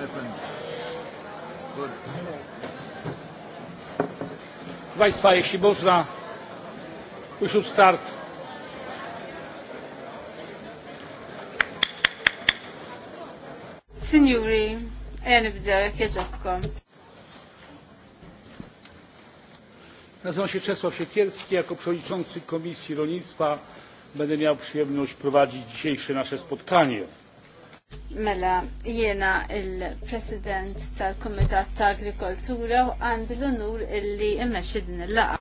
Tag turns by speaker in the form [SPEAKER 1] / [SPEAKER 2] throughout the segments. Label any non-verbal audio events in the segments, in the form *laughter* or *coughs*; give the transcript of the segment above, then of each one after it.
[SPEAKER 1] my friend. Good. Państwa, jeśli można, we should start.
[SPEAKER 2] Signori, ja nibdew, jak ja jaġabkom.
[SPEAKER 1] Nazywam się Czesław Siekierski, jako przewodniczący Komisji Rolnictwa będę miał przyjemność prowadzić dzisiejsze nasze spotkanie.
[SPEAKER 2] Mela, jiena il-President tal-Komitat ta' Agrikoltura u għandi l-onur illi immexxi din il-laqa.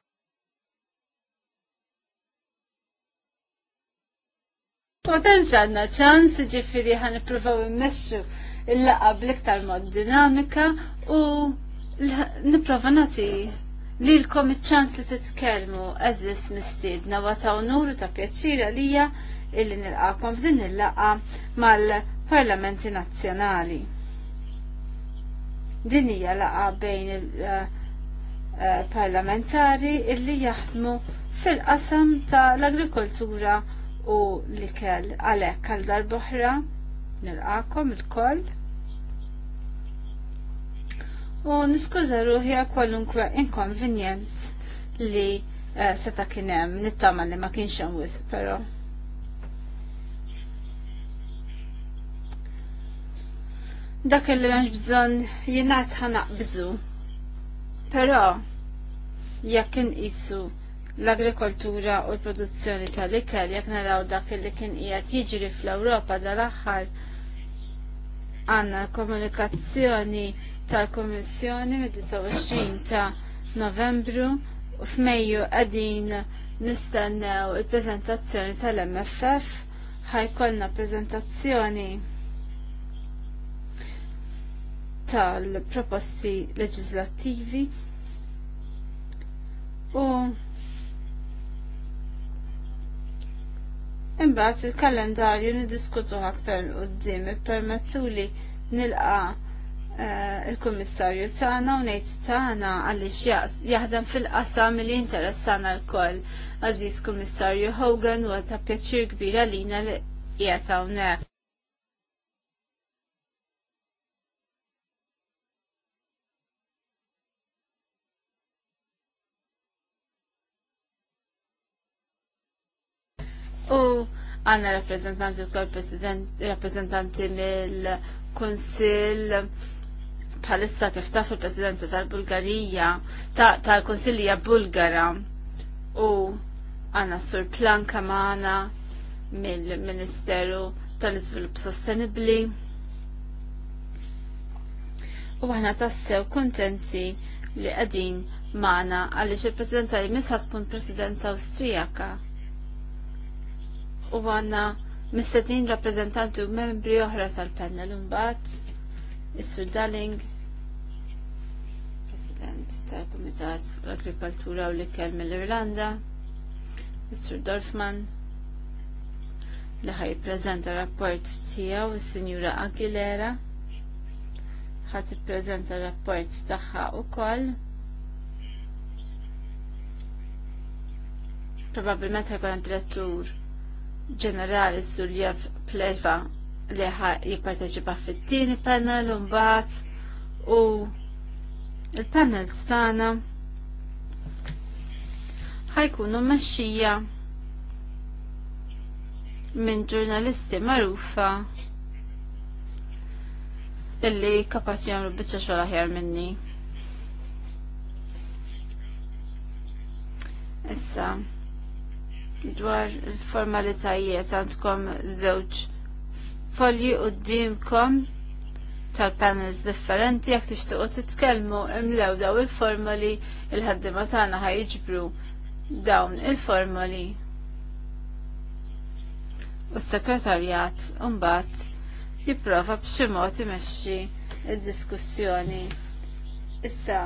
[SPEAKER 2] Ma tantx ċans, ġifiri ħan nippruvaw immexxu il-laqa bl-iktar mod dinamika u nipprova nagħti lilkom iċ-ċans li titkellmu mistidna mistiedna wa ta' u ta' pjaċira lija illi nil-għakom f'din il-laqa mal- parlamenti nazzjonali. Din hija laqa bejn il-parlamentari eh, eh, illi jaħdmu fil-qasam ta' l-agrikoltura u l-ikel għalhekk għal darboħra għakom il-koll. U niskuża ruħi kwallunkwe kwalunkwe inkonvenjent li eh, seta' kien hemm nittama li ma kienx hemm wisq però. dak li m'hemmx bżonn jingħad ħanaqbżu. Però jekk isu l-agrikoltura u l-produzzjoni tal-ikel, jekk naraw dak li kien qiegħed jiġri fl-Ewropa dal-aħħar għandna komunikazzjoni tal-Kummissjoni mid-29 ta' Novembru u f'Mejju qegħdin nistennew il-preżentazzjoni tal-MFF ħajkollna preżentazzjoni tal-proposti leġislattivi u Imbagħad il-kalendarju niddiskutu aktar qudiem li nilqa eh, il-kummissarju tagħna u ngħid tagħna għaliex jaħdem fil-qasam li jinteressana lkoll. Aziz Kummissarju Hogan u għata' pjaċir kbira lina li qiegħed hawnhekk. U għanna rappresentanti u rappresentanti mill-Konsil bħalissa kif taf il-Presidenza tal-Bulgarija, tal-Konsilija Bulgara u għanna sur plan kamana mill-Ministeru tal-Izvilupp Sostenibli. U għana tassew kontenti li għadin maħna għalli il-presidenza li misħas tkun presidenza Austrijaka u għanna mistednin rappresentanti u membri oħra tal-panel mbagħad is Dalling, President tal-Kumitat fuq l-Agrikoltura u l-Ikel mill-Irlanda, Mr. Dorfman, li ħaj prezenta rapport tiegħu is-Sinjura Aguilera, ħat prezenta rapport tagħha ukoll. Probabilment ħajkun direttur ġenerali Suljev Pleva li jipparteċipa fit-tieni panel u mbagħad u il-panel stana ħajkunu mexxija minn ġurnalisti magħrufa illi kapaċi jagħmlu biċċa xogħol aħjar minni. Issa, dwar il-formalitajiet għandkom żewġ folji d-dimkom tal-panels differenti jekk tixtiequ titkellmu imlew daw il-formali il ħaddima tagħna ħajġbru dawn il-formali. U s-sekretarjat mbagħad jipprova b'xi mod imexxi id-diskussjoni. Issa,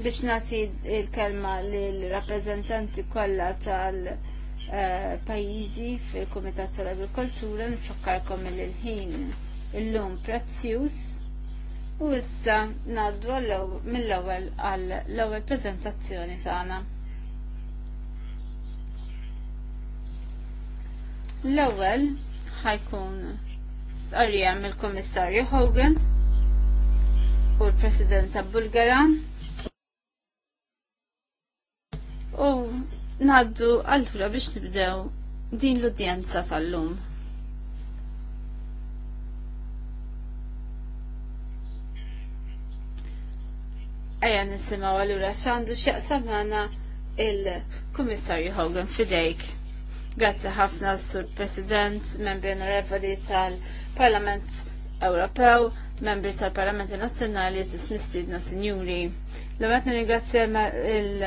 [SPEAKER 2] biex nagħti il-kelma lill-rappreżentanti kollha tal- eh, pajizi fil-Kumitat tal-Agrikoltura nfakkarkom il-ħin illum prezzjuż u issa ngħaddu mill-ewwel għal l-ewwel preżentazzjoni tagħna. L-ewwel ħajkun stqarrija mill-Kummissarju Hogan u l-President ta' Bulgara U naddu għalfra biex nibdew din l-udjenza sal-lum. Eja nisimaw għalura xandu xieqsam għana il-Kummissarju Hogan fidejk. Grazzi ħafna sur President, membri onorevoli tal-Parlament Ewropew, membri tal-Parlamenti Nazzjonali, tismistidna sinjuri. l għatni nirringrazzja il-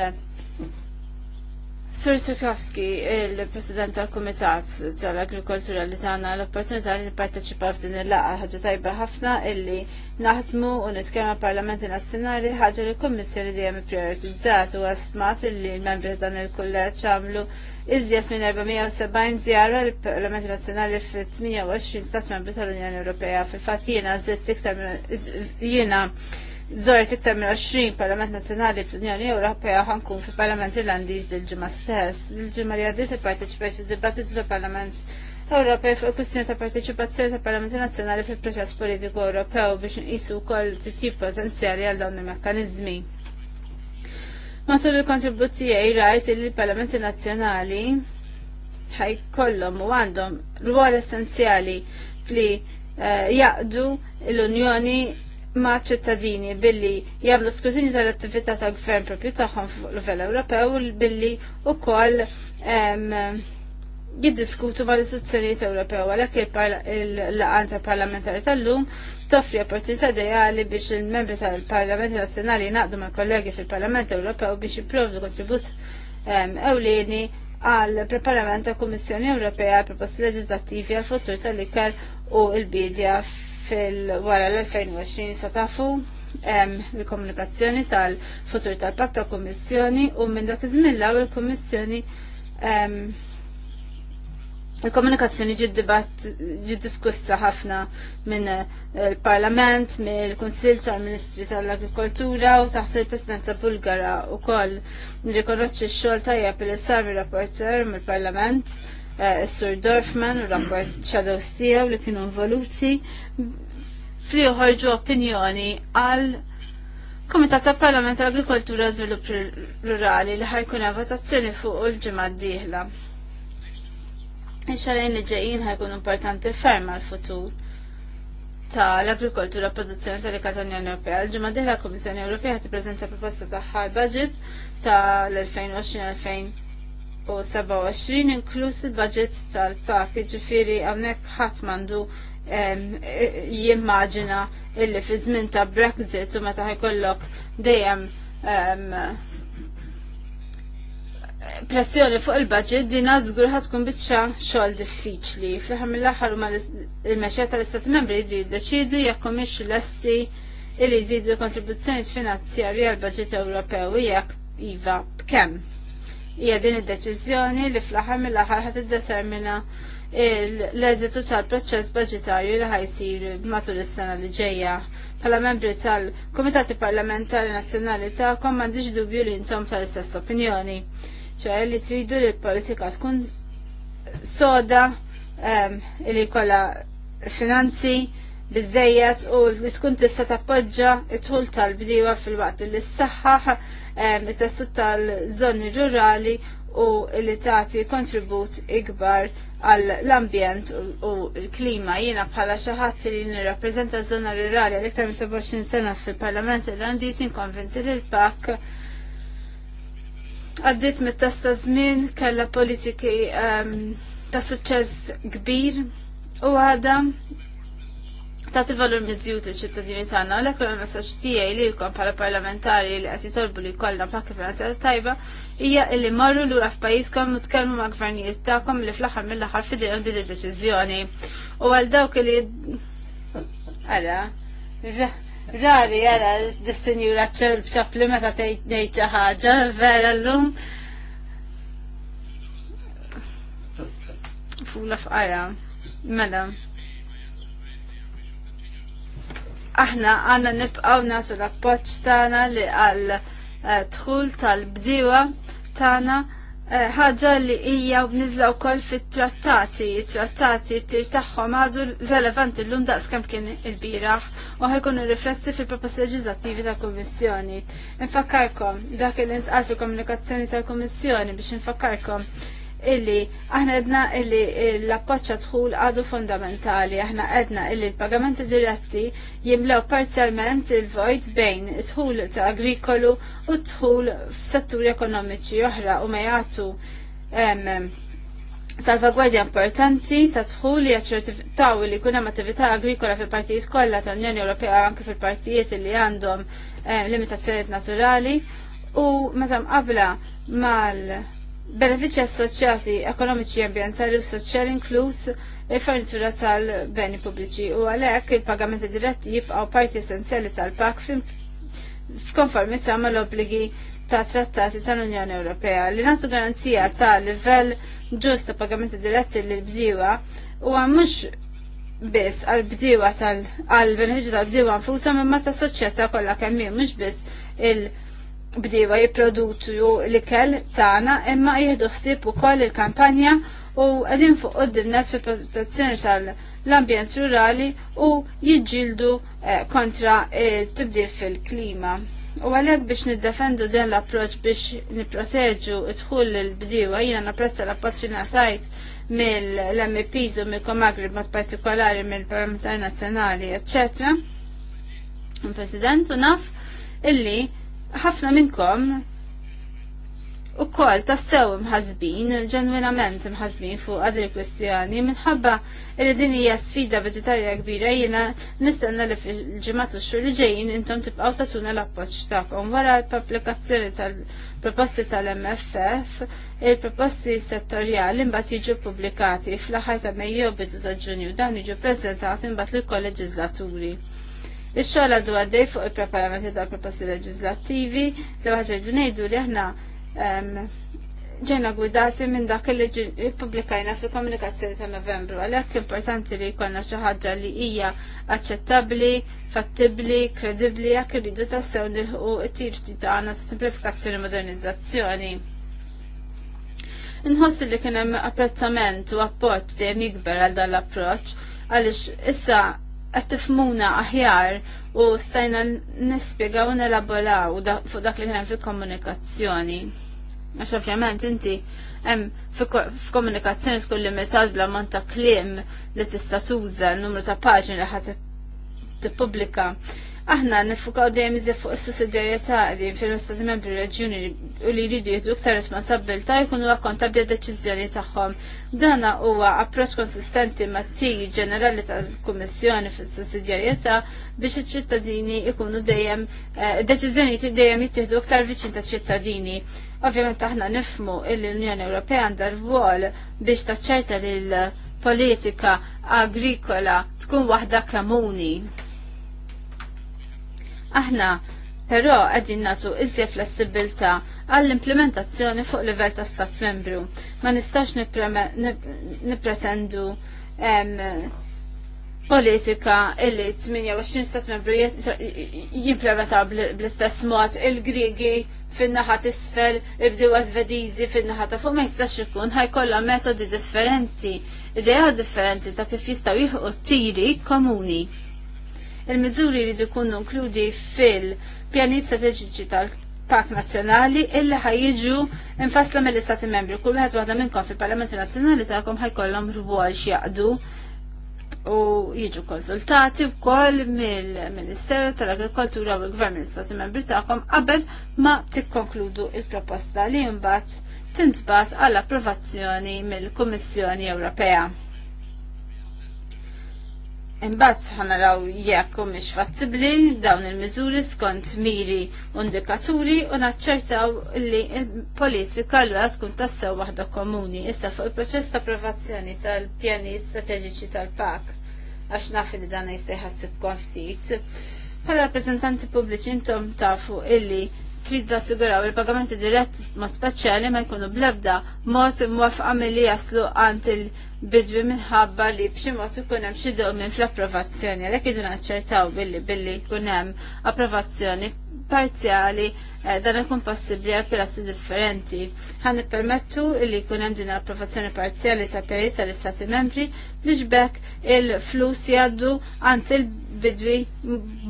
[SPEAKER 2] Sur Sikowski, il-President tal-Kumitat tal-Agrikoltura li tagħna l-opportunità li n-parteċipa f'din il-laqgħa ħagġa tajba ħafna illi naħdmu u nitkellmu parlamenti nazzjonali ħaġa li l-Kummissjoni dejjem prioritizzat u għastmat illi l-membri dan il-kulleġġ għamlu iżjed minn 470 zjara l-Parlamenti Nazzjonali f-28 stat membri tal-Unjoni Ewropea. Fil-fatt jiena zitt iktar jiena Zort iktar minn 20 Parlament Nazzjonali fl-Unjoni Ewropea ħankun fi Parlament Irlandiż dil-ġimgħa stess. Il-ġimgħa li għaddiet ipparteċipajt fid-dibattitu tal Parlament Ewropej fuq il-kwistjoni ta' parteċipazzjoni tal Parlamenti Nazzjonali fil-proċess politiku Ewropew biex nqisu wkoll titjib potenzjali għal dawn il-mekkaniżmi. Matul il-kontribuzzijaj rajt li l nazjonali Nazzjonali kollom u għandhom rwol essenzjali fli eh, jaqdu l-Unjoni ma' ċittadini billi jagħmlu skrutinju tal-attività tal gvern propju tagħhom fuq livell Ewropew billi wkoll jiddiskutu mal istituzzjonijiet Ewropew għalhekk il-laqan tal-parlamentari tal-lum toffri opportunità ideali biex il-membri tal-Parlament Nazzjonali naqdu ma' kollegi fil-Parlament Ewropew biex jipprovdu kontribut ewlieni għal preparament ta' Kummissjoni Ewropea għal proposti leġislattivi għal futur tal-ikel u l-bidja fil-wara l-2020 sa tafu l-komunikazzjoni tal-futur tal-pak ta' kommissjoni u minn dak iż-żmien l kommissjoni il-komunikazzjoni ġid diskussa ħafna minn eh, il-Parlament, minn il-Konsil tal-Ministri tal-Agrikoltura u taħt il-Presidenza Bulgara u koll nirrikonoċċi x-xogħol tajjeb il-sar mir-rapporter mill-Parlament Eh, Sur Dorfman u rapport Shadows tiegħu li kienu involuti fli uħarġu opinjoni għal Komitat ta' Parlament tal-Agrikoltura Zvilupp Rurali li ħajkun votazzjoni fuq il-ġimgħa d-dieħla. Ix-xarajn li ġejjin ħajkun importanti ferm għal-futur ta' l-agrikoltura produzzjoni tal-Ikat Unjoni Ewropea. L-ġimgħa d-dieħla Kummissjoni Ewropea tippreżenta proposta tagħha l-budget tal-2020 u 27 inkluż il-budget tal-pak, ġifiri għamnek ħadd mandu jimmaġina illi fi żmien ta' Brexit u meta ħajkollok dejjem pressjoni fuq il-budget din żgur ħatkun bitxa xogħol diffiċli. Fl-aħħar mill-aħħar huma il-mexja tal-Istat Membri jridu jiddeċidu jekk humiex lesti illi zidu kontribuzzjoni finanzjarja għal budget Ewropew jekk iva b'kemm hija din id-deċiżjoni li fl-aħħar mill-aħħar ħad iddetermina l-eżitu tal-proċess budgetarju li ħajsir matul is-sena li ġejja. Bħala membri tal-Kumitati Parlamentari Nazzjonali tagħkom m'għandix dubju li intom tal-istess opinjoni. ċoħe li tridu li l-politika tkun soda li kolla finanzi bizzejiet u li tkun tista' tappoġġa it-tul tal-bdiewa fil-waqt li s-saħħaħ ehm, it-tessut tal-żoni rurali u li tagħti kontribut ikbar għall-ambjent u l-klima jiena bħala xi ħadd li nirrappreżenta żona rurali għal iktar minn 27 sena fil-Parlament Irlandiż inkonvinti li l-pak għaddit mit tasta żmien kellha politiki ehm, ta' suċċess kbir u għada tagħti valur miżjud liċ-ċittadini tagħna għalhekk hemm messaġġ tiegħi lilkom bħala parlamentari li qed jitolbu li jkollna pakki finanzjata tajba hija li marru lura f'pajjiżkom u tkellmu ma' gvernijiet tagħkom li fl-aħħar mill-aħħar fidejhom din id-deċiżjoni. U għal dawk li ara rari ara dis-sinjura ċapli meta tgħid xi ħaġa vera llum. Fula f'qara. Mela aħna għanna nibqaw nasu l-appoċ tana li għal tħul eh, tal-bdiwa tana eh, ħaġa li hija bnizla wkoll fit-trattati, trattati tir tagħhom għadu relevanti l-lum daqs kemm kien il-biraħ u ħajkunu riflessi fil-proposti leġislattivi tal-Kummissjoni. Infakkarkom dak il nsqal fil-komunikazzjoni tal-Kummissjoni biex infakkarkom illi aħna edna illi l-appoċċa dħul għadu fundamentali, aħna edna illi l-pagamenti diretti jimlew parzjalment il-vojt bejn dħul ta' agrikolu u dħul f'setturi ekonomiċi oħra u ma jagħtu salvagwardja importanti ta' dħul jaċċertifikaw li kun hemm attività agrikola fil-partijiet kollha tal-Unjoni Ewropea anke fil-partijiet li għandhom eh, limitazzjonijiet naturali u meta mqabla mal Benefiċi assoċjati ekonomiċi ambientali u soċjali inkluż il-fornitura tal-beni pubbliċi u għalhekk il-pagamenti diretti jibqgħu parti essenzjali tal-pak f'konformità mal-obbligi ta' trattati tal-Unjoni Ewropea li nagħtu garanzija ta' livell ġust ta' pagamenti diretti lil bdiewa u mhux biss għal-bdiewa tal-benefiċi tal-bdiewa nfushom imma tas soċjetà kollha kemm mhux biss il- bdiewa jipproduċu l-ikel tagħna imma jieħdu ħsieb ukoll il-kampanja u qegħdin fuq qudiemnet fil-protezzjoni tal-ambjent rurali u jiġġieldu eh, kontra tibdil fil-klima. U għalhekk biex niddefendu din l-approċċ biex nipproteġu id-dħul l-bdiewa jiena napprezza l-appoġġina tajt mill-MPs u mill-Komagrib mod partikolari mill-Parlamentar Nazzjonali, eccetera. President u naf illi ħafna minnkom u kol tassew mħazbin, ġenwinament mħazbin fuq għadri kwestjoni, minħabba li din hija sfida vegetarja kbira jiena nistenna li fil-ġimgħat u xhur li ġejjin intom tibqgħu tatuna l-appoġġ tagħkom wara l publikazzjoni tal-proposti tal-MFF, il-proposti settorjali mbagħad jiġu publikati fl-aħħar ta' Mejju bidu ta' Ġunju dawn jiġu preżentati mbagħad lill-kolleġislaturi. Ix-xogħol għadu għaddej fuq il-preparamenti tal proposti leġislattivi li ħaġa jdu ngħidu li aħna ġejna gwidati minn dak li pubblikajna fil-komunikazzjoni ta' Novembru għalhekk importanti li jkollna xi ħaġa li hija aċċettabbli, fattibbli, kredibbli jekk irridu tassew nilħu t-tir tagħna simplifikazzjoni modernizzazzjoni. Inħoss li kien hemm apprezzament u appoġġ dejjem ikber għal dan l-approċċ għaliex issa qed tifmuna aħjar u stajna nispjegaw u nelaboraw fuq dak li kien fil-komunikazzjoni. Għax ovvjament inti hemm f'komunikazzjoni tkun limitat bla mont ta' kliem li tista' tuża n-numru ta' paġni li ħadd tippubblika. Aħna nifukaw dejjem iżjed fuq is-sussidjarjetà li fil-Istati Membri Reġjuni u li jridu jieħdu iktar responsabbilta jkunu akkontabbli deċiżjoni tagħhom. Dana huwa approċċ konsistenti mat-tigi ġenerali tal-Kummissjoni fis-sussidjarjetà biex iċ-ċittadini jkunu dejjem eh, deċiżjoni dejjem jittieħdu iktar viċin taċ-ċittadini. Ovvjament aħna nifmu l-Unjoni Ewropea għandha rwol biex taċċerta lil politika agrikola tkun waħda kamuni Aħna Però għedin natu iżje flessibilta għall-implementazzjoni fuq livell ta' stat membru. Ma nistax nipresendu politika illi 28 stat membru jimplementaw bl-istess mod il-Grigi fin-naħa tisfel, ibdew għazvedizi fin-naħa ta' fuq ma jistax ikun ħajkollha metodi differenti, idea differenti ta' kif jistgħu t tiri komuni. Il-miżuri jridu jkunu inkludi fil-pjani strateġiċi tal-Pak Nazzjonali illi ħajġu infasla mill-Istati Membri. Kull wieħed waħda minnkom fil-Parlamenti Nazzjonali tagħkom ħajkollhom rwol x'jaqdu u jiġu konsultati wkoll mill-Ministeru tal-Agrikoltura u l-Gvern mill-Istati Membri tagħkom qabel ma tikkonkludu il-proposta li mbagħad tintbagħat għall approvazzjoni mill-Kummissjoni Ewropea. Imbagħad ħanaraw jekk u mhix fattibbli dawn il-miżuri skont miri u indikaturi u naċċertaw li politika l tkun tassew waħda komuni issa fuq il-proċess ta' approvazzjoni tal-pjani strateġiċi tal-PAK għax naf li dan jistejħad sibkom ftit. Bħala rappreżentanti pubbliċi intom tafu illi trid tassiguraw il-pagamenti diretti mod speċjali ma jkunu blebda mod imwafqa' milli jaslu għand il- bidwi minħabba li b'ximot ikun hemm xi domin fl-approvazzjoni għalek idu naċċertaw billi billi jkun hemm approvazzjoni parzjali eh, dan ikun possibbli għal pilasti differenti. Għan nippermettu li jkun hemm din approvazzjoni parzjali ta' perisa għall istati membri biex bekk il-flus jgħaddu għand il-bidwi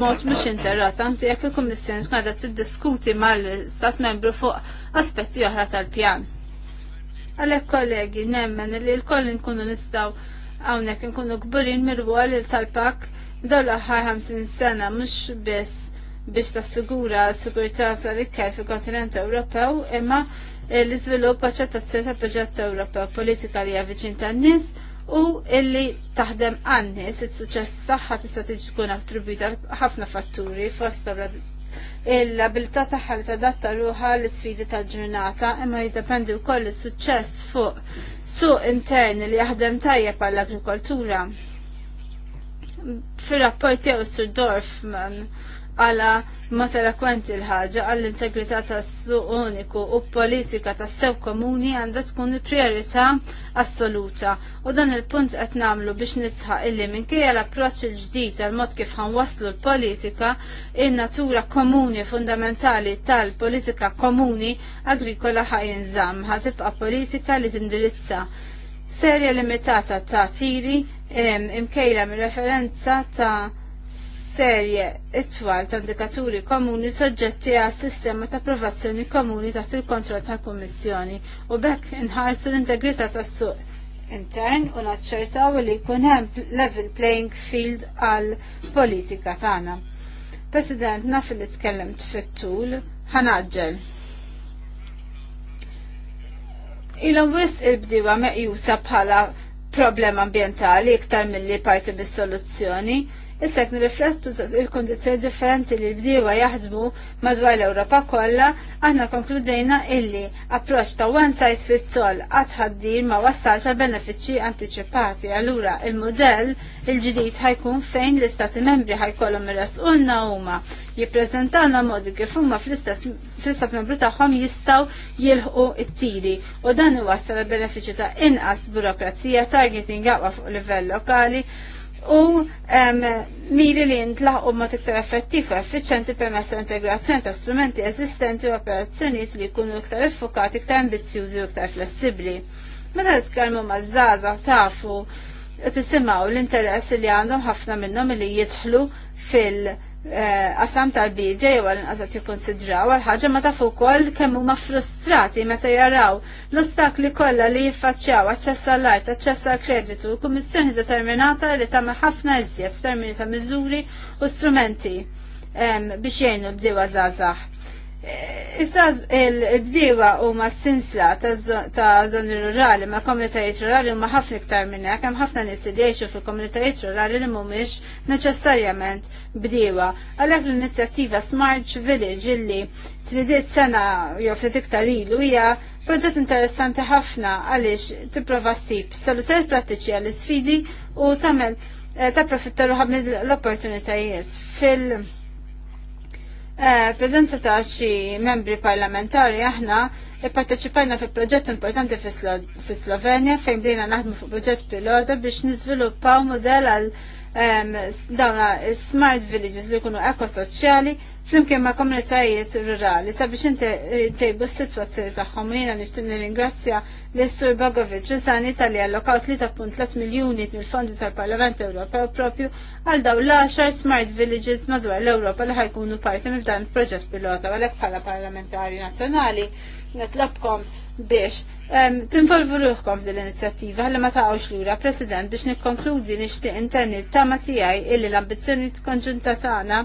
[SPEAKER 2] mod mhux interrat, għant jekk il-Kummissjoni tkun t-diskuti tiddiskuti mal-Stat membru fuq aspetti oħra tal-pjan. Għalek kollegi, nemmen li l-koll nkunu nistaw għawnek nkunu gburin mirwol il-talpak daw l 50 sena mux biss biex tassigura s-sigurtà sal ikkel fil-kontinent Ewropew imma l-iżvilupp aċċettazzjoni ta' proġett Ewropew politika li hija viċin tan-nies u illi taħdem għan-nies, is-suċċess tagħha tista' tiġi tkun attribwita ħafna fatturi fost l-abilità tagħha li tadatta ruħa l-isfidi tal-ġurnata imma jiddependi wkoll is-suċċess fuq suq intern li jaħdem tajjeb għall agrikoltura Fir-rapport jew Sur Dorfman għala ma eloquenti l-ħaġa għall-integrità tas-suq uniku u politika tas-sew komuni għandha tkun il-priorità assoluta. U dan il-punt qed nagħmlu biex nisħaq illi minkejja l-approċċ il-ġdid għal mod kif ħanwasslu l-politika, in-natura komuni fundamentali tal-politika komuni agrikola ħajinżamm ħatibqa' politika li tindirizza serja limitata ta' tiri imkejla mir-referenza ta' serje it-twal ta' indikaturi komuni soġġetti għal sistema ta' approvazzjoni komuni taħt il-kontroll ta' Kummissjoni u bekk inħarsu l-integrità tas-suq intern u naċċertaw li jkun hemm level playing field għal politika tagħna. President, naf li tkellimt fit-tul, ħanaġġel. Ilhom wisq il-bdiewa meqjusa bħala problema ambientali iktar milli parti mis-soluzzjoni Issa nirriflettu il-kondizjoni differenti li l-bdiewa jaħdmu madwar l-Ewropa kollha, aħna konkludejna illi approċċ ta' one size fits all għad ħaddir ma wassalx għal benefiċċji antiċipati. Allura il-modell il-ġdid ħajkun fejn l-istati membri ħajkollhom irrasqulna huma jippreżentawna modi kif huma fl-istat membru tagħhom jistgħu jilħqu t-tiri u dan iwassal il-benefiċċju ta' inqas burokrazija, targeting aqwa fuq livell lokali, u miri li jintlaħqu ma tiktar effettiv u effiċenti messa integrazzjoni ta' strumenti eżistenti u operazzjonijiet li jkunu iktar effokati, iktar ambizjużi u iktar flessibbli. Meta nitkellmu maż-żgħażagħ tafu tisimaw l-interess li għandhom ħafna minnhom li jidħlu fil- għasam eh, tal-bidja jew għal-inqas qed jikkonsidraw għal ħaġa ma tafu kol kemm huma frustrati meta jaraw l-ostakli kollha li jiffaċċjaw għacċessa għall-art, għacċessa għall-kreditu, kummissjoni determinata li tagħmel ħafna iżjed f'termini ta' miżuri u strumenti biex jgħinu bdiewa żgħażagħ. Issa il-bdiewa huma s-sinsla ta' żoni rurali ma' komunitajiet rurali huma ħafna iktar minn hekk hemm ħafna nies li jgħixu fil-komunitajiet rurali li mhumiex neċessarjament bdiewa. Għalhekk l-inizjattiva Smart Village illi tridiet sena jew ftit iktar ilu hija proġett interessanti ħafna għaliex tipprova ssib soluzzjonijiet prattiċi għall-isfidi u tagħmel eh, ta' profittaru l-opportunitajiet fil- Eh, ta' xi membri parlamentari aħna ipparteċipajna fi proġett importanti fi Slovenja fejn bdejna naħdmu fuq proġett pilota biex niżviluppaw mudell għal ehm, dawna smart villages li jkunu ekosoċjali flimkien ma' komunitajiet rurali sabiex intejbu eh, s-situazzjoni tagħhom jiena nixtieq nirringrazzja l-Istur Bogovic Rizani tal-li allokaw 3.3 miljuni mill-fondi tal-Parlament Ewropew propju għal daw l-10 Smart Villages madwar l-Ewropa li ħajkunu parti minn dan il-proġett pilota għalhekk bħala parlamentari nazzjonali netlobkom biex ehm, tinvolvu ruħkom f'din l-inizjattiva ħalli ma taqgħux lura President biex nikkonkludi nixtieq intenni ta' tama tiegħi illi l-ambizzjoni konġunta tagħna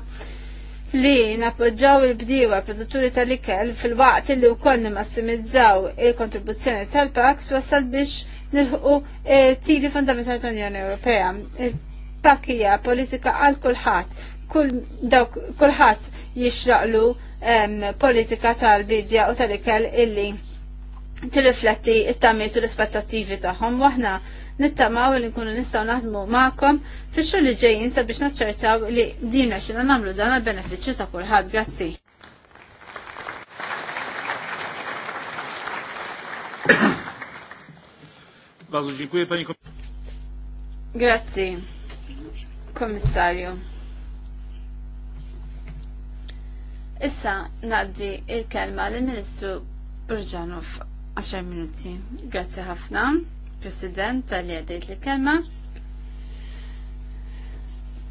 [SPEAKER 2] li nappoġġaw il-bdiewa produtturi tal-ikel fil-waqt li koll nimassimizzaw il-kontribuzzjoni tal pax wassal biex nilħu eh, tili fundamentali tal-Unjoni Ewropea. Il-pak hija politika għal kulħadd, kulħadd jixraqlu ehm, politika tal-bidja u tal-ikel illi tirrifletti it-tamiet u l-aspettativi tagħhom waħna nittamaw li nkunu nistgħu naħdmu magħkom fix-xogħol li ġejjin sabiex naċċertaw li din xina nagħmlu dan għall-benefiċċju ta' kulħadd.
[SPEAKER 1] Grazzi.
[SPEAKER 2] Grazzi, komissarju. Issa naddi il-kelma lill ministru Burġanov 10 minuti. Grazzi ħafna, President, tal-li li kelma.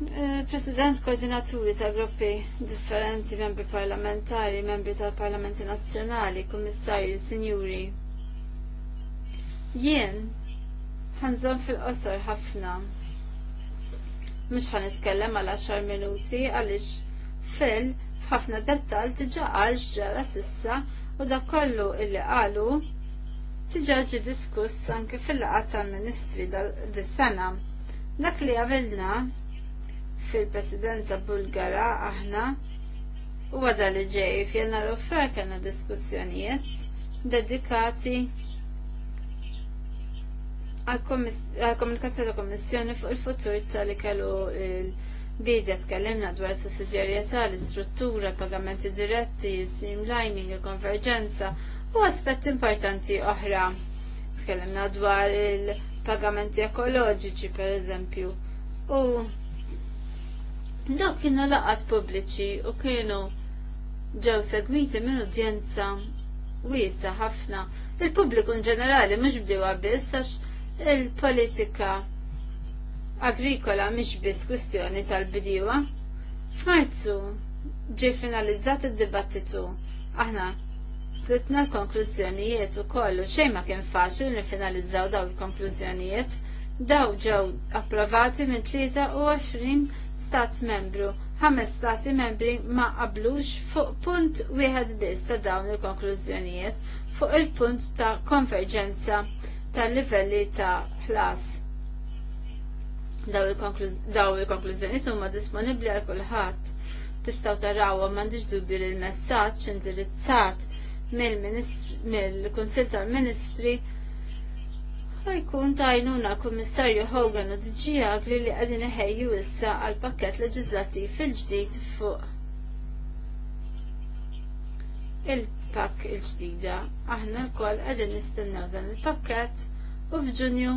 [SPEAKER 2] Eh, President koordinaturi ta' gruppi differenti, membri parlamentari, membri tal parlamenti nazzjonali, kummissarji, sinjuri. Jien, ħanżon fil-qosor ħafna. Mux ħan iskellem għal 10 minuti għalix fil f'ħafna dettal diġa għal ġara sissa u da kollu illi għalu tiġaġi diskuss anki fil-laqa tal-Ministri dis-sena. Dak li għamilna fil-Presidenza Bulgara aħna u għada li ġej fjena l-offra kena diskussjonijiet dedikati għal-komunikazzja ta' komissjoni fuq il-futur tal-li kellu il-bidja tkellimna dwar sussidjarjetà, l-istruttura, pagamenti diretti, streamlining, il-konverġenza u aspett importanti oħra. Tkellimna dwar il-pagamenti ekoloġiċi per eżempju u dawk kienu laqat pubbliċi u kienu ġew segwiti minn udjenza wiesa ħafna. Il-pubbliku in ġenerali mhux bdiewa biss għax il-politika agrikola mhix biss kwistjoni tal-bdiewa. F'Marzu ġie finalizzat id-dibattitu aħna slitna l-konklużjonijiet u kollu xejn ma kien faċli li finalizzaw daw il-konklużjonijiet daw ġew approvati minn 23 stat membru. Ħames stati membri ma qablux fuq punt wieħed biss ta' dawn il-konklużjonijiet fuq il-punt ta' konverġenza tal livelli ta' ħlas. Daw il-konklużjonijiet huma disponibbli għal kulħadd. Tistgħu tarawhom m'għandix dubju li l-messaġġ indirizzat mill-Kunsil tal-Ministri ħajkun tajnuna kummissarju Hogan u DGAG li li għadin iħejju issa għal pakket leġislattiv fil-ġdid fuq il-pak il-ġdida. Aħna l-koll għadin nistennew dan il-pakket u f'ġunju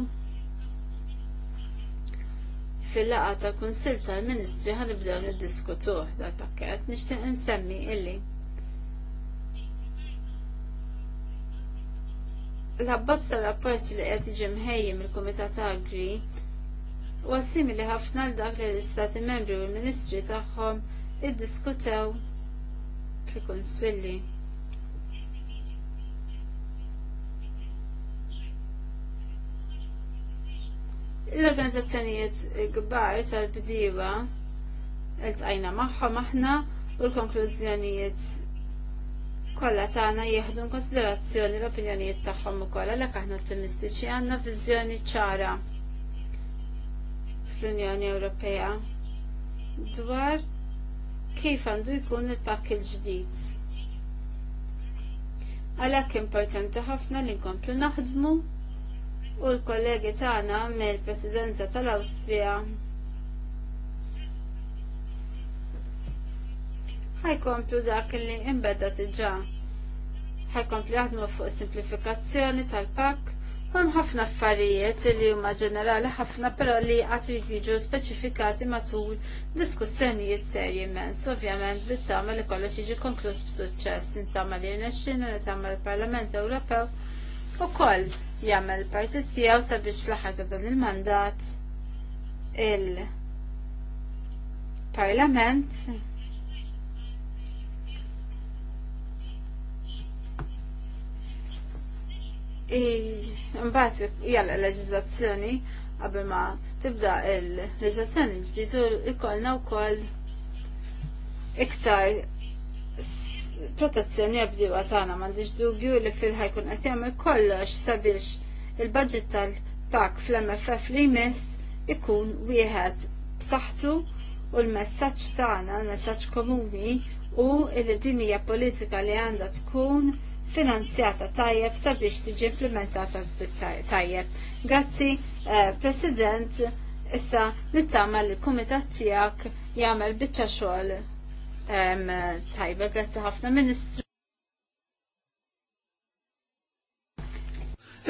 [SPEAKER 2] fil laqata ta' tal-Ministri ħanibdew niddiskutuh dal-pakket nixtieq insemmi illi. l-abbozz tal-rapport li qed jiġi mħejjem il-Kumitat Agri huwa li ħafna l dak li l-Istati Membri u l-Ministri tagħhom iddiskutew fi konsilli. L-organizzazzjonijiet kbar tal-bdiewa l-tajna magħhom aħna u l-konklużjonijiet Kolla tagħna jieħdu konsiderazzjoni l-opinjonijiet tagħhom ukoll għalhekk aħna ottimistiċi għandna viżjoni ċara fl-Unjoni Ewropea dwar kif għandu jkun il-pakk il-ġdid. Għalhekk importanti ħafna li nkomplu naħdmu u l-kollegi tagħna mill-Presidenza tal-Awstrija ħajkomplu dak li imbeda diġà. ħajkomplu jaħdmu fuq simplifikazzjoni tal-pak Hemm ħafna affarijiet li huma ġenerali ħafna però li qatt jiġu speċifikati matul diskussjonijiet serji immens. Ovvjament bit-tama li kollox jiġi konkluż b'suċċess nintama li rnexxina li tagħmel il-Parlament Ewropew ukoll jagħmel parti tiegħu sabiex fl-aħħar ta' dan il-mandat il-Parlament Mbagħad l leġiżlazzjoni qabel ma tibda il-leġiżlazzjoni ġdidu ikollna wkoll iktar protezzjoni għabdiwa tagħna m'għandix dubju li fil-ħajkun qed jagħmel kollox sabiex il-budget tal-pak fl-MFF li jmiss ikun wieħed b'saħħtu u l-messaġġ tagħna, l-messaġġ komuni u li din hija politika li għandha tkun finanzjata tajjeb sabiex tiġi implementata tajjeb. Grazzi, eh, President, issa nittama li kumitat tijak jgħamil bieċa xogħol tajba, grazzi ħafna Ministru.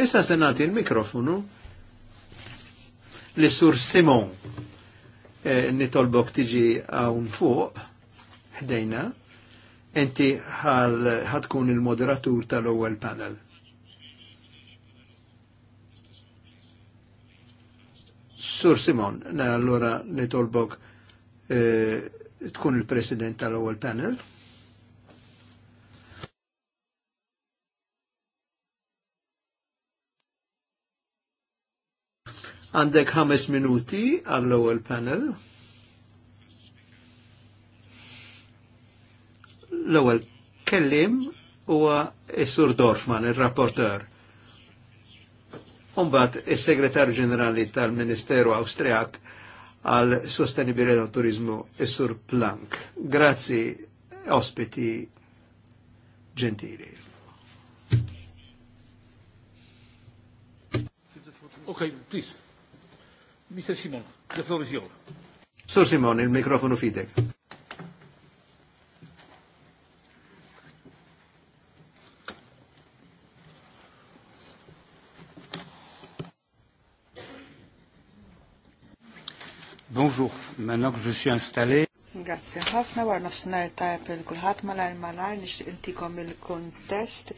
[SPEAKER 3] Issa senati il-mikrofonu li sur Simon eh, nitolbok tiġi għawn fuq ħdejna. Enti ħatkun il-moderatur tal-ewwel panel. Sur Simon, na allora nitolbok eh, tkun il-president tal-ewwel panel. Għandek ħames minuti għall-ewwel panel. L-ewwel kellim huwa s-Sur Dorfman, ir-rapporteur. Umbat is-Segretarju Ġenerali tal-Ministeru Awstrijak għal sostenibilità turizmu is-Sur Plank. Grazzi ospiti ġentili.
[SPEAKER 1] Ok, please. Mr. Simon, the floor is yours.
[SPEAKER 3] Sur Simon, il mikrofonu fidek.
[SPEAKER 1] Bonjour, maintenant que je suis installé.
[SPEAKER 4] Grazie ħafna war nofsinhar tajb il kulħat malar malar nixtieq intikom il-kontest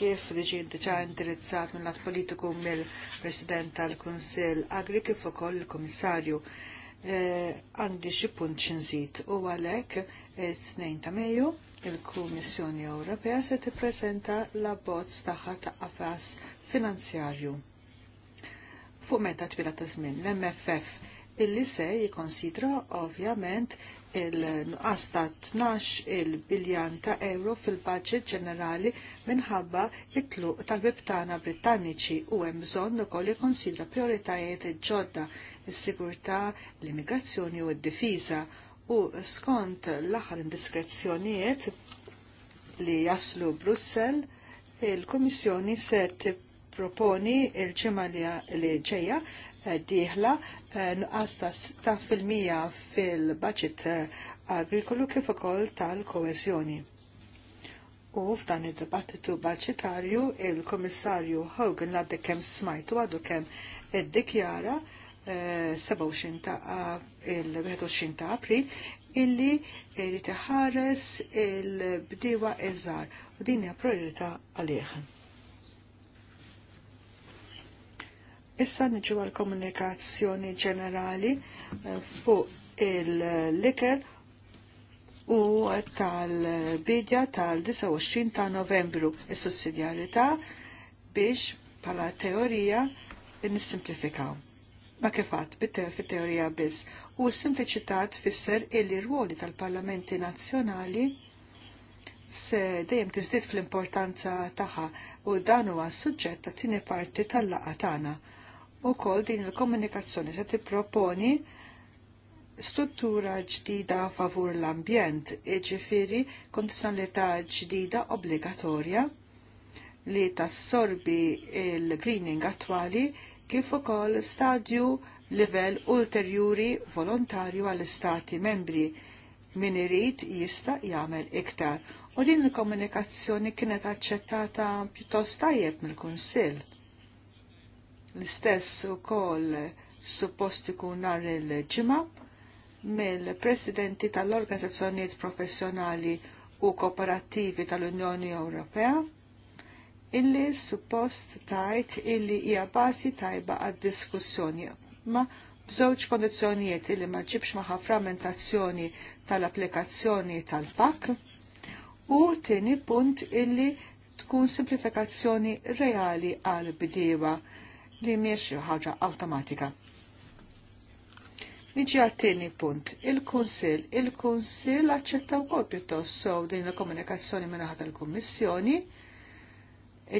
[SPEAKER 4] kif diġi diġà indirizzat minn lat politiku mill-President tal-Kunsill Agri kif ukoll il-Kummissarju. Eh, għandi xi punt xinżid u għalhekk it-tnejn ta' Mejju il-Kummissjoni Ewropea se tippreżenta l-abbozz tagħha ta' qafas finanzjarju. Fuq meta twila ta' żmien l-MFF illi se jikonsidra ovvjament il-nuqqas ta' 12 il-biljan ta' euro fil-budget ġenerali minħabba it-tluq tal-bibtana Britanniċi u hemm bżonn ukoll ikkonsidra prioritajiet ġodda is-sigurtà, l-immigrazzjoni u d-difiża u skont l-aħħar indiskrezzjonijiet li jaslu Brussel, il-Kummissjoni se proponi il-ġimgħa li ġejja Eh, diħla eh, nuqqas ta' 6% fil-budget eh, agrikolu kif ukoll tal-koesjoni. U f'dan id-dibattitu budgetarju il-Komissarju Hogan għaddu kemm smajtu għadu kemm iddikjara 27 ta' ta' april illi irid iħares il bdiwa iżgħar u din hija priorità Issa niġu għal komunikazzjoni ġenerali eh, fuq il-liker u tal-bidja tal-29 ta' novembru is-sussidjarità biex pala teorija nissimplifikaw. Ma kifat, fit-teorija biss, u s-simpliċità tfisser illi rwoli tal-parlamenti nazzjonali se dejjem tiżdied fl-importanza tagħha u dan huwa suġġett ta' parti tal-laqgħa tagħna u kol din il-komunikazzjoni se tipproponi struttura ġdida favur l-ambjent, iġifiri kondizjonalità ġdida obbligatorja li tassorbi il-greening attwali kif ukoll stadju livell ulterjuri volontarju għall-istati membri min irid jista' jagħmel iktar u din il-komunikazzjoni kienet aċċettata pjuttost tajjeb mill-Kunsill l-istess ukoll suppost ikun nhar il-ġimgħa mill-presidenti tal organizzazzjoniet professjonali u kooperattivi tal-Unjoni Ewropea illi suppost tajt illi hija bażi tajba għad-diskussjoni ma bżewġ kondizzjonijiet illi ma ġibx maħa frammentazzjoni tal-applikazzjoni tal-PAK u tieni punt illi tkun simplifikazzjoni reali għal bdiewa li miex ħaġa automatika. Niġi għattini punt, il konsil il għacċetta u kol pjuttost so din il-komunikazzjoni minn ħadd il-Kummissjoni,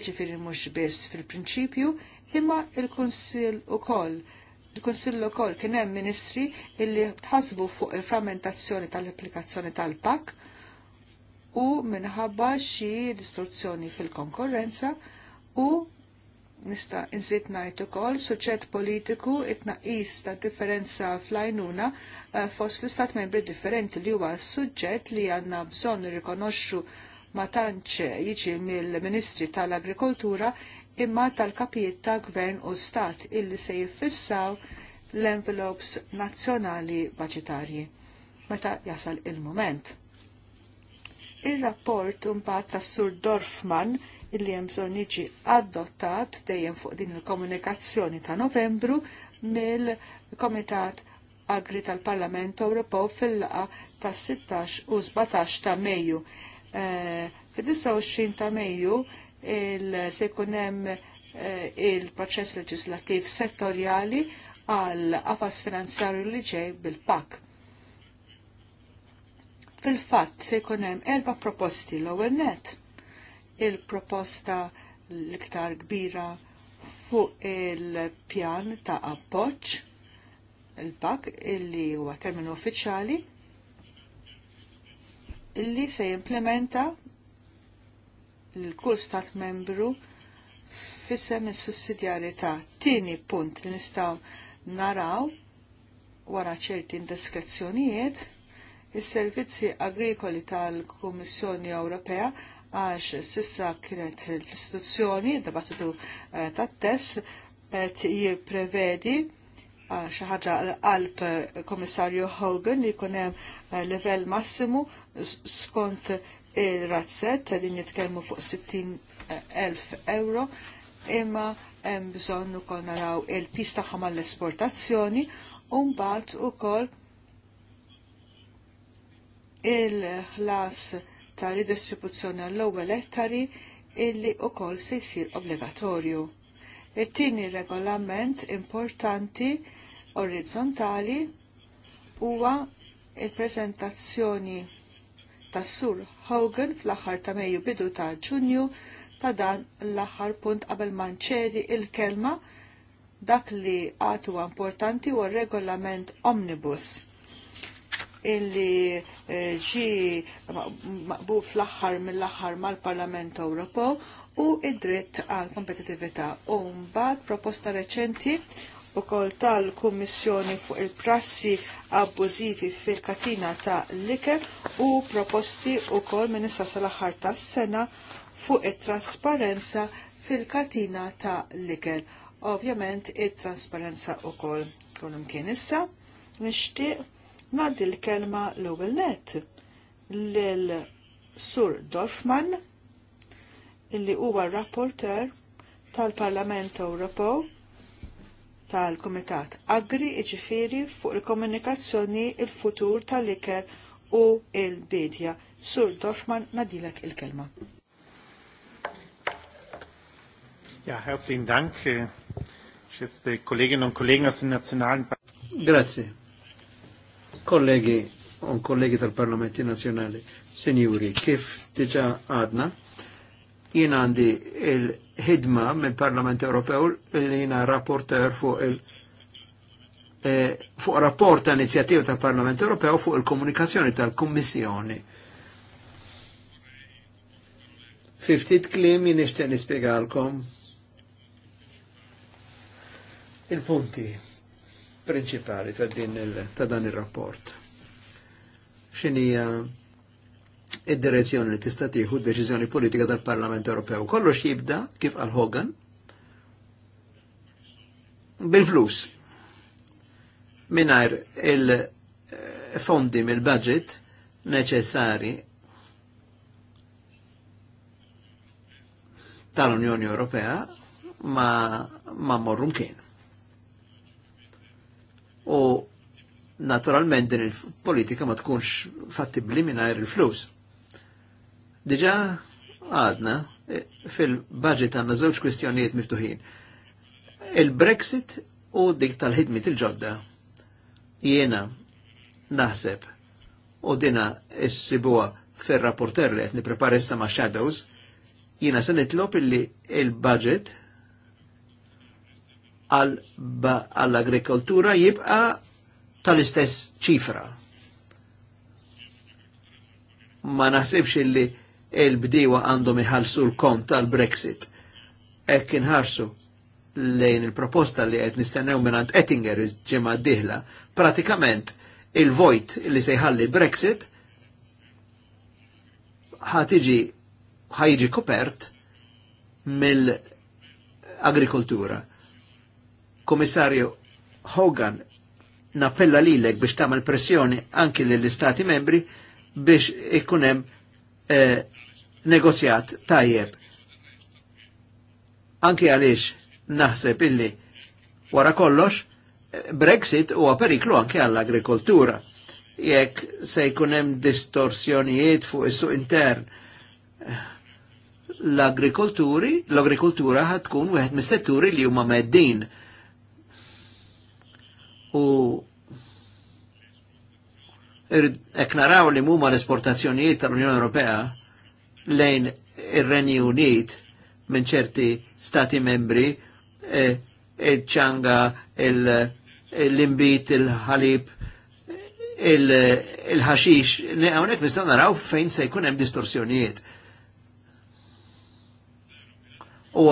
[SPEAKER 4] iġifieri mhux biss fil-prinċipju, imma il u ukoll il-Konsillu kol kien hemm ministri illi tħasbu fuq il-frammentazzjoni tal-applikazzjoni tal-PAK u minħabba xi distruzzjoni fil-konkurrenza u nista' nżid ngħid ukoll suġġett politiku it-tnaqqis ta' differenza fl-għajnuna eh, fost l-istat membri differenti li huwa suġġett li għandna bżonn irrikonoxxu ma tantx jiġi mill-Ministri tal-Agrikoltura imma tal-kapijiet ta' gvern u stat illi se jiffissaw l-envelopes nazzjonali baġitarji meta jasal il-moment. Ir-rapport mbagħad tas-Sur Dorfman illi hemm bżonn jiġi adottat dejjem fuq din il-komunikazzjoni ta' Novembru mill-Komitat Agri tal-Parlament Ewropew fil-laqa tas-16 u 17 ta' Mejju. Eh, Fid-29 ta' Mejju se jkun hemm eh, il-proċess leġislattiv settorjali għal qafas finanzjarju li ġej bil-PAK fil-fatt se jkun hemm erba' proposti l-ewwel net il-proposta l-iktar kbira fuq il-pjan ta' appoġġ il-BAK illi huwa terminu uffiċjali illi se jimplementa l-kull stat membru fissem il-sussidjarità. tini punt li nistaw naraw wara ċerti indiskrezzjonijiet is-servizzi agrikoli tal-Kummissjoni Ewropea għax sissa kienet l-istituzzjoni, d-dabattitu eh, tat-test, et jiprevedi eh, xaħġa għalb komissarju Hogan li kunem eh, level massimu skont il-razzet din jitkelmu fuq 60.000 euro imma hemm bżonn ukoll naraw il-pis tagħha mal-esportazzjoni u mbagħad ukoll il-ħlas il ħlas ta' ridistribuzzjoni għall-ewwel ettari illi wkoll se jsir obbligatorju. It-tieni regolament importanti orizzontali huwa il-preżentazzjoni tas Sur Hogan fl-aħħar ta' Mejju bidu ta' Ġunju ta' dan l-aħħar punt qabel manċedi il-kelma dak li għatu importanti u regolament omnibus illi eh, ġi maqbu fl-axħar mill-axħar mal-Parlament Ewropew u id-dritt għal kompetitività. U mbagħad proposta reċenti wkoll tal-Kummissjoni fuq il-prassi abbużivi fil-katina ta' l-iker u proposti wkoll minn issa sal-aħħar tas-sena fuq it-trasparenza fil-katina ta' l-iker. Ovvjament it-trasparenza wkoll kull imkien issa nixtieq Nad il-kelma l ewel net l Sur Dorfman illi huwa rapporter tal-Parlament Ewropew tal-Kumitat Agri iġifiri fuq il-komunikazzjoni il-futur tal-iker u il-bidja. Sur Dorfman nadilek il-kelma.
[SPEAKER 1] Ja, herzlichen Dank, eh, geschätzte Kolleginnen und Kollegen aus den nationalen
[SPEAKER 3] Parlamenten. Grazie. Kollegi, un kollegi tal-Parlamenti Nazjonali, senjuri, kif diġa għadna, jina għandi il-ħidma minn parlament Ewropew li jina rapporter fuq il- e, fuq rapport ta' inizjattiva tal-Parlament Ewropew fuq il-komunikazzjoni tal-Kummissjoni. Fiftit klim jien nixtieq il-punti
[SPEAKER 1] prinċipali
[SPEAKER 3] ta' din il ta' dan ir-rapport. X'inhija id-direzzjoni li tista' tieħu d-deċiżjoni politika tal-Parlament Ewropew. Kollox jibda kif għal Hogan bil-flus. Minar il-fondi mill-budget neċessari tal-Unjoni Ewropea ma, ma morrum kien u naturalment din il-politika ma tkunx fattibli mingħajr il-flus. Diġà għadna e, fil-budget għandna żewġ kwistjonijiet miftuħin. Il-Brexit u dik tal ħidmi il-ġodda. Jiena naħseb u dina issibuha fir-rapporter li qed nipprepara ma' Shadows, jiena se nitlob illi il-budget il il budget għall-agrikoltura jibqa tal-istess ċifra. Ma naħsibx illi il-bdiwa għandhom iħalsu l-kont tal-Brexit. Ekk inħarsu lejn il-proposta li qed nistennew minn Ettinger ġimgħa diħla, pratikament il-vojt li se Brexit ħatiġi ħajġi kopert mill-agrikoltura Komissarju Hogan, nappella lilek biex tamal pressjoni anki l-istati membri biex ikunem eh, negozjat tajjeb. Anki għaliex naħseb illi wara kollox eh, Brexit huwa periklu anke għall-agrikoltura jekk se jkun hemm distorsjonijiet fuq is-suq intern. Eh, l-agrikolturi, l-agrikoltura ħad tkun wieħed mis-setturi li huma meddin u ek naraw li mumma l-esportazzjonijiet tal-Unjoni Ewropea lejn ir-Renju Unit minn ċerti stati membri il-ċanga, e, e l-imbit, il-ħalib, il-ħaxix, għonek nistan naraw fejn se jkun hemm distorsjonijiet. U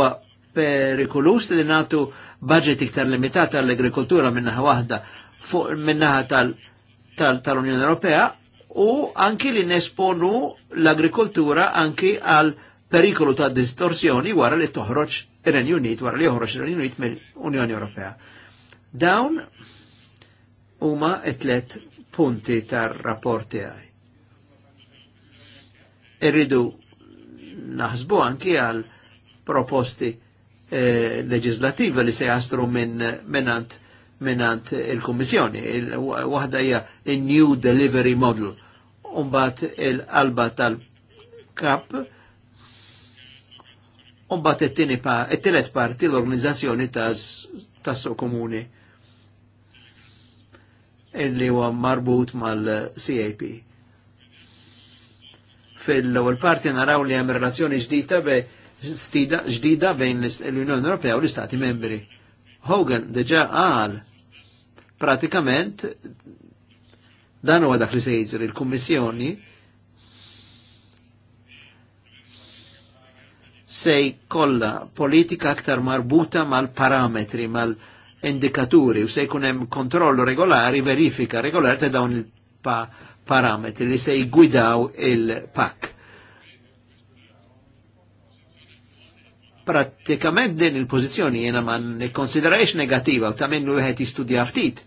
[SPEAKER 3] perikulus li natu budget iktar limitat għall-agrikoltura minnaħa waħda fuq minnaħa tal-Unjoni Ewropea u anki li nesponu l-agrikoltura anki għal perikolu ta' distorsjoni wara li toħroġ ir-Renju Unit, wara li joħroġ ir-Renju Unit mill-Unjoni Ewropea. Dawn huma tlet punti tar-rapport tiegħi. Irridu naħsbu anki għal proposti eh, li se jastru minnant minant minant il-Kommissjoni. Il Waħda hija il-New Delivery Model. Umbat il alba tal-kap, umbat il tini pa, it parti l-organizzazzjoni tas-so komuni illi huwa marbut mal-CAP. Fil-ewwel parti naraw li hemm relazzjoni ġdida bej stida ġdida bejn l-Unjoni Ewropea u l-Istati membri. Hogan deġa għal pratikament dan huwa dak li se il l-Kummissjoni se jkollha politika aktar marbuta mal-parametri, mal-indikaturi u se jkun hemm kontrollu regolari, verifika regolari ta' dawn il-parametri li se jgwidaw il-pak pratikament din il-pozizjoni jena ma nikkonsiderajx negativa u ta' minnu wieħed jistudja ftit.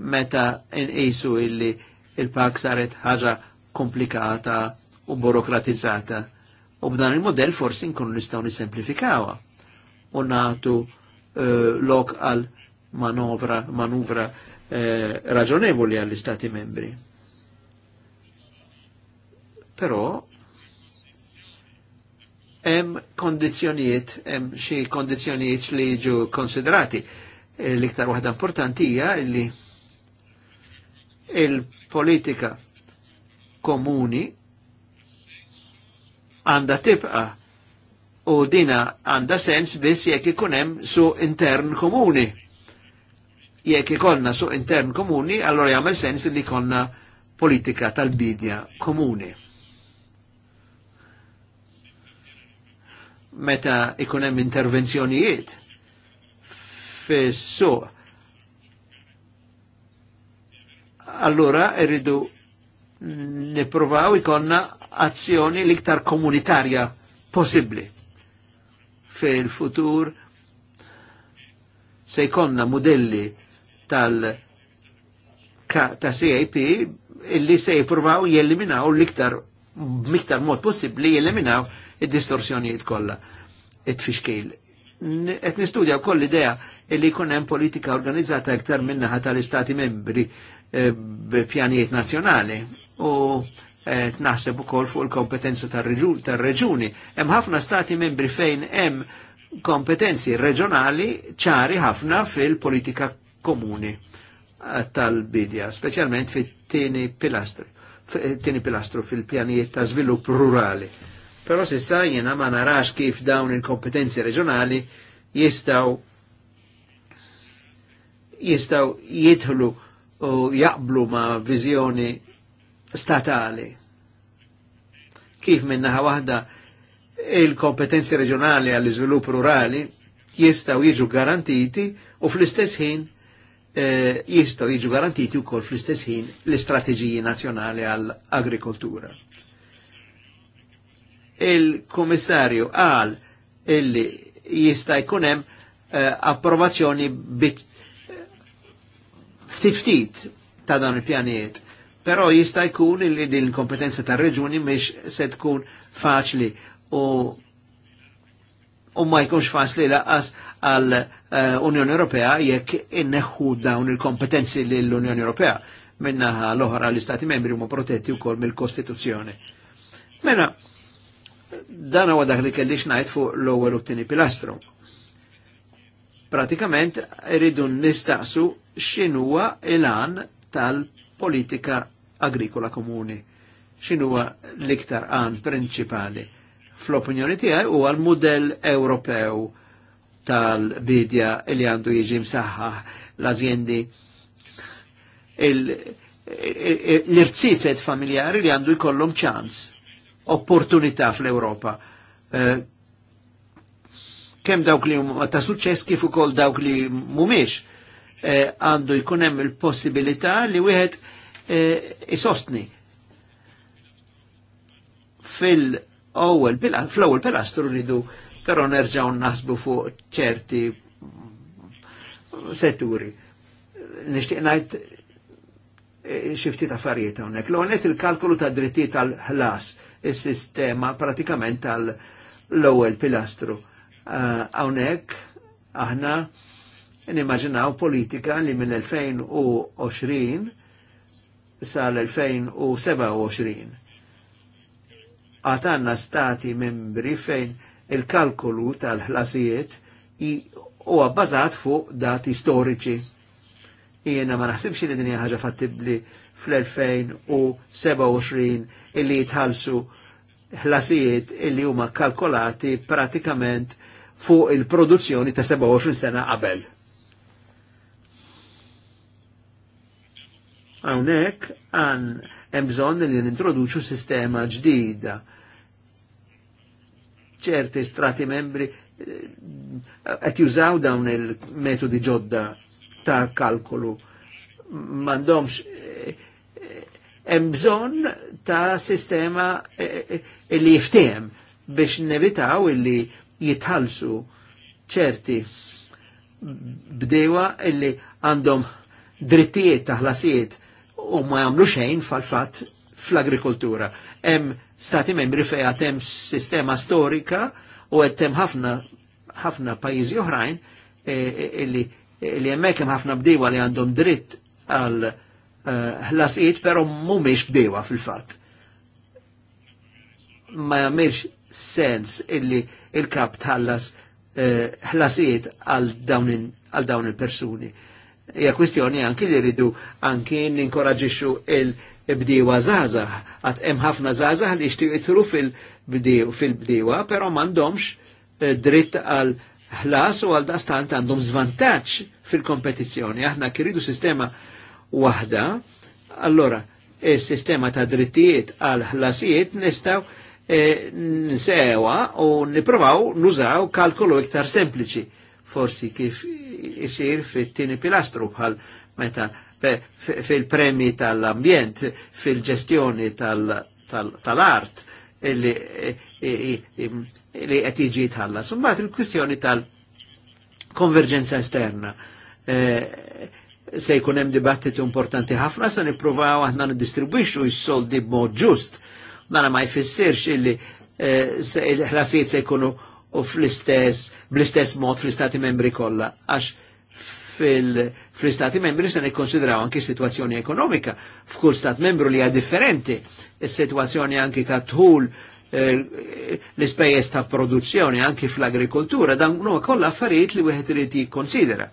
[SPEAKER 3] Meta nqisu illi il-pak saret ħaġa komplikata u burokratizzata. U b'dan il-modell forsi nkunu nistgħu nisemplifikawha u nagħtu uh, lok għal manovra, manuvra uh, raġonevoli għall-Istati membri. Però Hemm kondizzjonijiet, hemm xi kondizzjonijiet li jiġu konsiderati. Eh, l-iktar waħda importanti hija li il-politika komuni għanda tibqa u dina għanda sens biss jekk ikun hemm su intern komuni. Jekk ikollna su intern komuni, allora jagħmel sens li konna politika tal-bidja komuni. meta ikunem intervenzjonijiet fis-suq. Allura irridu niprovaw ikonna azzjoni l-iktar komunitarja possibbli fil-futur se ikonna modelli tal ta' CAP illi se jipruvaw jeliminaw l-iktar miktar mod possibli jeliminaw id-distorsjonijiet kollha it-fixkil. Et nistudja koll idea li jkun hemm politika organizzata iktar minnaħa tal-istati membri eh, b'pjanijiet nazjonali, u eh, naħseb ukoll fuq il-kompetenza tar-reġuni. Hemm ħafna stati membri fejn hemm kompetenzi reġjonali ċari ħafna fil-politika komuni eh, tal-bidja, speċjalment fit pilastru, fit-tieni pilastru fil-pjanijiet ta' żvilupp rurali Però sissa jiena ma narax kif dawn il-kompetenzi reġjonali jistaw jistaw jidħlu u jaqblu ma' vizjoni statali. Kif minnaħa wahda il-kompetenzi reġjonali għall izvilup rurali jistaw jiġu garantiti u fl-istess ħin eh, jistaw jiġu garantiti u kol fl-istess ħin l istrategiji nazjonali għall-agrikoltura il-komissarju għal illi jista' jkun hemm eh, approvazzjoni bit ftiftit ta' dan il-pjanijiet. Però jista' jkun illi din il-kompetenza tar-reġuni mhix se tkun faċli u u ma jkunx faċli laqas għal eh, Unjoni Ewropea jekk inneħħu dawn il-kompetenzi l-Unjoni Ewropea minnaħa l-oħra l-Istati membri huma protetti wkoll mill-Kostituzzjoni. Mena, dan huwa dak li kellix ngħid fuq l-ewwel u t-tieni pilastru. Pratikament irridu nistaqsu x'inhuwa il-għan tal-politika agrikola komuni. X'inhuwa l-iktar għan prinċipali fl-opinjoni tiegħi huwa l-mudell Ewropew tal-bidja li għandu jiġi msaħħa l-azjendi l-irċizet familjari li għandu jkollhom ċans opportunità fl-Europa. Eh, kem dawk li huma ta' suċċess kif ukoll dawk li mhumiex eh, għandu jkun hemm il-possibilità li wieħed eh, isostni fil-ewwel fl-ewwel pilastru rridu però nerġgħu naħsbu fuq ċerti setturi. Nixtieq ngħid xifti ta' affarijiet hawnhekk. L-għonet il kalkulu ta' drittijiet tal-ħlas il-sistema pratikament tal ewwel pilastru. Għawnek, eh, aħna nimmaġinaw politika li mill-2020 sal-2027 għatanna stati membri fejn il-kalkolu tal-ħlasijiet u għabbażat fuq dati storiċi. Jiena ma naħsibx li dinja ħaġa fattibli fl-2027 illi jitħalsu ħlasijiet illi huma kalkolati pratikament fuq il-produzzjoni ta' 27 sena qabel. Hawnhekk għan hemm bżonn li nintroduċu sistema ġdida. ċerti strati membri eh, qed jużaw dawn il-metodi ġodda ta' kalkolu. M'għandhomx eh, Hemm bżonn ta' sistema e, e, e, li jiftihem biex nevitaw illi jitħalsu ċerti bdewa illi għandhom drittijiet ta' ħlasijiet u ma jagħmlu xejn fal-fatt fl-agrikoltura. Hemm stati membri fejn hemm sistema storika u qed hemm ħafna ħafna pajjiżi oħrajn illi hemmhekk hemm ħafna bdewa li għandhom dritt għal ħlasijiet, eh, pero mumiex bdewa fil-fat. Ma jamirx sens illi il-kap tħallas ħlasijiet eh, għal dawn il-persuni. Ja kwistjoni anki li rridu anki ninkoraġixxu il bdewa zaza, għat hemm ħafna zaza li jixtiequ jitru fil bdewa però m'għandhomx eh, dritt għal ħlas u għal dastant għandhom zvantaċ fil-kompetizzjoni. Aħna kiridu sistema waħda, allora il-sistema e ta' drittijiet għal ħlasijiet nistaw e, nsewa u niprovaw nużaw kalkolu iktar sempliċi forsi kif isir fit-tieni pilastru bħal meta fil-premi tal-ambjent, fil-ġestjoni tal-art li qed jiġi tħallas. Imbagħad il-kwistjoni tal-konverġenza esterna. E, se jkun hemm dibattitu importanti ħafna se nippruvaw aħna nidistribwixxu s-soldi b'mod ġust. Nara ma jfissirx illi eh, ħlasijiet se jkunu fl-istess, bl-istess mod fl-istati membri kollha, għax fl-istati membri se nikkonsidraw anki situazzjoni ekonomika f'kull stat membru li hija differenti, is-sitwazzjoni anki ta' tħul eh, l-ispejjeż ta' produzzjoni anki fl-agrikoltura dan huwa kollha affarijiet li wieħed irid jikkonsidera.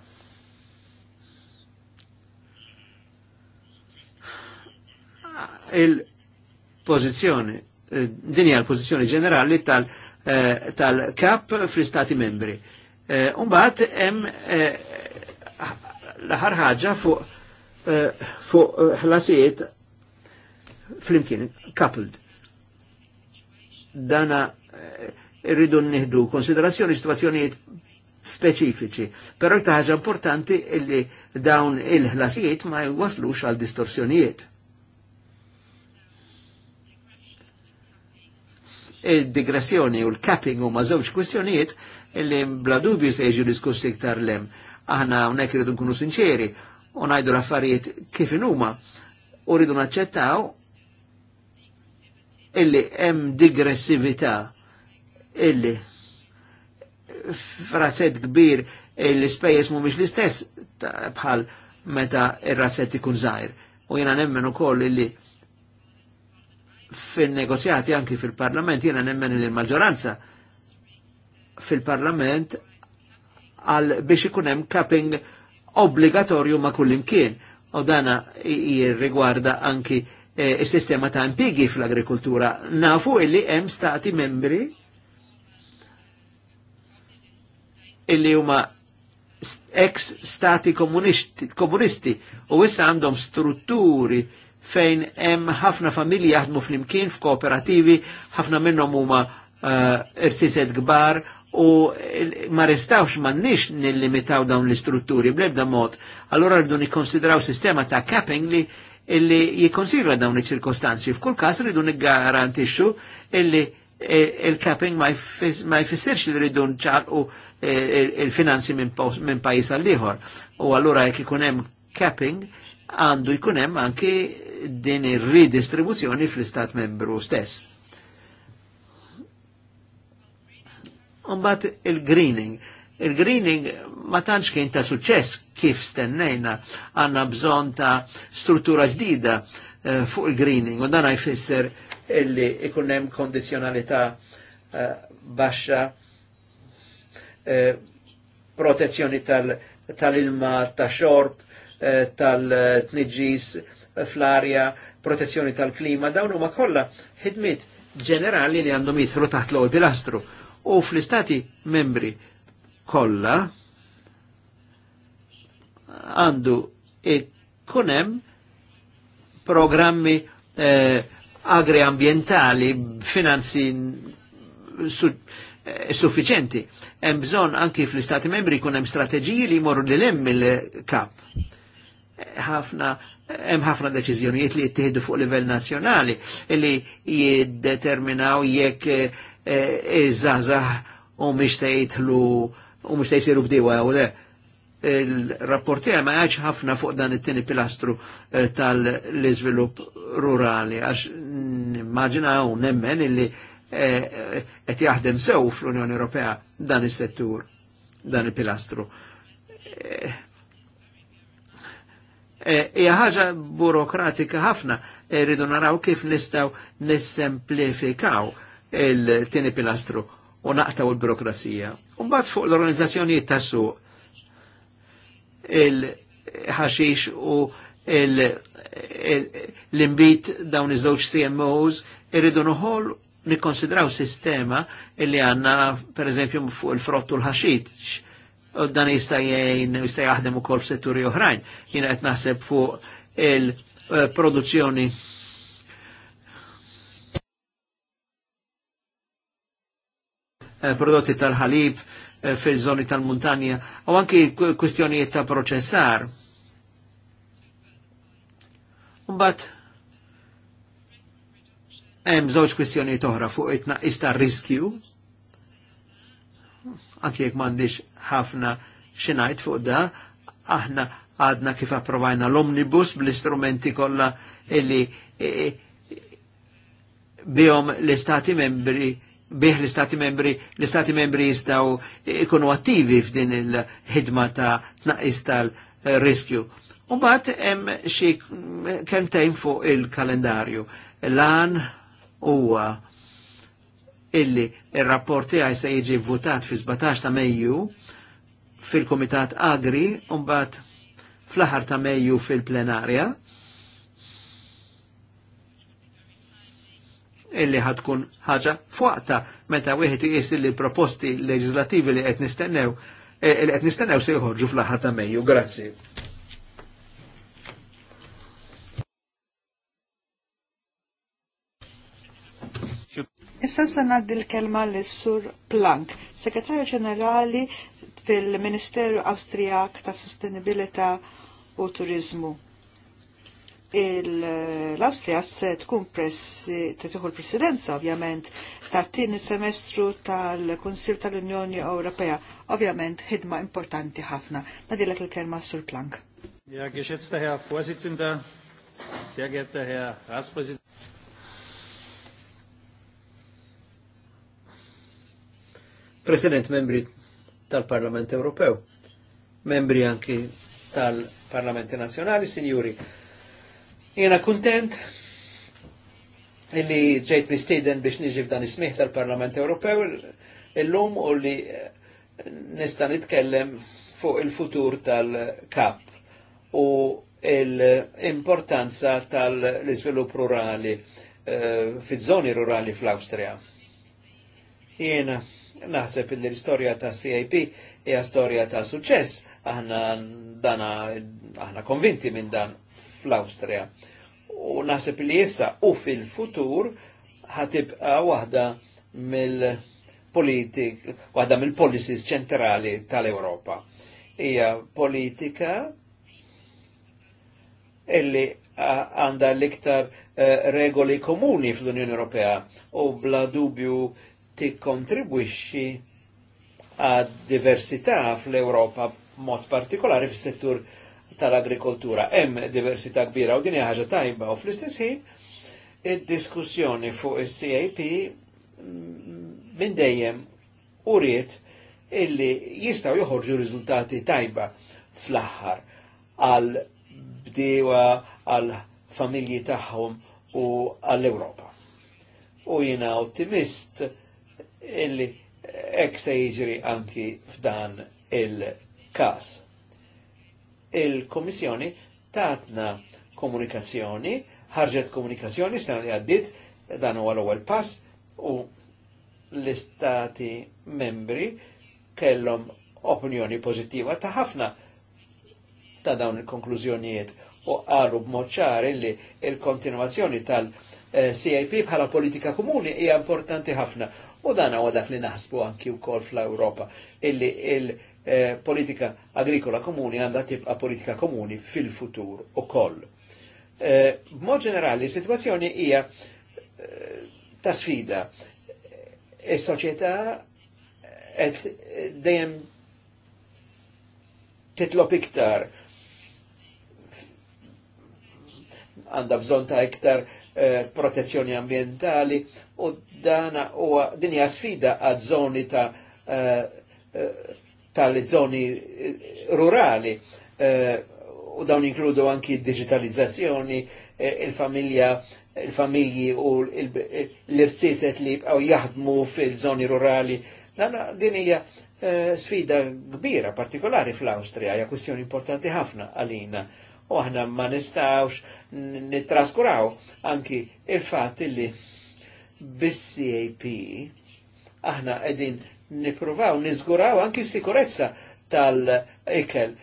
[SPEAKER 3] il-pozizjoni, eh, dinja l-pozizjoni ġenerali tal-kap tal eh, fl-istati membri. Eh, Umbat, hem l-ħar ħagġa fuq fuq ħlasijiet fl-imkien, coupled. Dana rridu nieħdu konsiderazzjoni situazzjonijiet speċifiċi. Però ħaġa importanti illi dawn il-ħlasijiet ma jwaslux għal distorsjonijiet. il-digressjoni u l-capping u mażewġ kwistjonijiet illi bla dubju se jġu diskussi iktar lem. Aħna unek rridu nkunu sinċeri u najdu l-affarijiet kif inuma u rridu naċċettaw illi hemm digressività illi frazzet kbir l mu mhumiex l-istess bħal meta ir-razzett ikun zaħir. U jiena nemmen ukoll illi fil negozjati anki fil-Parlament jena nemmen li l-maġġoranza fil-Parlament għal biex ikunem capping obbligatorju ma' kull imkien. U dana jirrigwarda anki eh, il sistema ta' impigi fl-agrikultura. Nafu illi hemm stati membri illi huma ex stati komunisti, komunisti u issa għandhom strutturi fejn hemm ħafna familji jaħdmu flimkien f'kooperativi, ħafna minnhom huma uh, irsiset kbar u ma restawx mannix nillimitaw dawn l-istrutturi bl-ebda mod. Allora rridu nikkonsidraw sistema ta' capping li illi jikonsidra dawn iċ-ċirkostanzi. F'kull każ rridu niggarantixxu illi eh, il-capping ma jfissirx li rridu nċalqu eh, il-finanzi minn pajjiż għall ieħor. U allura jekk ikun hemm capping, għandu jkun hemm anki din ir-ridistribuzzjoni fl-istat membru stess. Umbat il-greening. Il-greening ma tantx kien ta' suċess kif stennejna għanna bżon ta' struttura ġdida uh, fuq il-greening u dan jfisser illi ikun hemm kondizjonalità uh, baxxa uh, protezzjoni tal-ilma, tal, tal xorb, Eh, tal-tniġis fl-arja, protezzjoni tal-klima, dawn huma kollha ħidmiet ġenerali li għandhom jidħlu taħt l-ewwel pilastru. U fl-istati membri kollha għandu ikun hemm programmi eh, agriambientali finanzi su, eh, suffiċenti. Hemm bżonn anki fl-istati membri jkun hemm strateġiji li jmorru li hemm il-kap ħafna hemm ħafna deċiżjonijiet li jittieħdu fuq livell nazzjonali li jiddeterminaw jekk eh, iż-żgħażagħ u mhix se jidħlu u mhux se jsiru bdiewa u le. Il-rapporti ma għax ħafna fuq dan it-tieni pilastru eh, tal-iżvilupp rurali għax nimmaġina nemmen illi eh, qed jaħdem sew fl-Unjoni Ewropea dan is-settur dan il-pilastru. Ija ħaġa burokratika ħafna, rridu naraw kif nistgħu nissemplifikaw il-tieni pilastru u naqtaw il-burokrazija. Umbat fuq l-organizzazzjonijiet tas-suq il-ħaxix u l-imbit dawn iż-żewġ CMOs irridu noħol nikkonsidraw sistema illi għanna per eżempju fuq il-frott u l-ħaxix dan jista' jgħin jista' jaħdem ukoll f'setturi oħrajn. Jiena qed naħseb fuq il-produzzjoni eh, prodotti tal-ħalib eh, fil-żoni tal-muntanja u anki kwistjonijiet ta' proċessar. Mbagħad hemm żewġ kwistjonijiet oħra fuq it-tnaqqis tar-riskju anki jekk m'għandix ħafna xinajt fuq da, aħna għadna kif approvajna l-omnibus bl-istrumenti kolla illi e, e, bihom l-istati membri bih l-istati membri, l-istati membri jistaw ikunu attivi f'din il-ħidma ta' tnaqis tal-riskju. bat hemm xi kemtejn fuq il-kalendarju. Lan huwa illi il-rapport tiegħi se jiġi votat fi 17 ta' Mejju fil-Kumitat Agri u mbagħad fl-aħħar ta' Mejju fil-plenarja. illi tkun ħaġa fuqta meta wieħed iqis li proposti leġislativi li qed nistennew eh, li qed nistennew se jħorġu fl-aħħar ta' Mejju. Grazzi.
[SPEAKER 4] Issa se ngħaddi l-kelma lis-Sur Plank, Segretarju Ġenerali fil-Ministeru Awstrijak ta' Sostenibilità u Turizmu. L-Awstrija se tkun tieħu l-Presidenza ovvjament ta' tieni semestru tal kunsill tal-Unjoni Ewropea, ovvjament ħidma importanti ħafna. Nadilek il-kelma Sur Plank.
[SPEAKER 1] Ja, geschätzter Herr Vorsitzender, sehr geehrter Herr Ratspräsident.
[SPEAKER 3] President membri tal-Parlament Ewropew, membri anki tal parlament Nazjonali, sinjuri. Jena kontent illi ġejt mistiden biex niġi f'dan ismiħ tal-Parlament Ewropew illum u li eh, nista' nitkellem fuq il-futur tal-kap u l-importanza tal-iżvilupp rurali eh, fi zoni rurali fl austria Jena, naħseb il l-istorja ta' CIP hija storja ta' suċess aħna dana aħna konvinti minn dan fl-Awstrija. U naħseb li issa u fil-futur ħatibqa' waħda mill-politik, waħda mill-policies ċentrali tal-Ewropa. Hija politika illi għanda l-iktar eh, regoli komuni fl-Unjoni Ewropea u bla dubju tikkontribwixxi għad diversità fl-Ewropa mod partikolari fis-settur tal-agrikoltura. Hemm diversità kbira u din hija ħaġa tajba u fl-istess ħin id-diskussjoni fuq is-CAP mm, minn dejjem uriet illi jistaw joħorġu riżultati tajba fl-aħħar għal bdewa għal familji tagħhom u għall-Ewropa. U jiena ottimist illi ek se jiġri anki f'dan il-kas. Il-Komissjoni tatna komunikazzjoni, ħarġet komunikazzjoni sena li għaddit dan huwa l-ewwel pass u l-istati membri kellhom opinjoni pożittiva ta' ħafna ta' dawn il-konklużjonijiet u għalu b'mod ċar li il-kontinuazzjoni tal- CIP bħala politika komuni hija importanti ħafna U dan huwa dak li naħsbu anki wkoll fl-Ewropa illi il-politika agrikola komuni għandha tibqa' politika komuni fil-futur ukoll. Eh, b'mod ġenerali, situazzjoni hija eh, ta' sfida. Is-soċjetà qed dejjem titlob iktar għandha bżon ta' iktar Eh, protezzjoni ambientali u dana u dinja sfida għad zoni ta' eh, eh, tal-zoni rurali u dawn inkludu anki digitalizzazzjoni, il-familja, il-familji u l-irċiset li jibqaw jaħdmu fil zoni rurali. Din hija sfida kbira, partikolari fl-Austria, hija kwestjoni importanti ħafna għalina u aħna ma nistawx nittraskuraw anki il fat li bis-CAP aħna qegħdin nipruvaw niżguraw anki sikurezza tal-ikel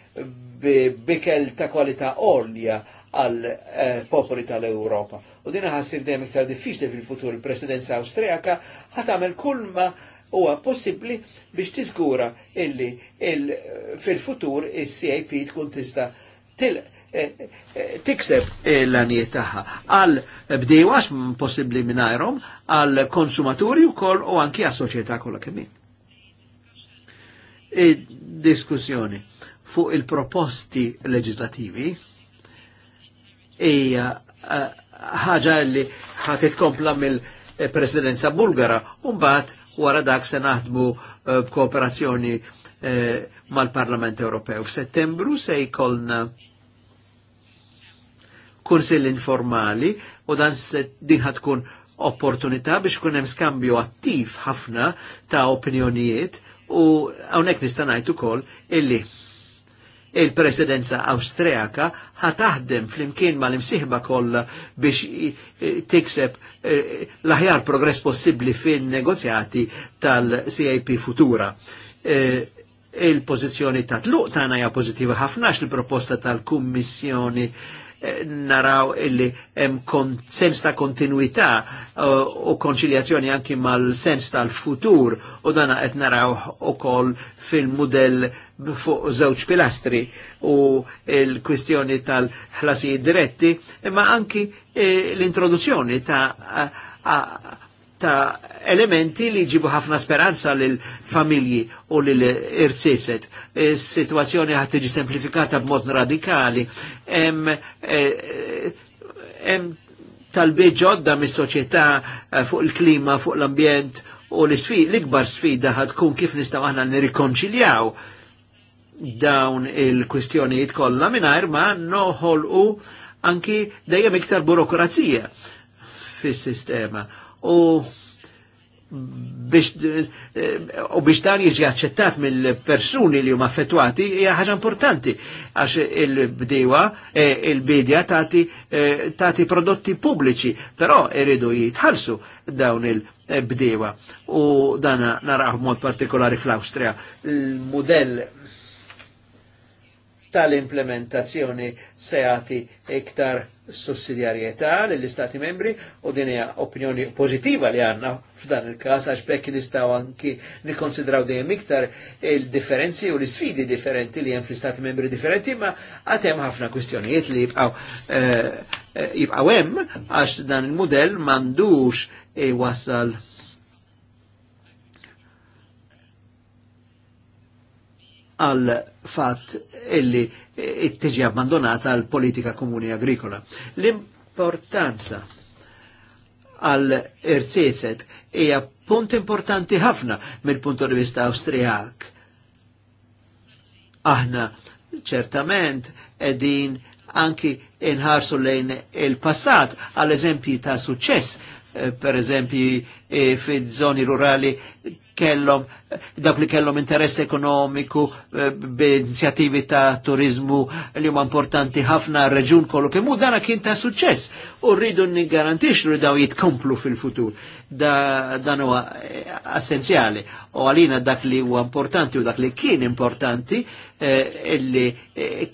[SPEAKER 3] bikel ta' kwalità olja għal eh, popoli tal-Europa. U dina ħassir dem iktar diffiċli fil-futur il-Presidenza Awstrijaka ħat għamel kull ma huwa possibbli biex tiżgura illi fil-futur is-CIP tkun tista' tikseb l-għaniet taħħa. Għal bdejwax possibli minnajrom, għal konsumaturi u kol u għanki għas soċieta kolla kemmin. Diskussjoni fuq il-proposti leġislativi hija eh, ħaġa li ħat kompla mill-presidenza bulgara u mbagħad wara dak se naħdmu eh, b'kooperazzjoni eh, mal-Parlament Ewropew. F'Settembru se jkollna kunsill informali u dan din tkun opportunità biex kun hemm skambju attiv ħafna ta' opinjonijiet u hawnhekk nista' ngħid ukoll illi il-presidenza Awstrijaka ħataħdem fl-imkien ma l-imsiħba kollha biex tikseb eh, l-aħjar progress possibbli fin negozjati tal-CAP futura. Eh, il-pożizzjoni ta' tluq tagħna hija pożittiva ħafnax l proposta tal-Kummissjoni naraw illi hemm sens ta' kontinuità uh, u konċiljazzjoni anki mal-sens tal-futur u dana qed naraw ukoll fil-mudell fuq żewġ pilastri u l-kwistjoni tal-ħlasijiet diretti, imma anki eh, l-introduzzjoni ta' ta' elementi li ġibu ħafna speranza lil familji u lil irsiset. E, situazzjoni sitwazzjoni ħad tiġi semplifikata b'mod radikali. Hemm eh, talbiet ġodda mis-soċjetà e, fuq il-klima, fuq l-ambjent u l-isfid, l-ikbar sfida ħat tkun kif nistaw aħna nirikonċiljaw dawn il-kwistjonijiet kollha mingħajr ma noħolqu anki dejjem iktar burokrazija fis-sistema. U biex eh, u biex dan jiġi aċċettat mill-persuni li huma affettwati hija ħaġa importanti għax il-bdewa eh, il-bidja eh, tagħti prodotti pubbliċi, però iridu jitħallsu dawn il-bdewa u dan naraħ mod partikolari fl-Awstrija. Il-mudell tal-implementazzjoni se jagħti iktar sussidjarjetà lill-Istati membri u din hija opinjoni pożittiva li għandna f'dan il-każ għax bekk nistgħu anki nikkonsidraw dejjem iktar il-differenzi u l-isfidi differenti li hemm fl-Istati membri differenti ma għad hemm ħafna kwistjonijiet li jibqgħu eh, eh, jibqgħu hemm għax dan il-mudell m'għandux iwassal e għal fat illi tiġi abbandonata għal politika komuni agrikola. L-importanza għal irċiset hija punt importanti ħafna mill punt di vista Awstrijak. Aħna ċertament edin anki inħarsu lejn il-passat għal eżempji ta' suċċess, eh, per eżempji eh, fid-żoni rurali kellhom Dak li kellhom interess ekonomiku eh, b'inizjattivi ta' turizmu li huma importanti ħafna reġun kollu kemm hu dana kien ta' suċċess u rridu niggarantixxu li daw jitkomplu fil-futur. Da, dan huwa eh, essenzjali u għalina dak li huwa importanti u dak li kien importanti eh, illi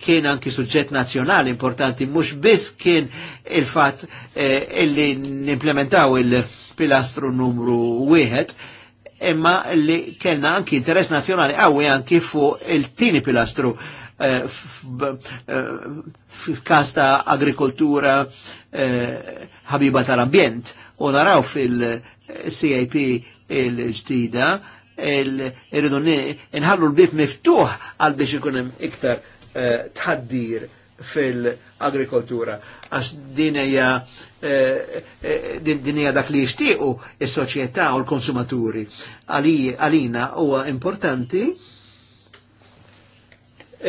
[SPEAKER 3] kien anki suġġett nazjonali importanti mhux biss kien il-fatt illi nimplementaw il-pilastru numru wieħed imma li kellna anki interess nazjonali għawi anki fu il-tini pilastru eh, f'kas eh, ta' agrikoltura eh, ħabiba tal-ambjent u naraw fil-CIP il-ġdida irridu nħallu l-bib miftuħ għal biex ikun iktar eh, tħaddir fil-agrikoltura għax din hija Eh, eh, din hija dak li jixtiequ is-soċjetà u l-konsumaturi. Għalina huwa importanti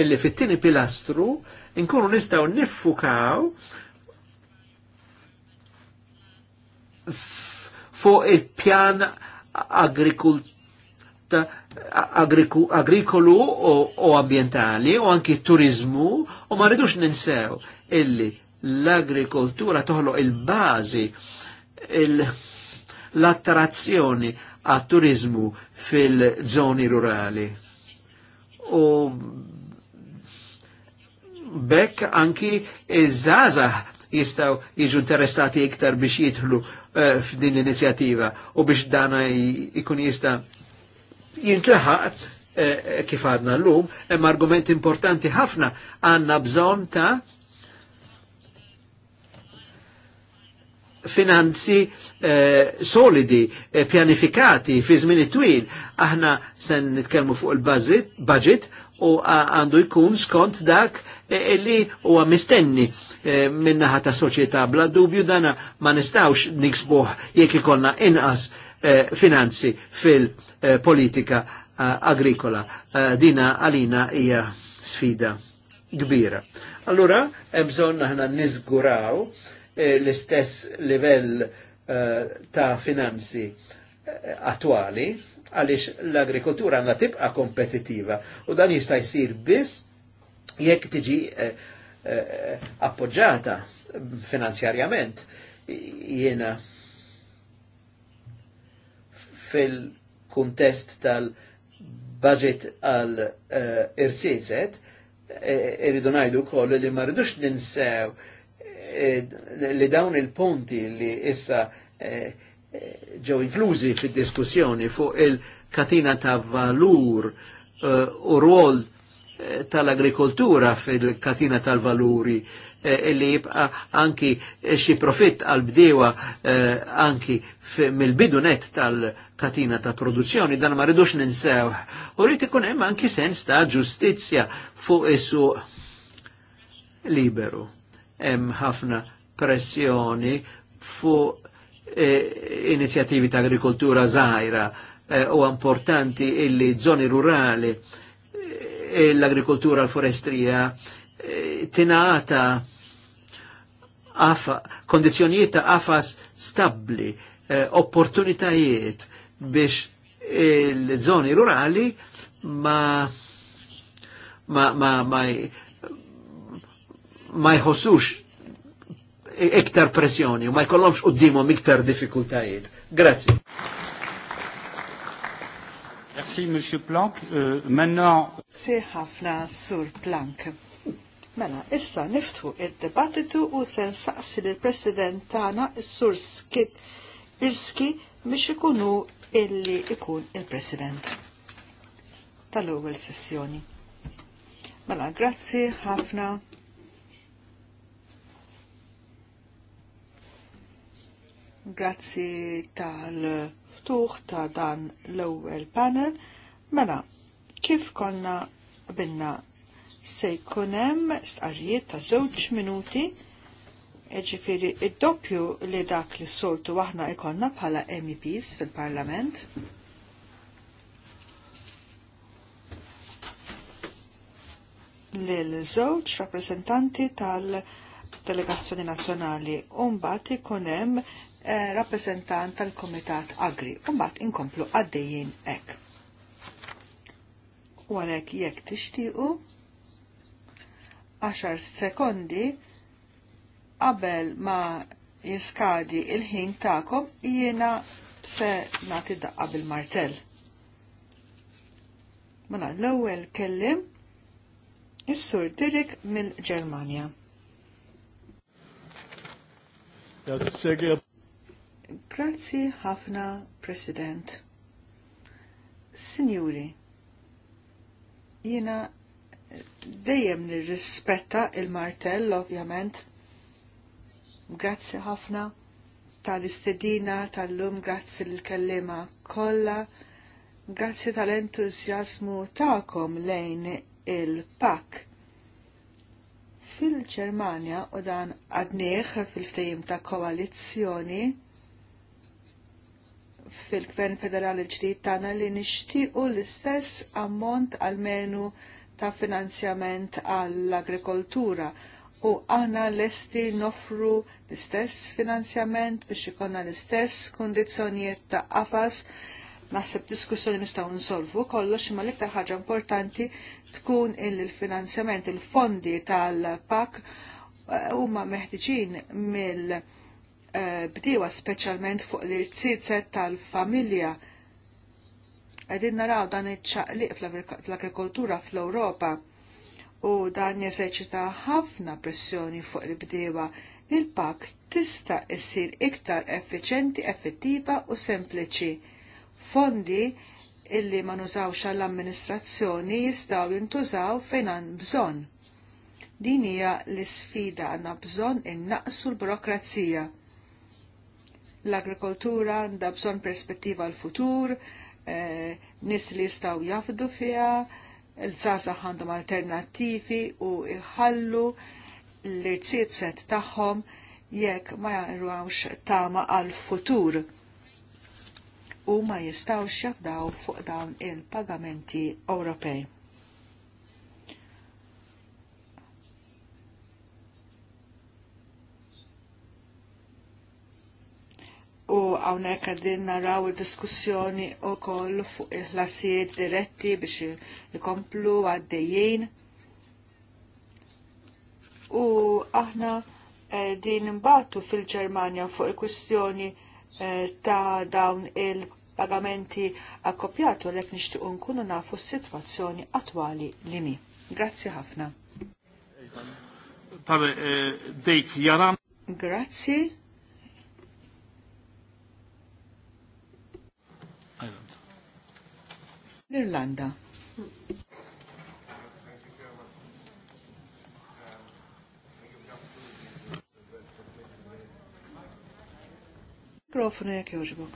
[SPEAKER 3] illi fit-tieni pilastru nkunu nistgħu niffukaw fuq il-pjan agrikolu u ambientali u anki turizmu u ma rridux ninsew illi l-agrikoltura toħloq il-bazi l-attrazzjoni għat turizmu fil-żoni rurali. U bekk anki iż żaza jistaw jiġu interessati iktar biex jidħlu eh, f'din l-inizjativa u biex dana ikun jista jintlaħaq eh, kif għadna l-lum, emma argument importanti ħafna għanna bżon ta' finanzi eh, solidi, eh, pjanifikati fi zmini twil. Aħna se nitkellmu fuq il-budget u għandu jkun skont dak illi eh, huwa mistenni eh, minnaħa ta' soċjetà bla dubju dana ma nistawx niksbuħ jekk ikollna inqas eh, finanzi fil-politika agrikola. Dina għalina hija sfida kbira. Allura, hemm bżonn aħna niżguraw Eh, l-istess livell eh, ta' finanzi eh, attuali għaliex l-agrikoltura għandha tibqa' kompetitiva u dan jista' jsir biss jekk tiġi appoġġata finanzjarjament jiena fil-kuntest tal-budget għal uh, iridu irridu najdu koll li ma rridux ninsew Eh, li dawn il-punti li issa eh, ġew inklużi fid-diskussjoni fuq il-katina ta' valur eh, u rwol tal-agrikoltura fil-katina tal-valuri li jibqa anki xi profitt għal bdewa anki mill-bidunet tal-katina ta' produzzjoni dan ma rridux ninsew. U rrid ikun hemm anki sens ta' ġustizzja fuq is-suq liberu hemm ħafna pressjoni fuq eh, inizjattivi ta' agrikoltura żgħira eh, u importanti illi żoni rurali e eh, l-agrikoltura l-forestrija eh, tingħata kondizjonijiet ta' afas stabbli, eh, opportunitajiet biex il-żoni rurali ma ma ma ma ma jħossux iktar pressjoni u ma jkollhomx qudiemhom iktar diffikultajiet.
[SPEAKER 1] Grazzi. Merci, M. Planck. Euh, maintenant...
[SPEAKER 4] Si ħafna sur Planck. Mela, issa niftħu il-debattitu u sen saqsi l-President tana sur Skit Irski biex ikunu illi ikun il-President tal-ewwel sessjoni. Mela, grazzi ħafna Grazzi tal-ftuħ ta' dan l-ewwel panel. Mela, kif konna binna se jkun hemm stqarrijiet ta' żewġ minuti ġifiri id-doppju li dak li soltu aħna ikonna bħala MEPs fil-Parlament. Lil-żewġ rappresentanti tal- delegazzjoni nazzjonali. Umbat ikun hemm Eh, rappresentant tal-Komitat Agri. Umbat inkomplu għaddejjien ek. U għalek jek tixtiqu 10 sekondi qabel ma jiskadi il-ħin ta'kom jiena se nati daqqa bil-martell. Mela l-ewwel kellim is-Sur Dirk mill-Ġermanja. Grazzi ħafna, President. Signori, jina dejjem nirrispetta il-martell, ovvjament. Grazzi ħafna tal-istedina tal-lum, grazzi l-kellima kolla, grazzi tal-entuzjasmu ta'kom lejn il-pak fil-ċermania u dan għadnieħ fil-ftejim ta' koalizzjoni fil-Gvern Federali ġdid tagħna li nixtiequ l-istess ammont għalmenu ta' finanzjament għall-agrikoltura u għana lesti nofru l-istess finanzjament biex ikonna l-istess kondizjonijiet ta' qafas Naħseb diskussjoni nistgħu nsolvu kollox imma l-iktar ħaġa importanti tkun il-finanzjament il-fondi tal-PAK eh, huma meħtieġin mill- Eh, bdiewa speċjalment fuq l-irtsizet tal-familja. Qegħdin naraw dan iċ-ċaqliq fl-agrikoltura fl-Ewropa u dan jeżeċita ħafna pressjoni fuq il-bdiewa il-pak tista jessir iktar effiċenti, effettiva u sempliċi. Fondi illi ma nużawx għall-amministrazzjoni jistaw jintużaw fejn għan bżon. Din hija l-isfida għandna bżonn innaqsu l-burokrazija L-agrikoltura għandha bżonn perspettiva l-futur, eh, nis li jistaw jafdu fija, l-żaza għandhom alternativi u iħallu l-irtsiet set tagħhom jekk ma jarwawx tama għal-futur u ma jistawx jaddaw fuq dawn il-pagamenti Ewropej. u għawnek għadin naraw il-diskussjoni u koll fuq il-ħlasijiet diretti biex ikomplu għaddejjien. U aħna eh, din imbatu fil-Ġermanja fuq il-kwistjoni eh, ta' dawn il-pagamenti akkopjatu għalek ek nkunu nafu s-situazzjoni attwali li mi. Grazzi ħafna.
[SPEAKER 1] Eh,
[SPEAKER 4] Grazzi. L-Irlanda. Mikrofonu jek joġbok.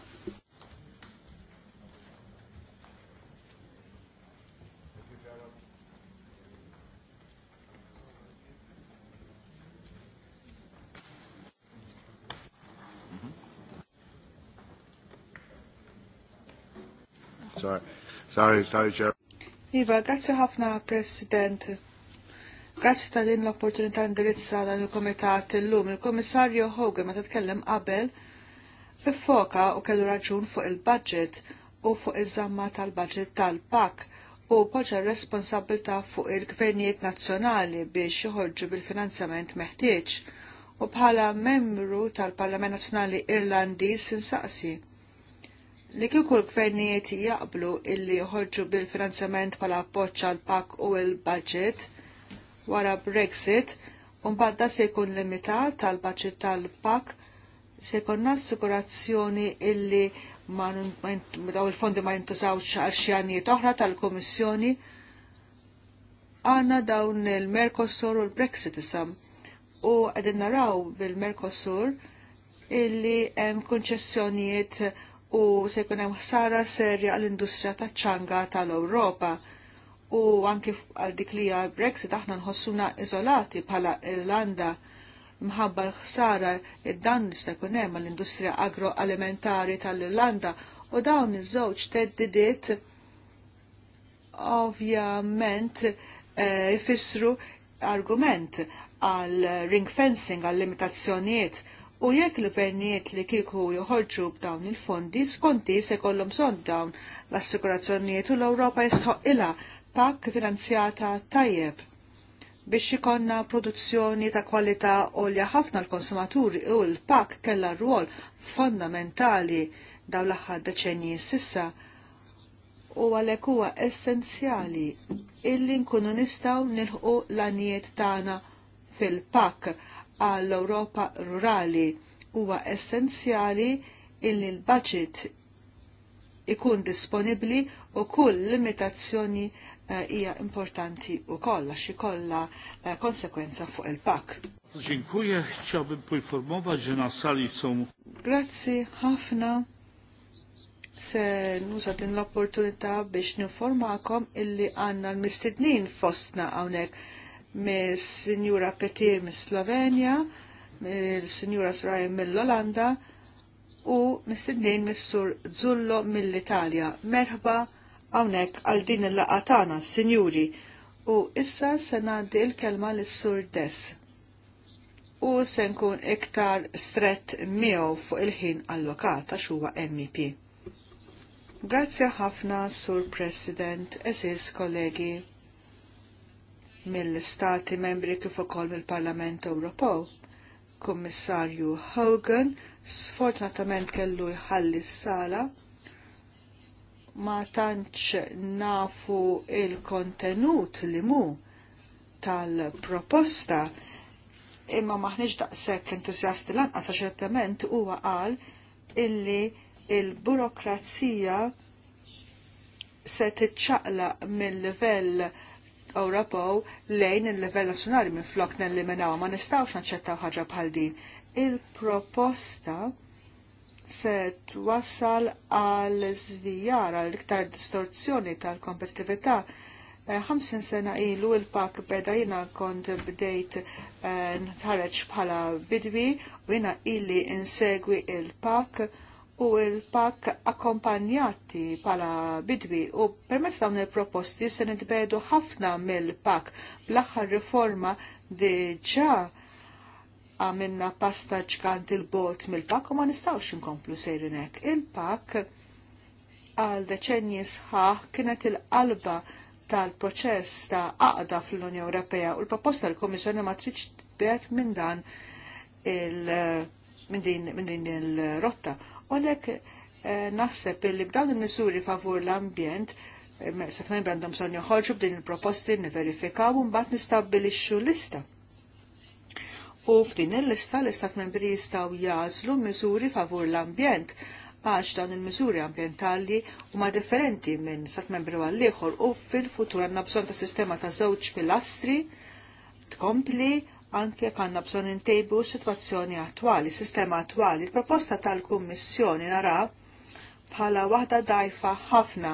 [SPEAKER 2] Sorry. Sorry, sorry, Chair.
[SPEAKER 4] Iva, grazzi ħafna, President. Grazzi ta' din l-opportunità indirizza dan il-Komitat illum. Il-Komissarju Hogan ma tkellem qabel fil-foka u kellu raġun fuq il-budget u fuq iż-żamma tal-budget tal-PAK u poġġa responsabilta fuq il-gvernijiet nazzjonali biex joħorġu bil-finanzjament meħtieġ u bħala membru tal-Parlament Nazzjonali Irlandiż saqsi li kieku l-gvernijiet jaqblu illi joħorġu bil-finanzjament pala appoċċa l-pak u l-budget wara Brexit, un badda se jkun limitat tal-budget tal-pak se jkun assigurazzjoni illi ma daw il-fondi ma jintużawx għal xjanijiet oħra tal-Komissjoni għanna dawn il-Mercosur u l-Brexit isam. U għedin naraw bil-Mercosur illi hemm konċessjonijiet u se jkun hemm ħsara serja għall-industrija taċ-ċanga tal-Ewropa u anki għal dik li għal Brexit aħna nħossuna iżolati bħala Irlanda mħabba l-ħsara id-dan nista' jkun hemm għall-industrija agroalimentari tal-Irlanda u dawn iż-żewġ teddidiet ovvjament eh, jfissru argument għal ring fencing għal limitazzjonijiet u jekk l-gvernijiet li kieku joħorġu b'dawn il-fondi skonti se kollom bżonn dawn l-assikurazzjonijiet u l-Ewropa jistħoqilha pakk finanzjata tajjeb biex ikonna produzzjoni ta' kwalità għolja ħafna l-konsumaturi u l-pak kella rwol fondamentali dawn l-aħħar deċenji sissa u għalhekk huwa essenzjali illi nkunu nistgħu nilħu l-anijiet tagħna fil-pak għall-Ewropa rurali huwa essenzjali illi l-budget ikun disponibli u kull limitazzjoni eh, hija importanti u kollha xi kollha konsekwenza fuq il-pak.
[SPEAKER 1] Dziękuję. Chciałbym poinformować, że na sali są...
[SPEAKER 4] Grazie, ħafna. Se nuża din l-opportunità biex ninformakom illi għanna l-mistednin fostna hawnhekk mis-Sinjura Petir mis-Slovenja, mis-Sinjura Sraje mill-Olanda u mis-Sidnin mis-Sur Zullo mill-Italja. Merħba għawnek għal din il-laqatana, Sinjuri, u issa se ngħaddi l-kelma lis-Sur Dess u se nkun iktar strett miegħu fuq il-ħin allokata għax MEP. Grazzi ħafna, Sur President, eżis kollegi mill-Stati membri kif ukoll mill-Parlament Ewropew. Kummissarju Hogan sfortunatament kellu jħalli s-sala ma tantx nafu il-kontenut li mu tal-proposta imma maħniġ daqshekk entuzjasti lanqas għax element huwa qal illi il-burokrazija se tiċċaqla mill-livell Ewropew lejn il level nazzjonali minn flok nelliminaw ma nistgħux naċċettaw ħaġa bħal din. Il-proposta se twassal għal żvijar għal iktar distorzjoni tal-kompetitività 50 eh, sena ilu il-pak beda jina kont bdejt eh, nħarreċ bħala bidwi u jina illi insegwi il-pak u l-pak akkompanjati pala bidwi u permezz dawn il-proposti se nitbedu ħafna mill-pak bl-aħħar riforma diġa għamilna pasta ċkant il-bot mill-pak u ma nistawx inkomplu sejrinek. Il-pak għal deċenji sħaħ kienet il-qalba tal-proċess ta' għaqda fl-Unjoni Ewropea u l-proposta l-Komissjoni ma tridx tbiet minn dan il- din, il-rotta. Olek eh, naħseb li b'dawn il-miżuri favur l-ambjent Sat eh, membri għandhom sonju ħolġu b'din il-proposti n-verifikaw un bat nistabbilixxu lista. U f'din il-lista l-istat membri jistaw jażlu miżuri favur l-ambjent għax dawn il-miżuri ambientali huma differenti minn sat membri għall u fil-futur għandna bżonn ta' sistema ta' żewġ pilastri tkompli anke kanna bżon intejbu situazzjoni attwali, sistema attwali. proposta tal-Kummissjoni nara bħala waħda dajfa ħafna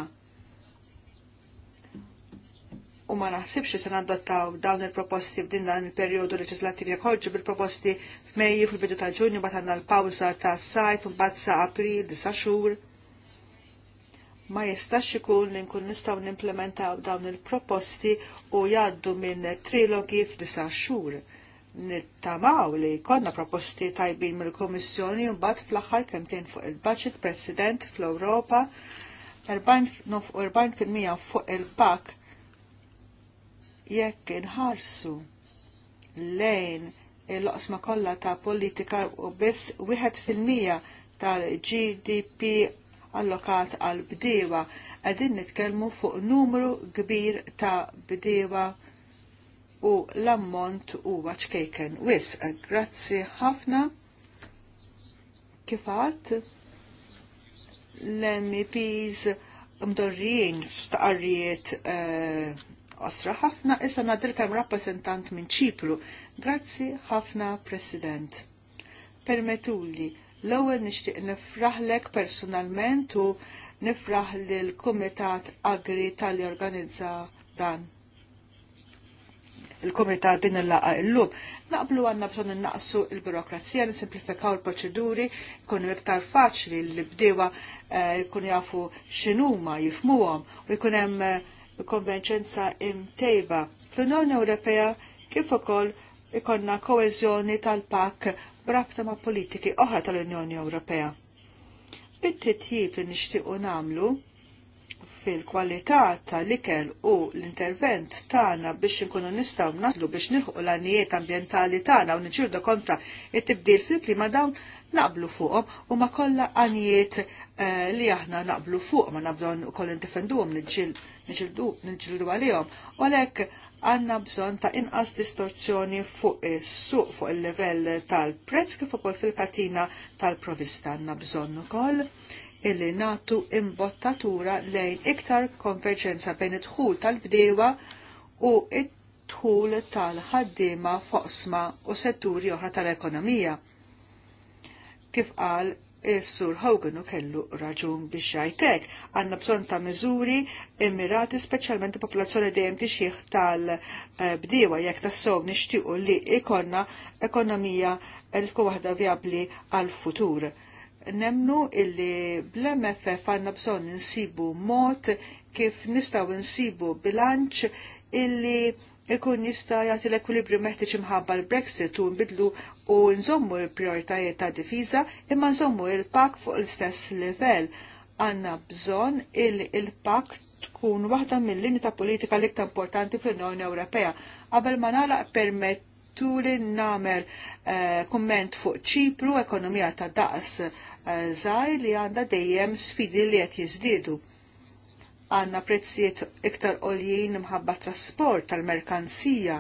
[SPEAKER 4] u ma naħsibx se nadottaw dawn il-proposti f'din dan il-perjodu leġislattiv jekk ħoġġu bil-proposti f'Mejju fil-bidu ta' Ġunju bat għandna l-pawża ta' sajf mbagħad sa' April disa' xhur. Ma jistax ikun li nkun nistgħu nimplementaw dawn il-proposti u jgħaddu minn trilogi f'disa' xhur nittamaw li konna proposti tajbin mill-Komissjoni u bat fl-axar kemtien fuq il-budget president fl-Europa 40% fuq il-pak jekk inħarsu lejn il-loqsma kollha ta' politika u biss 1% tal-GDP allokat għal bdiewa qegħdin nitkellmu fuq numru kbir ta' bdiewa u l-ammont huwa ċkejken wis. Grazzi ħafna kifat l-MEPs mdorrijin f'staqarrijiet eh, osra ħafna issa nadil kemm rappresentant minn ċipru. Grazzi ħafna, President. Permetulli, l-ewwel nixtieq nifraħlek personalment u nifraħ l Kumitat Agri tal-organizza dan il-komunità din il-laqa il-lub. Naqblu għanna bżon naqsu il-birokrazija, nisimplifikaw il-proċeduri, jkun iktar faċli li bdewa jkun eh, jafu xinuma, jifmuhom u jkun hemm eh, konvenċenza imtejba. L-Unjoni Ewropea kif ukoll ikonna koeżjoni tal-pak brabta ma' politiki oħra tal-Unjoni Ewropea. Bit-titjib li nixtiequ namlu fil-kwalità tal-ikel u l-intervent tagħna biex inkunu nistgħu naslu biex nilħu l-għanijiet ambjentali tagħna u niġġieldu kontra it-tibdil fil-klima dawn naqblu fuqhom u ma kollha għanijiet eh, li aħna naqblu fuq ma nabdu ukoll indifenduhom niġġieldu għalihom. U għalhekk għanna bżon ta' inqas distorzjoni fuq is-suq fuq il-livell tal-prezz kif ukoll fil-katina tal-provista għandna bżonn ukoll illi natu imbottatura lejn iktar konverġenza bejn id-dħul tal-bdewa u id-dħul tal-ħaddiema foqsma u setturi oħra tal-ekonomija. Kif qal Is-sur Hogan u kellu raġun biex jajtek. Għanna bżon ta' miżuri immirati speċjalment popolazzjoni dejjem tixjih tal-bdiewa jekk tassow nixtiequ li ikonna ekonomija l waħda vjabli għal-futur nemnu illi bl-MFF għanna bżon nsibu mod kif nistaw nsibu bilanċ illi ikun jista jagħti l-ekwilibru meħtieġ imħabba l-Brexit u nbidlu u nżommu l-prioritajiet ta' difiża imma nżommu l-pak fuq l-istess livell. Għandna bżonn il il-pak tkun waħda mill-linji ta' politika l-iktar importanti fl-Unjoni Ewropea. Qabel ma nagħlaq permett tuli namer eh, komment fuq ċipru, ekonomija ta' daqs eh, zaħi li għanda dejjem sfidi li għet jizdidu. Għanna prezzijiet iktar oljien mħabba trasport tal merkansija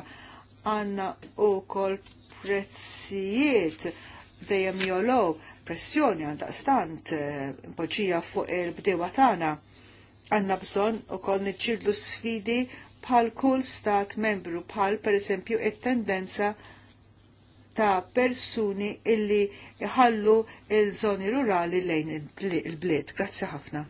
[SPEAKER 4] għanna u kol prezzijiet dejjem jolow pressjoni għanda stant eh, poġija fuq il-bdewa tana. Għanna bżon u kol sfidi bħal kull stat membru bħal per eżempju tendenza ta' persuni illi jħallu il-żoni rurali lejn il-bliet. Grazzi ħafna.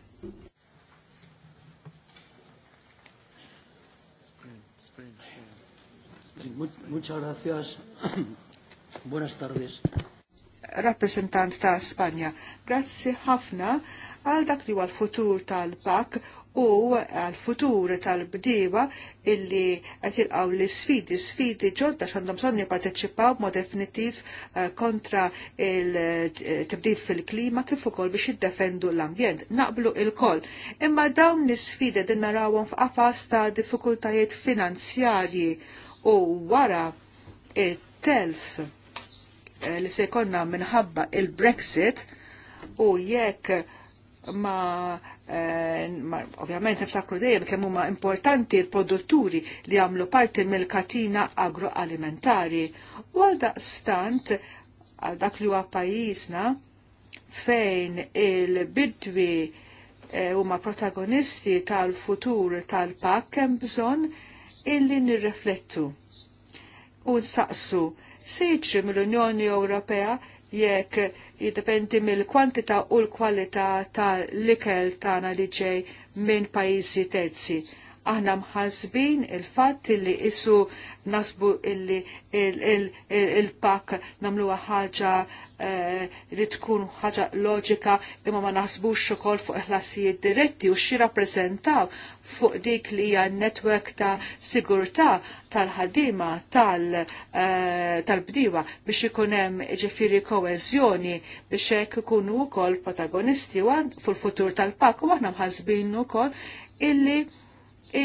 [SPEAKER 4] Muchas *coughs* Buenas tardes. Rappresentant ta' Spanja, grazzi ħafna għal dak li għal futur tal-PAK u għal-futur tal-bdiewa illi qed jilqgħu l sfidi sfidi ġodda x'għandhom bżonn jipparteċipaw b'mod definitiv eh, kontra il-tibdil fil-klima kif ukoll biex jiddefendu l-ambjent. Naqblu il-koll. Imma dawn l-sfidi din narawhom f'qafas ta' diffikultajiet finanzjarji u wara it-telf eh, li se jkollna minħabba il-Brexit u jekk Eh, ma, ovvjament niftakru dejjem kemm huma importanti l-produtturi li jagħmlu parti mill-katina agroalimentari u għal daqstant għal dak li huwa pajjiżna fejn il-bidwi eh, huma protagonisti tal-futur tal-pak hemm bżonn illi nirriflettu u nsaqsu se mill-Unjoni Ewropea jekk jiddependi mill-kwantità u l-kwalità tal-ikel tagħna li ġej minn pajjiżi terzi. Aħna mħasbin il-fatt li isu nasbu illi il-pak namluwa ħaġa Eh, li tkun ħaġa loġika imma ma naħsbux ukoll fuq ħlasijiet diretti u xi rappreżentaw fuq dik li hija netwerk ta' sigurtà tal-ħadima tal eh, bdiwa biex ikun hemm ġifieri koeżjoni biex hekk ikunu wkoll protagonisti fil-futur tal-pak u aħna mħassbin ukoll illi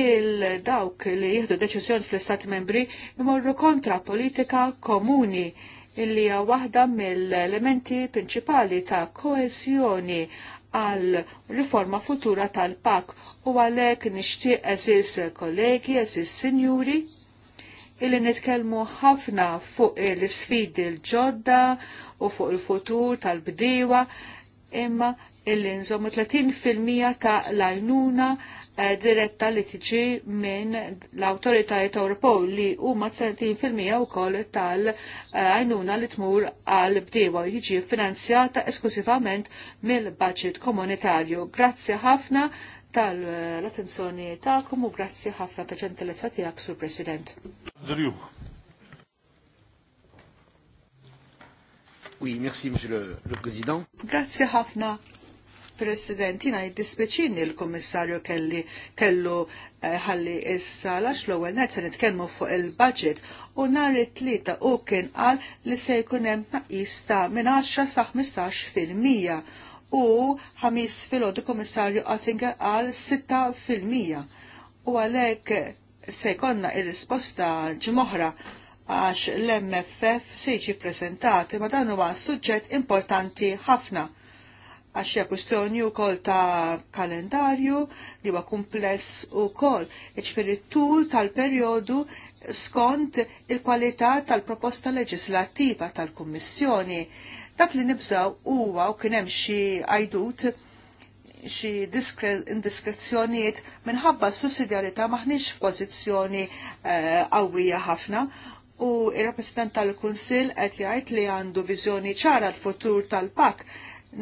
[SPEAKER 4] il-dawk li jihdu deċizjoni fl-Istat membri jmorru kontra politika komuni illi hija waħda mill-elementi prinċipali ta' koesjoni għal riforma futura tal-pak u għalek nixtieq eżis kollegi, eżis sinjuri, illi nitkelmu ħafna fuq l-sfidi l-ġodda u fuq il-futur tal-bdiwa, imma illi nżommu 30% ta' lajnuna Eh, diretta li tiġi minn l-autoritajiet Ewropew li huma 30% wkoll tal-għajnuna li tmur għal bdiewa jiġi finanzjata esklusivament mill-budget komunitarju. Grazzi ħafna tal-attenzjoni tagħkom u grazzi ħafna ta' ġentilezza tiegħek, Sur President.
[SPEAKER 1] Oui, merci, Monsieur le, le Président.
[SPEAKER 4] Grazie ħafna, President, jina jiddispeċin l-Komissarju kelli kellu eh, ħalli issa lax l-ewwel net se nitkellmu fuq il-budget u nhar it-tlieta u kien qal li se jkun hemm tnaqqis ta' minn 10 sa 15 fil-mija u ħamis filgħodu Komissarju għatinga qal 6 fil-mija. U għalhekk se jkollna ir-risposta ġimoħra għax l-MFF se jiġi preżentati ma dan huwa suġġett importanti ħafna għax hija kwistjoni wkoll ta' kalendarju li huwa kumpless ukoll. t tul tal-perjodu skont il-kwalità tal-proposta leġislattiva tal-Kummissjoni. Dak li nibżaw huwa u kien hemm xi għajdut xi indiskrezzjonijiet minħabba s-sussidjarità maħniex f'pożizzjoni eh, qawwija ħafna u il-rappresentant tal-Kunsil qed jgħid li għandu viżjoni ċara l-futur tal-pak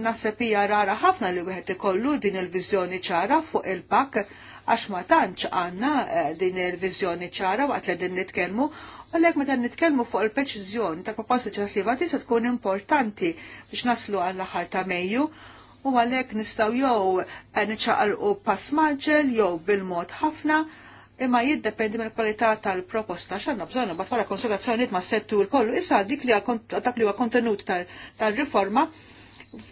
[SPEAKER 4] Naseb hija rara ħafna li wieħed ikollu din il-viżjoni ċara fuq il-pak għax ma tantx għandna eh, din il-viżjoni ċara waqt li din nitkellmu u għalhekk meta nitkellmu fuq il-preċiżjoni ta' proposta ċasliva tista' tkun importanti biex naslu għall-aħħar ta' Mejju u għalhekk nistgħu jew eh, niċċaqalqu pass maġġel jew bil-mod ħafna imma jiddependi mill kwalità tal-proposta x'għandna bżonn bat wara konsultazzjonijiet ma' settur kollu issa dik li dak li huwa kontenut tal-riforma tal riforma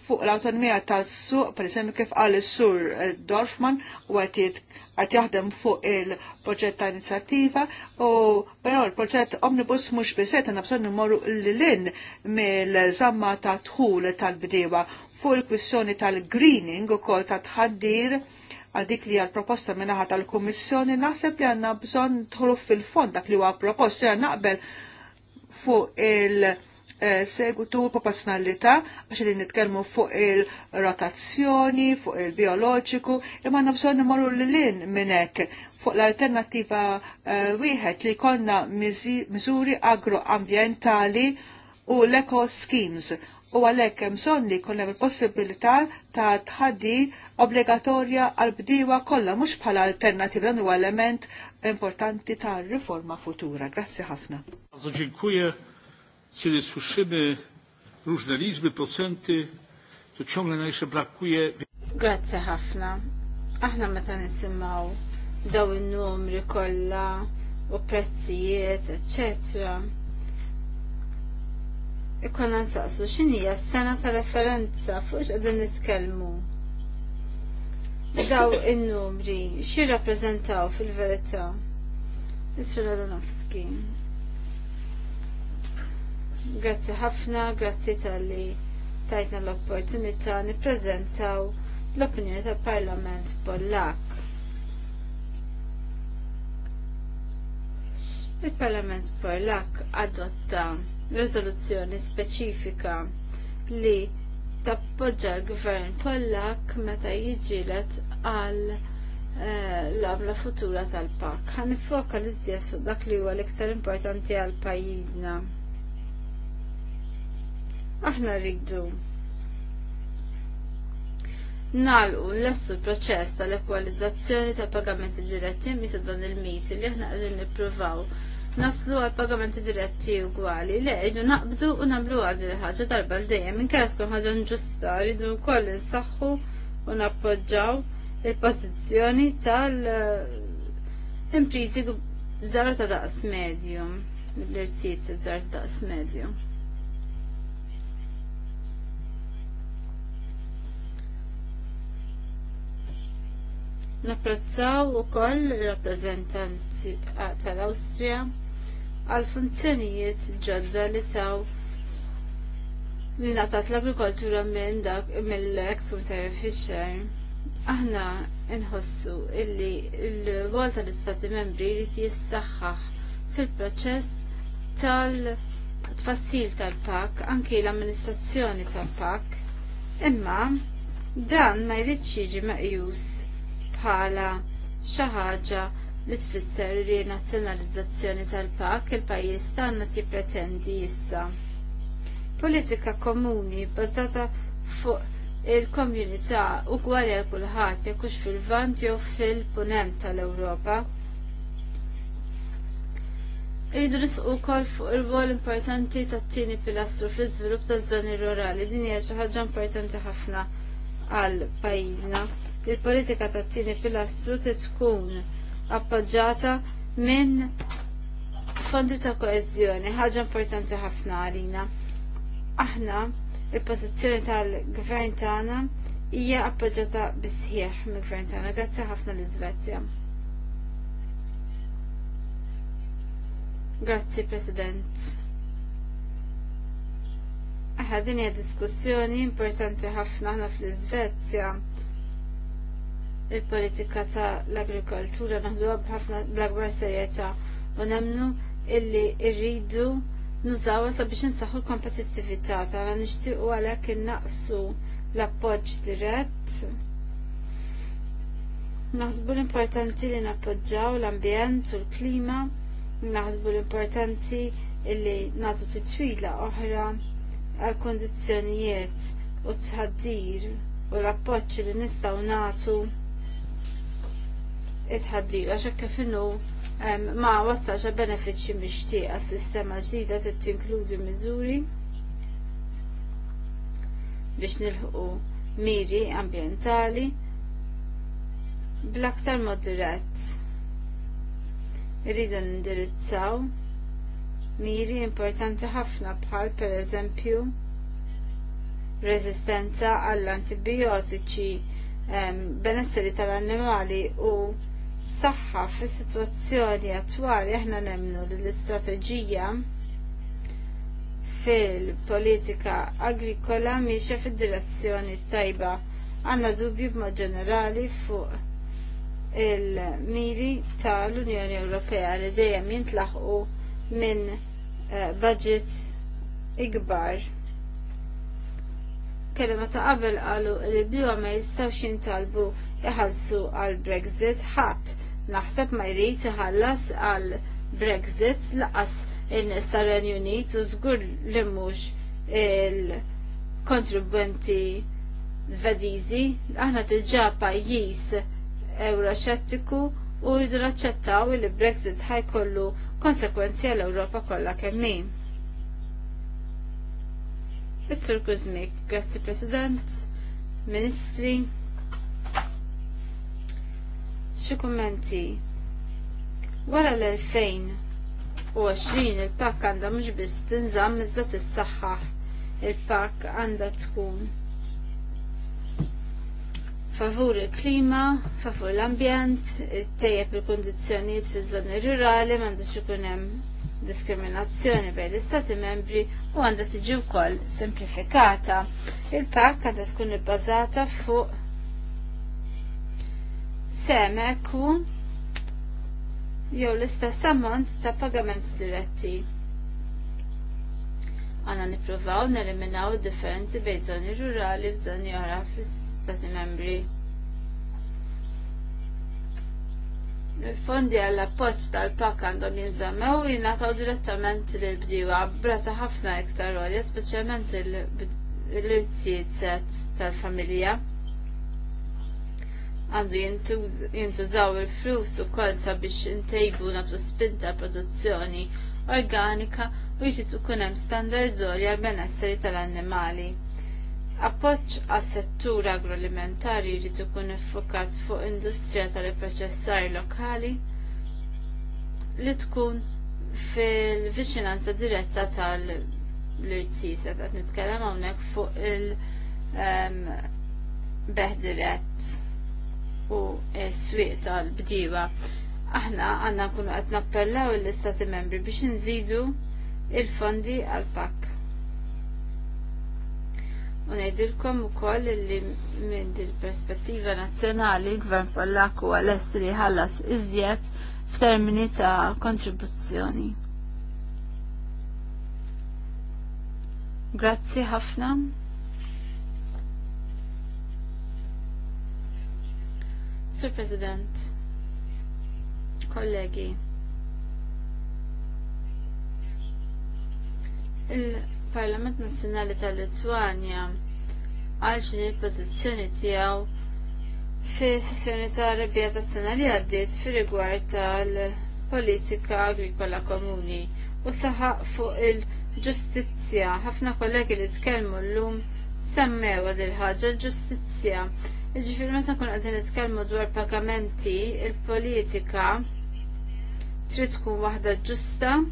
[SPEAKER 4] fuq l-autonomija tal-suq, per esempio kif għal sur eh, Dorfman, u għat jaħdem fuq il-proġett ta' inizjattiva, u però il-proġett omnibus mux biset, għanna bżon nimorru l-lin mill-zamma ta' tħul tal-bdewa fuq il-kwissjoni tal-greening u kol ta' tħaddir għal dik li għal proposta minnaħa tal-Kommissjoni, naħseb li għanna bżon tħuruf fil-fond dak li huwa proposta, għanna naqbel fuq il- segwitu l-proporzjonalità għax li nitkellmu fuq il-rotazzjoni, fuq il-bioloġiku, imma nabżon nimorru l-lin minnek fuq l-alternativa eh, wieħed li konna miżuri agroambientali u l-eco schemes u għalhekk hemm bżonn li konna il-possibilità ta' tħaddi obbligatorja għal bdiwa kollha mhux bħala alternativa dan huwa element importanti ta' riforma futura. Grazzi ħafna
[SPEAKER 1] kiedy słyszymy różne liczby, procenty, to ciągle na jeszcze brakuje.
[SPEAKER 2] Grazie ħafna. Aħna meta nisimgħu daw in-numri kollha u prezzijiet, eċetera. Ikonna nsaqsu x'inhija s-sena ta' referenza fuq x'qegħdin nitkellmu. Daw in-numri xi rappreżentaw fil-verità. Isra Grazzi ħafna, grazzi tal-li tajtna l-opportunità nippreżentaw l-opinjoni tal-Parlament Pollak. Il-Parlament Pollak adotta rezoluzzjoni speċifika li tappoġġa l-Gvern Pollak meta jiġilet għal eh, l-għamla futura tal-pak. Għan li fuq dak li huwa l-iktar importanti għal pajjiżna. Aħna rridu nalqu l-essu proċess tal-ekwalizzazzjoni tal pagamenti diretti misu dan il-miti li aħna qegħdin nippruvaw naslu għal pagamenti diretti ugwali li rridu naqbdu u nagħmlu għadi li ħaġa darba l dejjem inkella tkun ħaġa nġusta rridu wkoll insaħħu u nappoġġaw il-pożizzjoni tal-imprizi żgħar ta' daqs medium l-irsijiet żgħar ta' daqs medju. Napprezzaw ukoll ir-rappreżentanti ah, tal-Awstrija għal funzjonijiet ġodda li taw li natat l-agrikoltura minn dak mill-ex-Winter Fisher. Aħna nħossu illi l-wol tal-Istati membri li jissaħħaħ fil-proċess tal-tfassil tal-pak, anki l-amministrazzjoni tal-pak, imma dan ma jridx jiġi meqjus bħala xi ħaġa li tfisser rinazzjonalizzazzjoni tal-pak il-pajjiż tagħna tippretendi issa. Politika komuni bbażata fuq il-komunità u għal kulħadd jekk hux fil-vant jew fil-punent tal-Ewropa. Irridu nisqu wkoll fuq ir-rwol importanti tat-tieni pilastru fl-iżvilupp taż-żoni rurali din hija xi ħaġa importanti ħafna għal pajjiżna il-politika ta' tini pilastru tkun appoġġata minn fondi ta' koezjoni, ħaġa importanti ħafna għalina. Aħna, il-pozizjoni tal-gvern tagħna hija appoġġata bisħieħ mill-gvern tagħna, grazzi ħafna l-Iżvezja. Grazzi, President. Aħna din hija diskussjoni importanti ħafna aħna fl-Iżvezja il-politika ta' l-agrikoltura naħduha b'ħafna l-akbar serjetà u nemnu illi rridu nużawha sabiex insaħħu l-kompetittività tagħna nixtiequ għalhekk innaqsu l-appoġġ dirett. Naħsbu l-importanti li nappoġġaw l-ambjent u l-klima, naħsbu l-importanti illi nagħtu titwila oħra għal kondizzjonijiet u tħaddir u l-appoġġ li nistgħu nagħtu it-ħaddir għax hekk kif innu ma wassalx benefiċċji mixtieq għas-sistema ġdida trid tinkludi miżuri biex nilħqu miri ambjentali bl-aktar mod dirett. Irridu nindirizzaw miri importanti ħafna bħal per eżempju rezistenza għall-antibiotiċi, benesseri tal-annimali u Saħħa fis-sitwazzjoni attwali aħna nemmnu li l-istrateġija fil-politika agrikola miexa fid-direzzjoni tajba. Għanna dubju b'mod ġenerali fuq il-miri tal-Unjoni Ewropea li dejjem jintlaħqu minn eh, budget ikbar kelima ta' qabel qalu li bliwa ma jistawx jintalbu iħallsu għal Brexit ħadd naħseb ma jrid iħallas għal Brexit laqas in-nies tar-Renju Unit u żgur li mhux il-kontribwenti Zvediżi aħna diġà pajjiż euroxettiku u rridu naċċettaw li Brexit ħajkollu konsekwenzi għall Ewropa kollha kemm min. Is-Sur Kuzmik, grazzi President, Ministri, Xi kummenti. Wara l-2020 il-pakk għandha mhux biss tinżamm iżda tissaħħaħ. Il-pakk għandha tkun favur il-klima, favur l-ambjent, tejjeb il kondizjoniet fiż-żoni rurali m'għandux ikun hemm diskriminazzjoni bejn l-istati membri u għandha tiġi wkoll simplifikata. Il-pakk għandha tkun ibbażata fuq sem ekku jew l-istess ammont ta' pagaments diretti. Għana niprovaw neliminaw differenzi bejn żoni rurali u zoni oħra fl istati membri. Il-fondi għall appoġġ tal-pak għandhom jinżammew jingħataw direttament l bdiewa brata ħafna iktar għolja, speċjalment l irtsijiet tal-familja għandu jintużaw il-flus u kol sabiex intejbu natu spinta produzzjoni organika u jrid ikun hemm standards għal benesseri tal-annimali. Appoċ għas-settur agroalimentari jrid ikun iffokat fuq industrija tal proċessari lokali li tkun fil-viċinanza diretta tal-irtisa qed nitkellem hawnhekk fuq il-beħ ehm, u eh, s swiq tal bdiwa Aħna għandna għatna qed nappellaw l-istati membri biex nżidu il-fondi għal pak U ngħidilkom ukoll li minn dil perspettiva nazzjonali l-Gvern Pollak huwa li ħallas iżjed f'termini ta' kontribuzzjoni. Grazzi ħafna. Sur President, kollegi, il-Parlament Nazzjonali tal-Litwanja għal il l-pozizjoni tiegħu fi sessjoni ta' rabbija ta' sena li għaddiet fi rigward tal-politika agrikola komuni u saħaq fuq il-ġustizzja. Ħafna kollegi li tkellmu l-lum semmewa dil-ħaġa l-ġustizzja Ġifiri meta kun għadin nitkellmu dwar pagamenti, il-politika trid tkun waħda ġusta u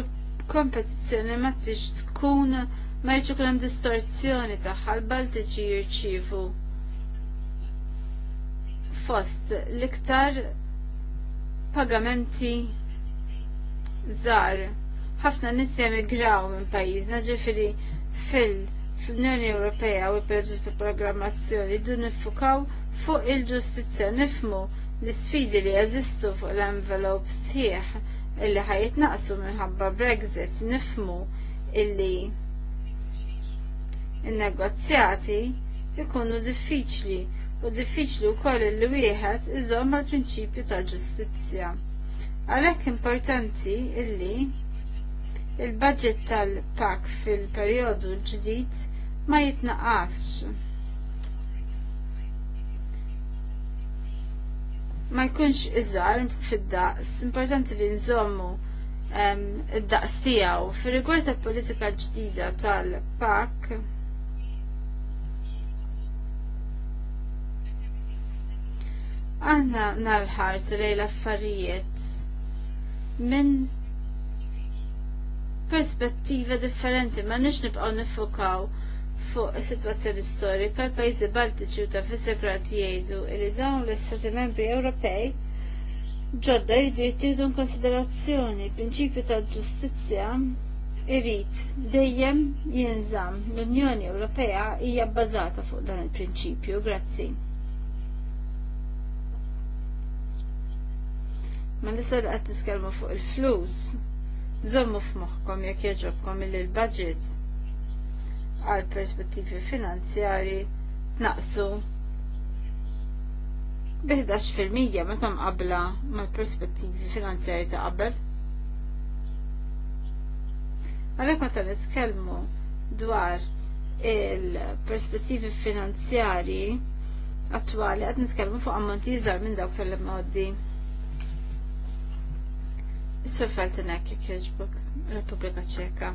[SPEAKER 2] l-kompetizzjoni ma tix tkun ma jiġu distorzjoni tagħha l-Baltiċi jirċievu fost l-iktar pagamenti żgħar. Ħafna nies jemigraw minn pajjiżna ġifieri fil- fl-Unjoni Ewropea u l-perġit programmazzjoni dun nifukaw fuq il-ġustizzja nifmu l-sfidi li jazistu fuq l-envelop sħiħ illi ħajt naqsu minħabba Brexit nifmu illi il-negozjati ikunu diffiċli u diffiċli u koll illi wieħed iżom mal-prinċipju ta' ġustizzja. Għalhekk importanti illi il-budget tal-pak fil-periodu ġdid ma jitnaqqas. Ma jkunx iżgħar fid-daqs, importanti li nżommu id-daqs tiegħu. Fir-rigward tal-politika ġdida tal-pak, aħna narħarsu lejn l-affarijiet minn perspettiva differenti ma nix nibqaw nifokaw fuq is-sitwazzjoni storika l-pajjiżi Baltiċi u ta' Fisegrat jgħidu li dawn l-Istati Membri Ewropej ġodda jridu jittieħdu konsiderazzjoni prinċipju ta' ġustizzja irrit dejjem jinżamm l-Unjoni Ewropea hija bbażata fuq dan il-prinċipju. Grazzi. Ma nisa li qed fuq il-flus Zommu f'moħħkom jekk jogħġobkom il l-budget għal perspettivi finanzjari naqsu bi 11% meta mqabbla mal-perspettivi finanzjari ta' qabel. Għalhekk meta nitkellmu dwar il-perspettivi finanzjari attwali qed nitkellmu fuq ammonti iżgħar minn dawk tal-modi Sir Feltenek, Kirchbuk, Republika Ċeka.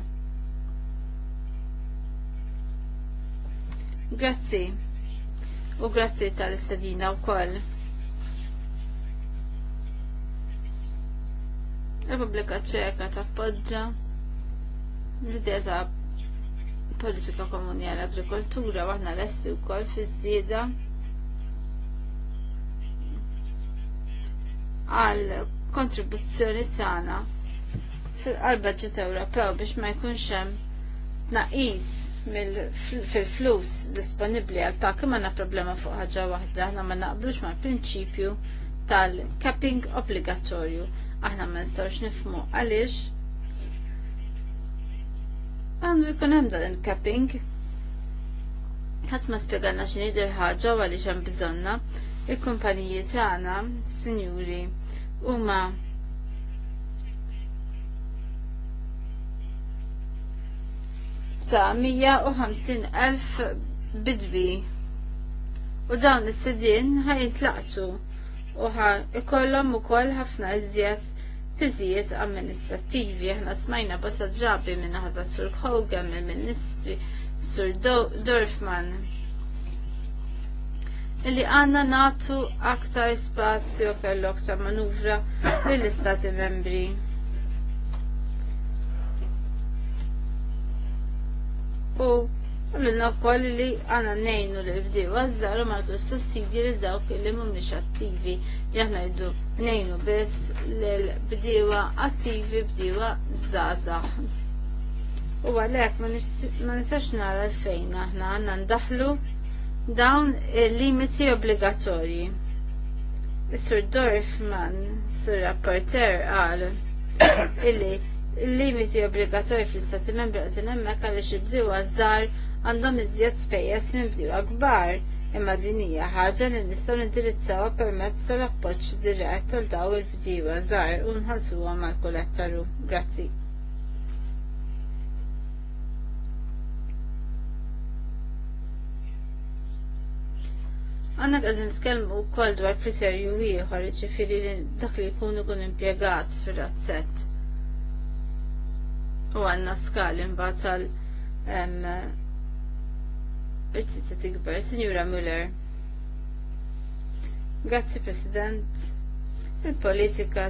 [SPEAKER 2] Grazzi. U grazzi tal-istadina u koll. Repubblika Ċeka tappoġġa l-idea ta' politika komuni għal agrikoltura waħna l-esti u koll fizzida għal kontribuzzjoni tagħna fil budget Ewropew biex ma jkunx hemm tnaqqis fil-flus disponibbli għal pak għandna problema fuq ħaġa waħda aħna ma naqblux mal-prinċipju tal-capping obbligatorju. Aħna ma nistgħux nifhmu għaliex għandu jkun hemm dan il-capping ħadd ma spjegana x'inhi dil ħaġa u għaliex hemm bżonna il-kumpaniji tagħna, sinjuri, huma ta' elf bidwi u dawn is-sidien ħajintlaqtu u ħa ikollhom ukoll ħafna iżjed fiżijiet amministrattivi aħna smajna bosta drabi minn ħadda Sur Hogan mill-Ministri Sur Dorfman illi għanna natu aktar spazju, aktar l-oktar manuvra lill-istati membri. U għamilna wkoll li għanna nejnu li bdi għazzaru martu s-sussidji li dawk li mhumiex attivi li aħna jiddu nejnu biss l-bdiewa attivi bdiewa zazax. U għalhekk ma nistax nara l fejn aħna għandna ndaħlu dawn il limiti obbligatorji. Sur Dorfman, sur rapporter għal illi limiti obbligatorji fl-istati membri għazin emmek għalix il-bdiwa żgħar għandhom iżjed spejjeż minn bdiwa kbar imma din hija ħaġa li nistgħu nindirizzawha permezz tal-appoġġ dirett tal daw il-bdiewa żgħar u nħassuhom mal kulettaru Grazzi. Għanna għadin skelmu kol dwar kriterju ieħor ġifiri li dak li jkun kun impjegat fir-razzett. U għanna skal imbagħad tal irtita tikber, Signora Muller. Grazzi President. Il-politika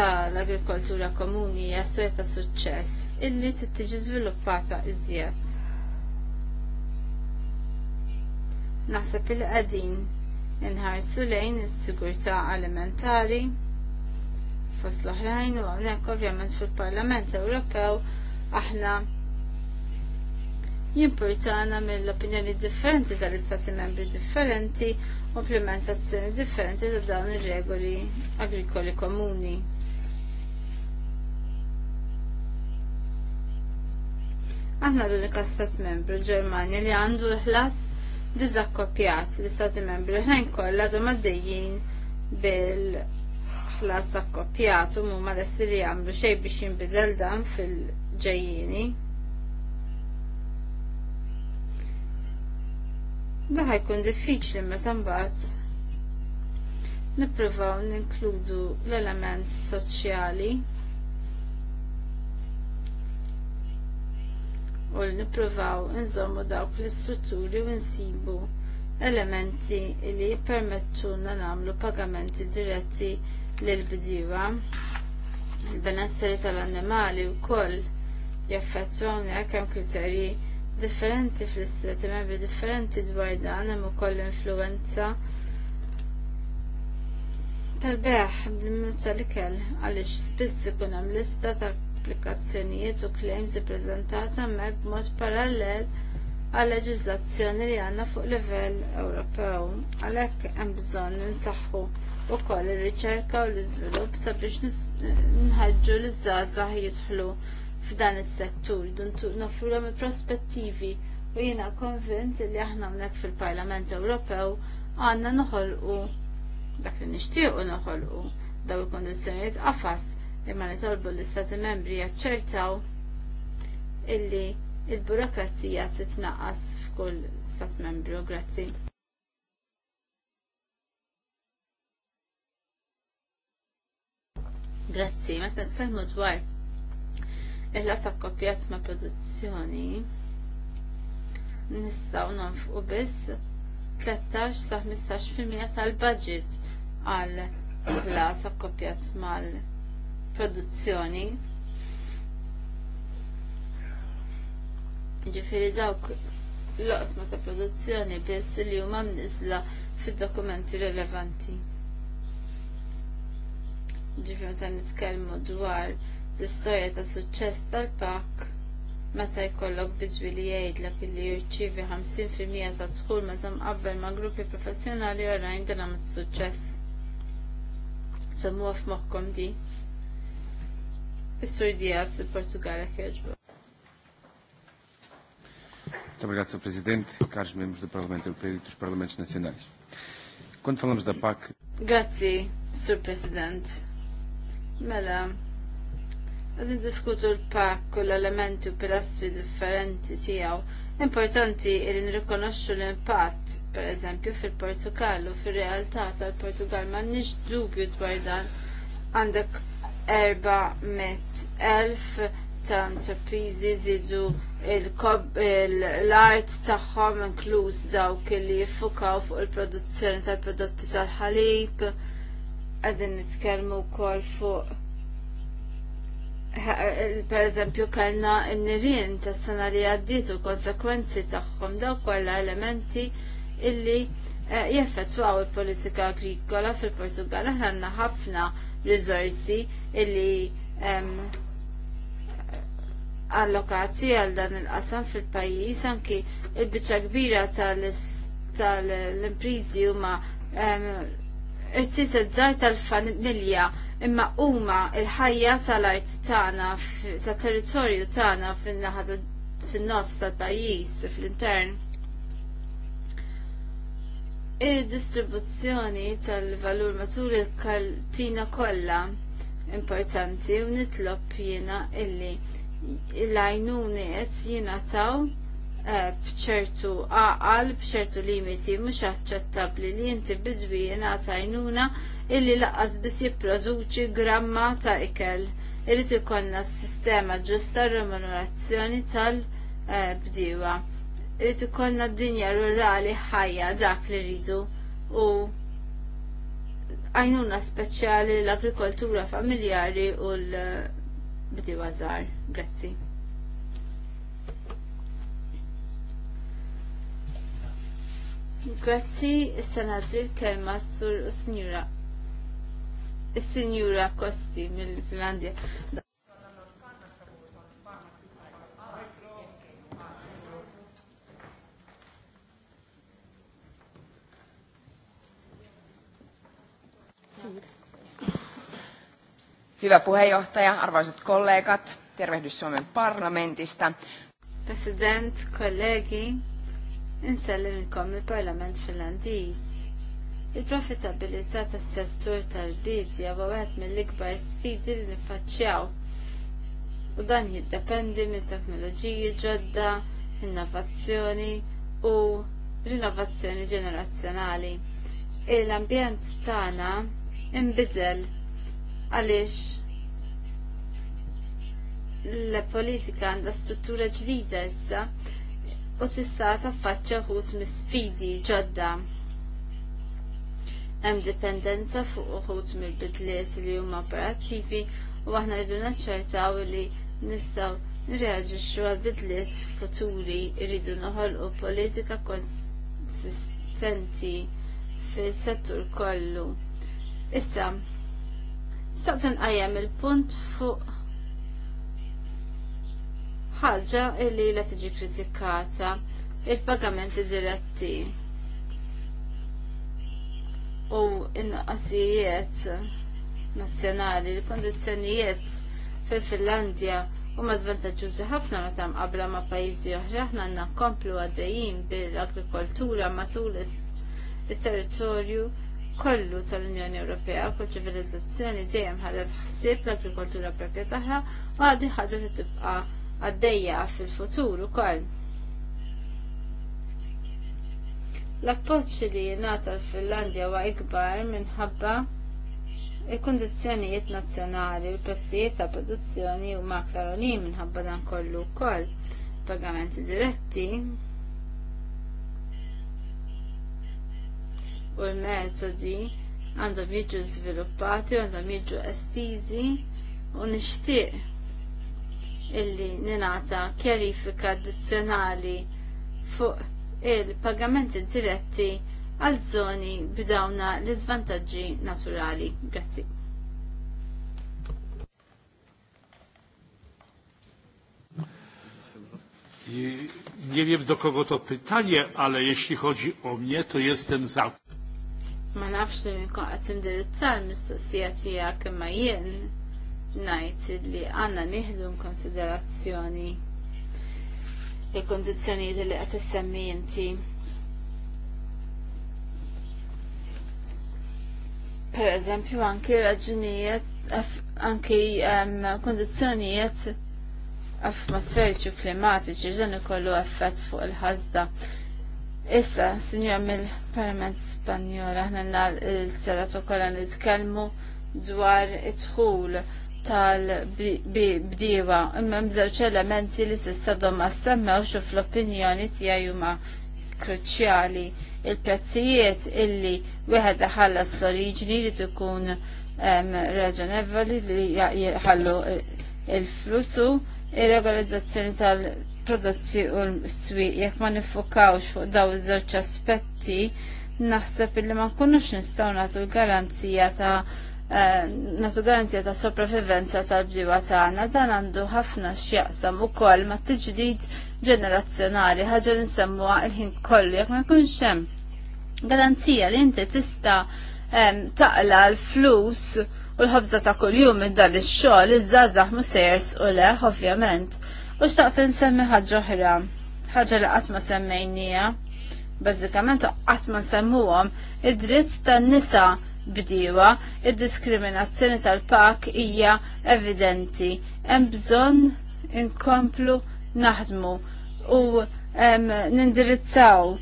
[SPEAKER 2] tal-agrikoltura komuni hija storja ta' suċċess illi tittiġi żviluppata iżjed Naħseb il-qadin inħarsu lejn is-sigurtà alimentari fost l-oħrajn u hawnhekk ovvjament fil-Parlament Ewropew aħna jimportana mill-opinjoni differenti tal-istati membri differenti u implementazzjoni differenti ta' dawn ir-regoli agrikoli komuni. Aħna l-unika stat membru Ġermanja li għandu l-ħlas dizakkoppjat l-istati membri ħajn kollha għadhom għaddejjin bil-ħlas akkoppjat u mumma l-essi li jagħmlu xejn biex jinbidel dan fil-ġejjini. Da ħajkun diffiċli meta mbagħad nippruvaw ninkludu l-element soċjali u nippruvaw nżommu dawk l-istrutturi u nsibu elementi li jippermettuna nagħmlu pagamenti diretti l bdiewa Il-benesseri tal-annimali wkoll jaffettwawni hekk hemm kriterji differenti fl-istati membri differenti dwar dan hemm ukoll influwenza tal-beħ bl-mnut tal-ikel għaliex spiss ikun hemm lista ta' applikazzjonijiet u claims ippreżentata hemmhekk b'mod parallel għal leġiżlazzjoni li għandna fuq livell Ewropew. Għalhekk hemm bżonn ninsaħħu wkoll ir-riċerka u l-iżvilupp sabiex nħaġġu l żgħażagħ jidħlu f'dan is-settur nofrulhom il-prospettivi u jiena konvint li aħna hawnhekk fil-Parlament Ewropew għandna noħolqu dak li nixtiequ noħolqu daw il-kondizzjonijiet qafas imma nitolbu l-istati membri jaċċertaw illi il-burokrazija titnaqqas f'kull stat membru. Grazzi. Grazzi, meta tfehmu dwar il-lasab kopjat ma' produzzjoni nistaw nonfqu biss 13 sa 15% tal-budget għal la sakkoppjat mal produzzjoni. Ġifiri dawk l-osma ta' produzzjoni biss li huma mniżla fid-dokumenti rilevanti. Ġifiri ta' nitkellmu dwar l-istorja ta' suċċess tal-pak meta jkollok bidwi li jgħidlek li jirċievi 50% sa tkun meta mqabbel ma' gruppi professjonali orajn dan suċċess suċċess. Semmuha f'moħħkom di. Is-Sur Diaz, il-Portugal, kħedġbu.
[SPEAKER 1] Muito obrigado, Sr. Presidente, caros membros do Parlamento Europeu e dos Parlamentos Nacionais. Quando falamos da PAC...
[SPEAKER 2] Grazie, Sr. Presidente. Mela, għadin diskutu l-PAC u l-elementi u pilastri differenti tijaw. Importanti li nirrikonoxxu l-impatt, per eżempju, fil-Portugal u fil-realtà tal-Portugal ma nix dubju dwar dan għandek 400.000 ta' intraprizi zidu l-art tagħhom inkluż dawk li jiffukaw fuq il-produzzjoni tal-prodotti tal-ħalib għadin nitkellmu wkoll fuq per eżempju kellna n-nirien ta' sena li għaddiet u konsekwenzi tagħhom daw kollha elementi illi eh, jeffettwaw il-politika agrikola fil-Portugal aħna ħafna risorsi illi allokati għal dan il-qasam fil-pajjiż anki il-biċċa kbira tal-imprizi huma irsit iż-żar tal-familja imma huma il-ħajja tal-art tagħna tat territorju tagħna fin-naħa fin-nofs tal-pajjiż fl-intern. Il-distribuzzjoni tal-valur matul il-kaltina kollha importanti u nitlob jena illi l għet jena jingħataw eh, bċertu għaqal, bċertu limiti, mhux aċċettabbli li inti bidwi jena għajnuna illi laqqas biss jipproduċi gramma ta' ikel. Irid ikollna s-sistema ġusta remunerazzjoni tal-bdiewa. Eh, Irrid ikollna d-dinja rurali ħajja dak li rridu u għajnuna speċjali l-agrikoltura familjari u l bdi wazzar. Grazzi. Grazzi, s-sanadri l-kelma s-sur u s-signura. S-signura Kosti mill-Finlandia. Hyvä puheenjohtaja, arvoisat kollegat, tervehdys Suomen parlamentista. President, kollegi, insellimkom il-Parlament Finlandiz. Il-profitabilità tas settur tal-bidja huwa wieħed mill-ikbar sfidi li niffaċċjaw. U dan jiddependi minn teknoloġiji ġodda, innovazzjoni u rinnovazzjoni ġenerazzjonali. l-ambjent tagħna inbidel għaliex l-politika għandha struttura ġdida issa u tista' taffaċċja wħud mis-sfidi ġodda. Hemm dipendenza fuq uħud mill-bidliet li huma operattivi u aħna rridu naċċertaw li nistgħu nirreaġixxu għal bidliet futuri rridu noħolqu politika konsistenti fis-settur kollu. Issa, Staqsen għajem il-punt fuq ħaġa illi la tiġi kritikata il-pagamenti diretti u in-qasijiet nazzjonali, il-kondizjonijiet fil-Finlandja u ma zvantagġużi ħafna meta qabla ma' pajjiżi oħra aħna għandna komplu għaddejjin bil-agrikoltura matul it-territorju kollu tal-Unjoni Ewropea u ċivilizzazzjoni dejjem ħadet ħsieb l-agrikoltura propja tagħha u għadi ħaġa tibqa' għaddejja fil-futur ukoll. l appoġġ li jingħata l-Finlandja huwa ikbar minħabba il kundizzjonijiet nazzjonali, l prezzijiet ta' produzzjoni u maktar olim minħabba dan kollu wkoll pagamenti diretti u l-metodi għandhom jiġu sviluppati, għandhom jiġu estizi u nixtieq illi ninata kjerifika addizzjonali fuq il-pagamenti diretti għal żoni bidawna l-iżvantaġġi naturali. Grazzi.
[SPEAKER 1] Nie wiem do kogo to pytanie, ale jeśli chodzi o mnie, to jestem za
[SPEAKER 2] ma nafx li minn konqat indirizza mistoqsija tiegħek imma jien ngħid li għandna nieħdu konsiderazzjoni il-kondizzjonijiet li qed issemmi inti. Per eżempju anki raġunijiet anki kondizzjonijiet atmosferiċi klimatiċi ġen ikollu effett fuq il-ħasda Issa, sinjor mill-Parlament Spanjol, aħna nal il-serat u nitkelmu dwar it dħul tal-bdiewa. Imma mżewċ elementi li s-istadhom u xuf fl-opinjoni tijaj huma kruċjali. Il-prezzijiet illi wieħed ħallas fl-oriġini li tkun ehm, reġonevoli li jħallu il-flussu, ir-regolizzazzjoni tal- il-prodotti u l-swieq jekk ma nifukawx fuq daw iż-żewġ aspetti naħseb illi ma nkunux nistgħu nagħtu garanzija ta' eh, nagħtu garanzija ta' sopravivenza tal-bdiewa tagħna dan għandu ħafna x'jaqsam ukoll ma' tiġdid ġenerazzjonali ħaġa li nsemmuha il-ħin kollu jekk ma jkunx hemm garanzija li inti tista' eh, taqla l-flus u l-ħobza ta' kuljum minn dan ix-xogħol iż-żgħażagħ mhux se jersqu leħ ovvjament U xtaqt nsemmi ħaġa oħra, ħaġa li qatt ma semmejnija, bażikament qatt ma nsemmuhom id-dritt tan-nisa bdiewa, id-diskriminazzjoni tal-pak hija evidenti. Hemm bżonn inkomplu naħdmu u nindirizzaw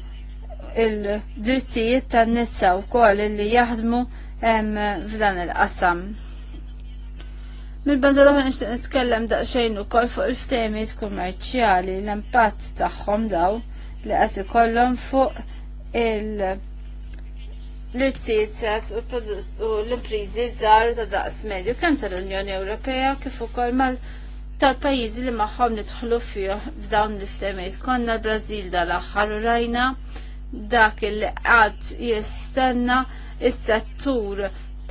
[SPEAKER 2] il-drittijiet tan nisa u koll li jaħdmu f'dan il-qasam. Mil-banda għan nixtieq nitkellem daqsxejn ukoll fuq il-ftehmiet kummerċjali l-impatt tagħhom daw li qed ikollhom fuq il- l-irtiet u l-imprizi żgħar ta' daqs medju kemm tal-Unjoni Ewropea kif ukoll mal tal-pajjiżi li magħhom nidħlu fih f'dawn l-ftehmiet. Konna l-Brażil dal-aħħar u rajna dak il-qatt jistenna is-settur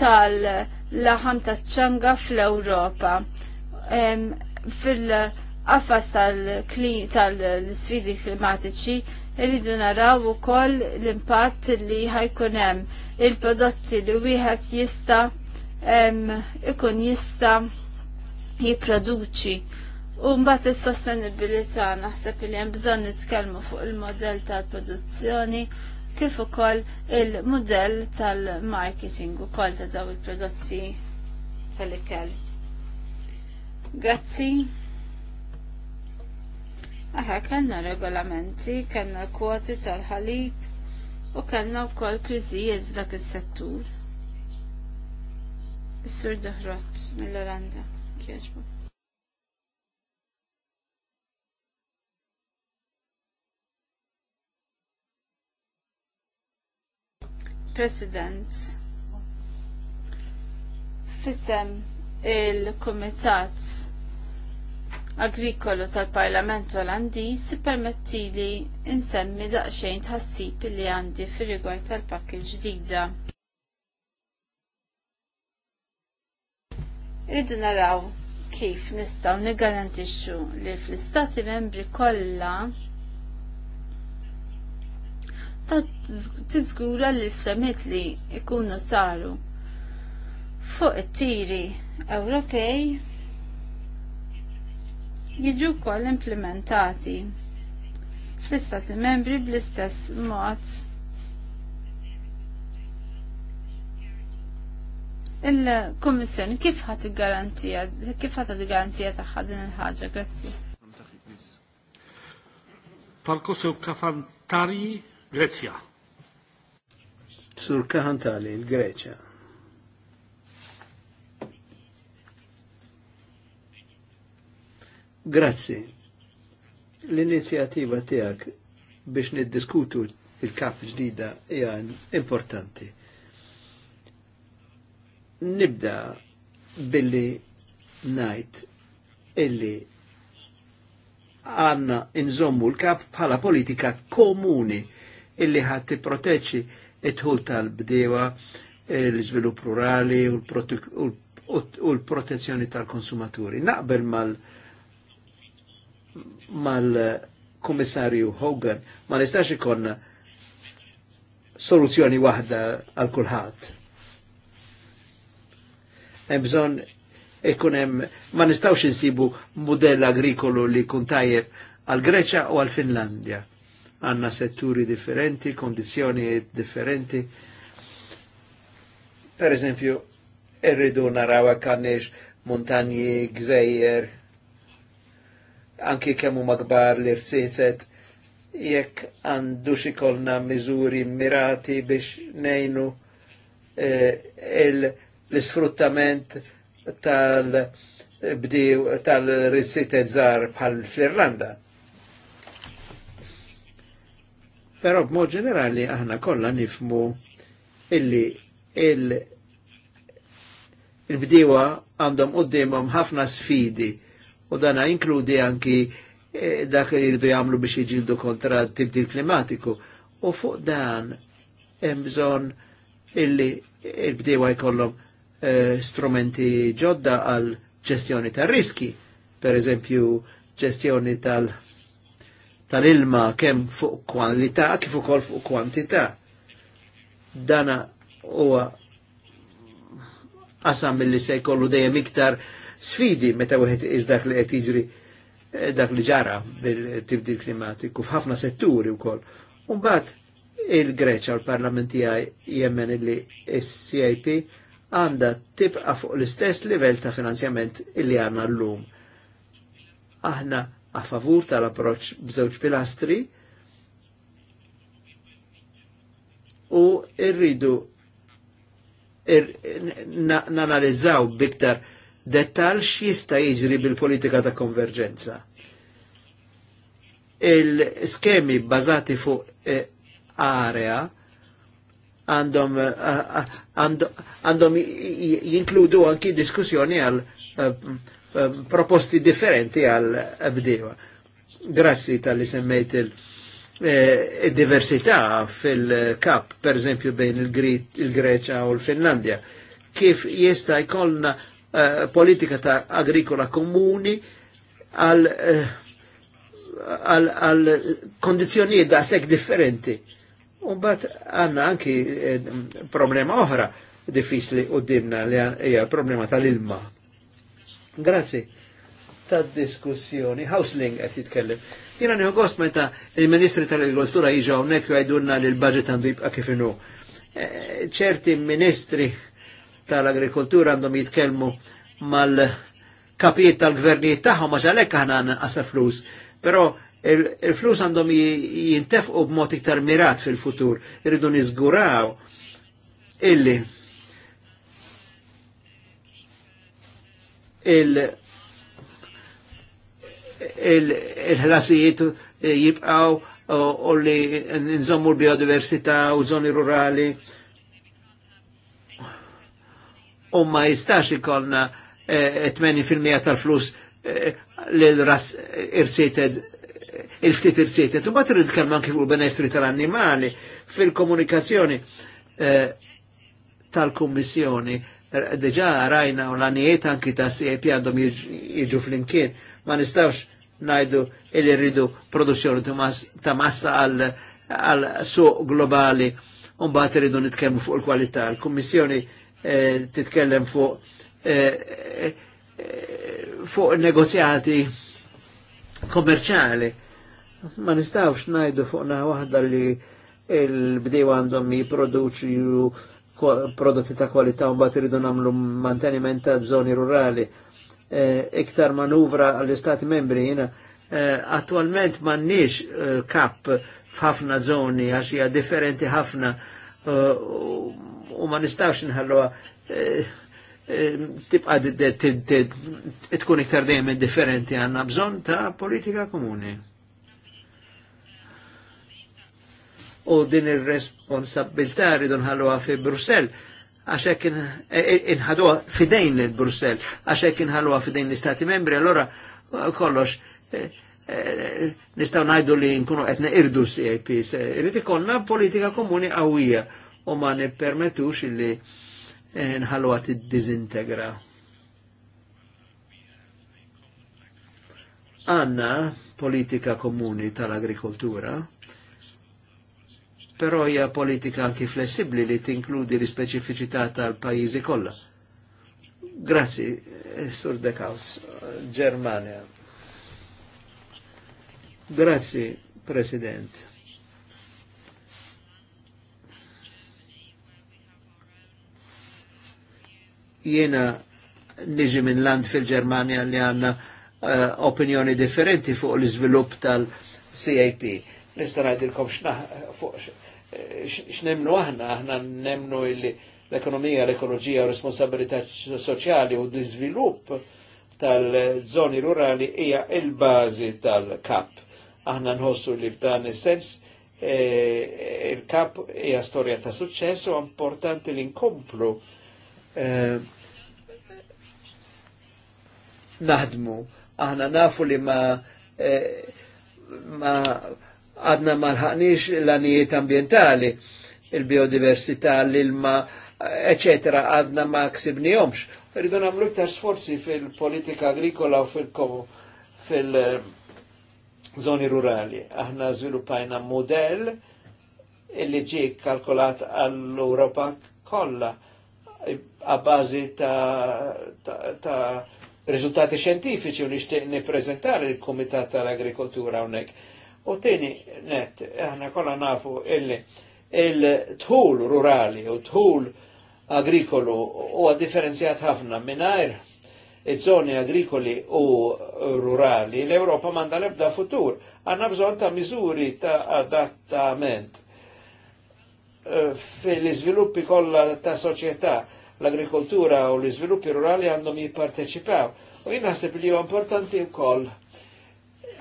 [SPEAKER 2] tal- laħam ta' ċanga fl-Ewropa. Fil-qafas tal-sfidi klimatiċi rridu naraw ukoll l-impatt li ħajkun hemm il-prodotti li wieħed jista' ikun jista' jipproduċi. U mbagħad is-sostenibilità naħseb li hemm bżonn nitkellmu fuq il-modell tal-produzzjoni kif ukoll il-mudell tal-marketing ukoll ta' dawn il-prodotti tal-ikel. Grazzi. Aħa, kellna regolamenti, kellna kwoti tal-ħalib u kellna wkoll kriżijiet f'dak is-settur. Is-sur Doħrot mill-Olanda, kieġbu. President. fissem il-Kumitat Agrikolo tal-Parlament Olandiż permetti li insemmi daqsxejn tħassib li għandi fir-rigward tal-pakk il-ġdida. Ridu naraw kif nistgħu niggarantixxu li fl-istati membri kollha ta' tiżgura li l li ikunu saru fuq it-tiri Ewropej jiġu wkoll implementati fl-istati membri bl-istess mod il-Kommissjoni kif ħat garantija kif ħat garantija tagħha din il-ħaġa, grazzi.
[SPEAKER 1] tal poseł Kafantari Grezzja.
[SPEAKER 3] Sur Kahantali, il-Greċja. Grazzi. L-inizjativa tiegħek biex niddiskutu il-kap ġdida hija importanti. Nibda billi najt illi għanna inżommu l-kap bħala politika komuni illi ħadd tipproteċi it-tħul tal-bdewa, l-iżvilupp rurali u l-protezzjoni tal-konsumaturi. Naqbel mal komissarju kummissarju Hogan ma nistax ikonna soluzzjoni waħda għal kulħadd. Hemm bżonn ikun hemm ma nistgħux insibu mudell agrikolu li jkun tajjeb għal Greċja u għal Finlandja għanna setturi differenti, kondizjoni differenti. Per eżempju, irridu naraw għannex montanji, gżejjer, anki kemmu magbar li rsiset, jekk għandu xikolna miżuri mirati biex nejnu eh, l-sfruttament tal-bdiw tal-rizzit zar bħal fl-Irlanda Però b'mod ġenerali aħna kollha nifmu illi il-bdiewa il għandhom qudiemhom ħafna sfidi u dana inkludi anki eh, dak li jridu jagħmlu biex jiġildu kontra t-tibdil klimatiku. U fuq dan hemm bżonn illi il-bdiewa jkollhom eh, strumenti ġodda għal ġestjoni tar-riski, per eżempju ġestjoni tal- tal-ilma kemm fuq kwalità kif ukoll fuq kwantità. Dana huwa qasam milli se jkollu dejjem iktar sfidi meta wieħed iż dak li qed jiġri eh, dak li ġara bil-tibdil klimatiku f'ħafna setturi wkoll. Mbagħad il-Greċa l-Parlament tiegħi jemmen li s-CIP għandha tibqa' fuq l-istess livell ta' finanzjament illi għandna llum. Aħna a favur tal-approċ b'żewġ pilastri u irridu ir, nanalizzaw biktar dettal x'jista' jiġri bil-politika ta' konverġenza. Il-skemi bazati fuq eh, area għandhom e, għandhom jinkludu anki diskussjoni għal e, Eh, proposti differenti għal bdewa. Grazzi tal-li semmejt il-diversità eh, e fil-kap, per esempio, bejn il-Greċa il u l finlandia Kif jista jkollna uh, politika ta' agrikola komuni għal uh, għal kondizjonijiet da' sek differenti. U bat għanna anki eh, problema oħra diffiċli u dimna li hija problema tal-ilma Grazzi ta' diskussjoni. Hausling qed jitkellem. Jiena għost gost meta il-Ministri tal-Agrikoltura jiġu hawnhekk jgħidulna li l-budget għandu jibqa' kif inhu. E, ċerti ministri tal-Agrikoltura għandhom jitkellmu mal-kapijiet tal-gvernijiet tagħhom għax għalhekk aħna nqasar flus. Però il-flus għandhom jintefqu b'mod iktar mirat fil-futur. Irridu niżguraw illi il- ħlasijiet jibqaw u li nżommu l-biodiversità u zoni rurali u ma jistax ikolna 80% eh, tal-flus eh, l irsieted il-ftit irsieted. u bat rrid kalman kif u benestri tal-annimali fil-komunikazzjoni eh, tal-kommissjoni Deġa rajna u l-anijiet anki ta' CEP għandhom jiġu fl-imkien, ma nistawx najdu il rridu produzzjoni ta' massa għal suq globali un bat rridu nitkellmu fuq il-kwalità. Il-Kummissjoni eh, titkellem fuq eh, eh, fuq negozjati kommerċali. Ma nistawx najdu fuq na waħda li il-bdew għandhom jiproduċu prodotti ta' kwalità u mbagħad iridu nagħmlu manteniment ta' żoni rurali. E, iktar manuvra għall-Istati membri jiena e, attualment m'għandniex e, kap f'ħafna żoni għax hija differenti ħafna e, u ma nistawx nħalluha tibqa tkun iktar dejjem differenti għandna bżonn ta' politika komuni. u din ir-responsabilità rridu nħalluha fi Brussel għaxek e- e- inħaduha fidejn il brussell għaxek inħalluha fidejn l-Istati membri, allora kollox e- nistaw najdu li nkunu etna irdu CIP. Irrid ikollna politika komuni għawija u ma nippermettux li nħalluha t-dizintegra. Għanna politika komuni tal-agrikoltura, però hija politika anki flessibbli li tinkludi l-ispeċifiċità tal-pajjiżi kollha. Grazzi, eh, Sur de Kaus, Germania. Grazzi, President. Jena niġi minn land fil-Germania li għanna uh, opinjoni differenti fuq l-izvilupp tal-CAP. Nista' ngħidilkom Eh, x'nemnu aħna, aħna nemnu illi l-ekonomija, l-ekoloġija responsabilità soċjali u l-iżvilupp tal-żoni rurali hija il-bażi tal-kap. Aħna nħossu li f'dan is-sens eh, il-kap hija storja ta' suċċess u importanti li nkomplu eh, naħdmu. Aħna nafu li ma ma għadna malħaqniex l-anijiet ambientali, il-biodiversità, l-ilma, eccetera, għadna ma ksibnijomx. Rridu namlu iktar sforzi fil-politika agrikola u fil-zoni rurali. Aħna zviluppajna model illi ġi kalkolat għall-Europa kollha għabbażi ta', ta, ta riżultati xjentifiċi u nixtieq nippreżentare il-Kumitat tal-Agrikoltura hawnhekk U tini, net, aħna kolla nafu illi il-tħul rurali u tħul agrikolu huwa differenzjat ħafna minnajr il-zoni agrikoli u rurali, l-Europa manda lebda futur. Għanna bżon ta' mizuri ta' adattament eh, fil-izviluppi kolla ta' soċjetà l-agrikoltura u l-izviluppi rurali għandhom jipparteċipaw. U jien naħseb li huwa importanti wkoll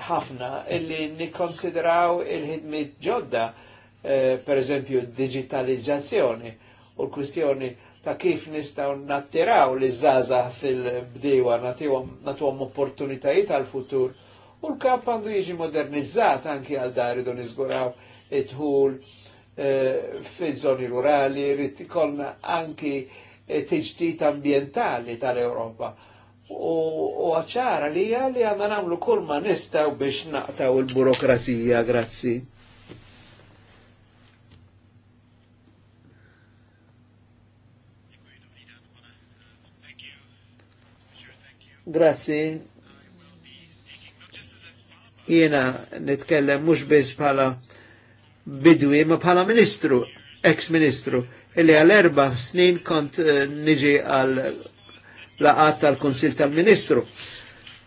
[SPEAKER 3] ħafna illi nikkonsidraw il-ħidmit ġodda, eh, per eżempju, digitalizzazzjoni u l-kwistjoni ta' kif nistaw nattiraw li zaza fil-bdewa natuhom opportunitajiet għal futur u l-kap għandu jieġi modernizzat anki għal daridu nizguraw it-ħul eh, fil-żoni rurali, rritikolna anki eh, tiġtit ambientali tal-Europa u għacċara li li għanna namlu kull ma nistaw biex naqtaw il-burokrasija, grazzi. Grazzi. Jena nitkellem mux biex bħala bidwi ma bħala ministru, ex-ministru, illi għal erba snin kont eh, niġi għal laqat tal-Konsil tal-Ministru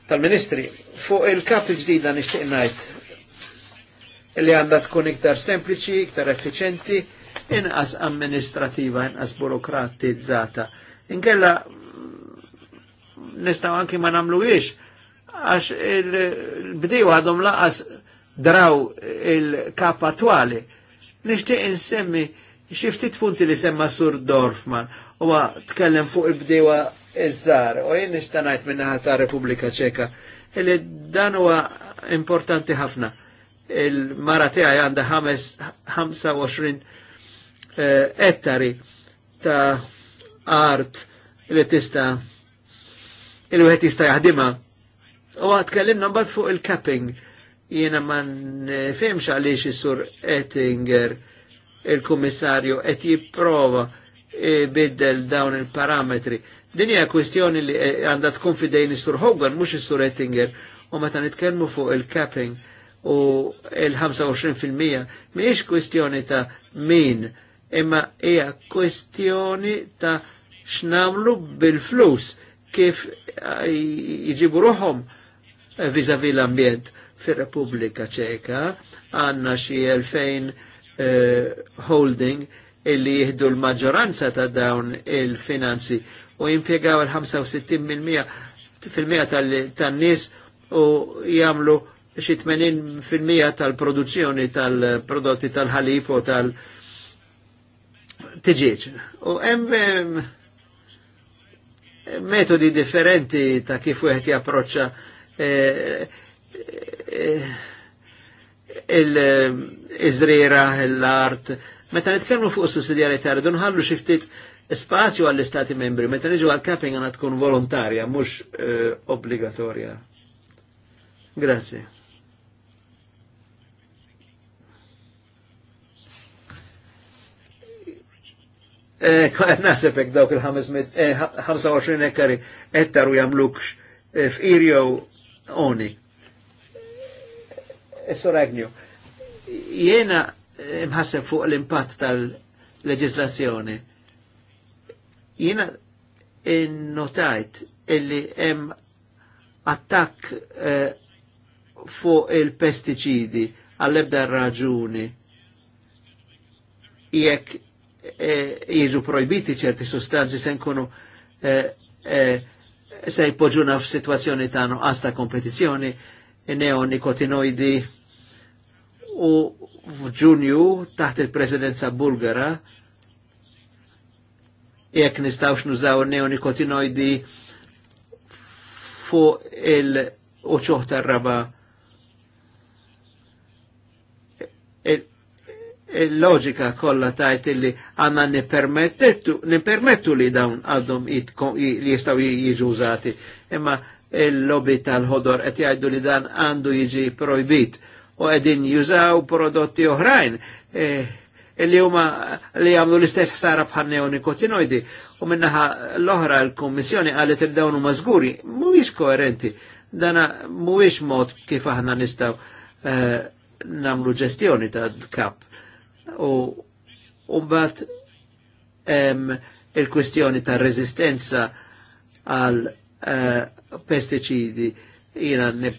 [SPEAKER 3] tal-Ministri fuq il-kap il-ġdida nixtieq ngħid li għandha tkun iktar sempliċi, iktar effiċenti, inqas amministrativa, inqas burokratizzata. Inkella nistgħu anki ma nagħmluhiex għax il-bdiju għadhom laqas draw il-kap attwali. Nixtieq insemmi xi ftit punti li semma Sur Dorfman huwa tkellem fuq il-bdewa iż-żar. U jien min minna ta' Repubblika Ċeka. Illi dan huwa importanti ħafna. Il-mara tiegħi għandha 25 eh, ettari ta' art li tista' il-wieħed jista' jaħdimha. U tkellimna mbagħad fuq il-capping. Jiena ma nifhimx għaliex is-sur Ettinger il-kummissarju qed jipprova eh, biddel dawn il-parametri Din hija kwestjoni li eh, għandha tkun fidejn is-Sur Hogan mhux is-Sur Ettinger u meta nitkellmu fuq il-capping u il-25% mhijiex kwestjoni ta' min imma hija kwestjoni ta' x'namlu bil-flus kif eh, jiġibu ruħhom eh, vis a vis l-ambjent fir-Repubblika Ċeka għandna xi 2000 uh, holding illi jihdu l-maġġoranza ta' dawn il-finanzi u jimpiegaw il-65% fil-mija tal-nis u jamlu xi 80% tal-produzzjoni tal-prodotti tal-ħalib u tal-tiġieġ. U hemm metodi differenti ta' kif wieħed japproċċa eh, eh, il-iżriera, eh, l-art. Meta nitkellmu fuq sussidjarjetà rridu nħallu xi ftit spazju għall-istati membri, meta niġu għal-capping għana tkun volontarja, mux eh, obbligatorja. Grazie. Għed eh, nasepek dawk il-25 eh, ekkari ettaru jamlukx eh, f'irjo oni. Esso Agnew, jena mħasseb fuq l-impatt tal-leġislazzjoni jina notajt illi hemm attakk eh, fuq il pesticidi għall-ebda raġuni jekk eh, jiġu projbiti ċerti sustanzi se nkunu eh, eh, se jpoġuna f'sitwazzjoni ta' nuqqas ta' kompetizzjoni neonikotinoidi u f'Ġunju taħt il-Presidenza Bulgara jekk nistawx nużaw neonicotinoidi fuq il-uċuħ tar-raba. E- e- il-loġika kollha tajt li għanna nipermettu li dawn għadhom li jistaw jiġu użati. Imma il-lobby tal-ħodor qed jgħidu li dan għandu jiġi projbit u qegħdin jużaw prodotti oħrajn. Eh, li huma li għamlu l-istess ħsara bħal neonikotinoidi u minnaħa l-oħra l-Kommissjoni qalet il dawn huma żguri, mhuwiex koerenti. Dana mhuwiex mod kif aħna nistgħu uh, eh, namlu ġestjoni ta' kap u mbagħad il-kwestjoni ta' rezistenza għal eh, pesticidi jina li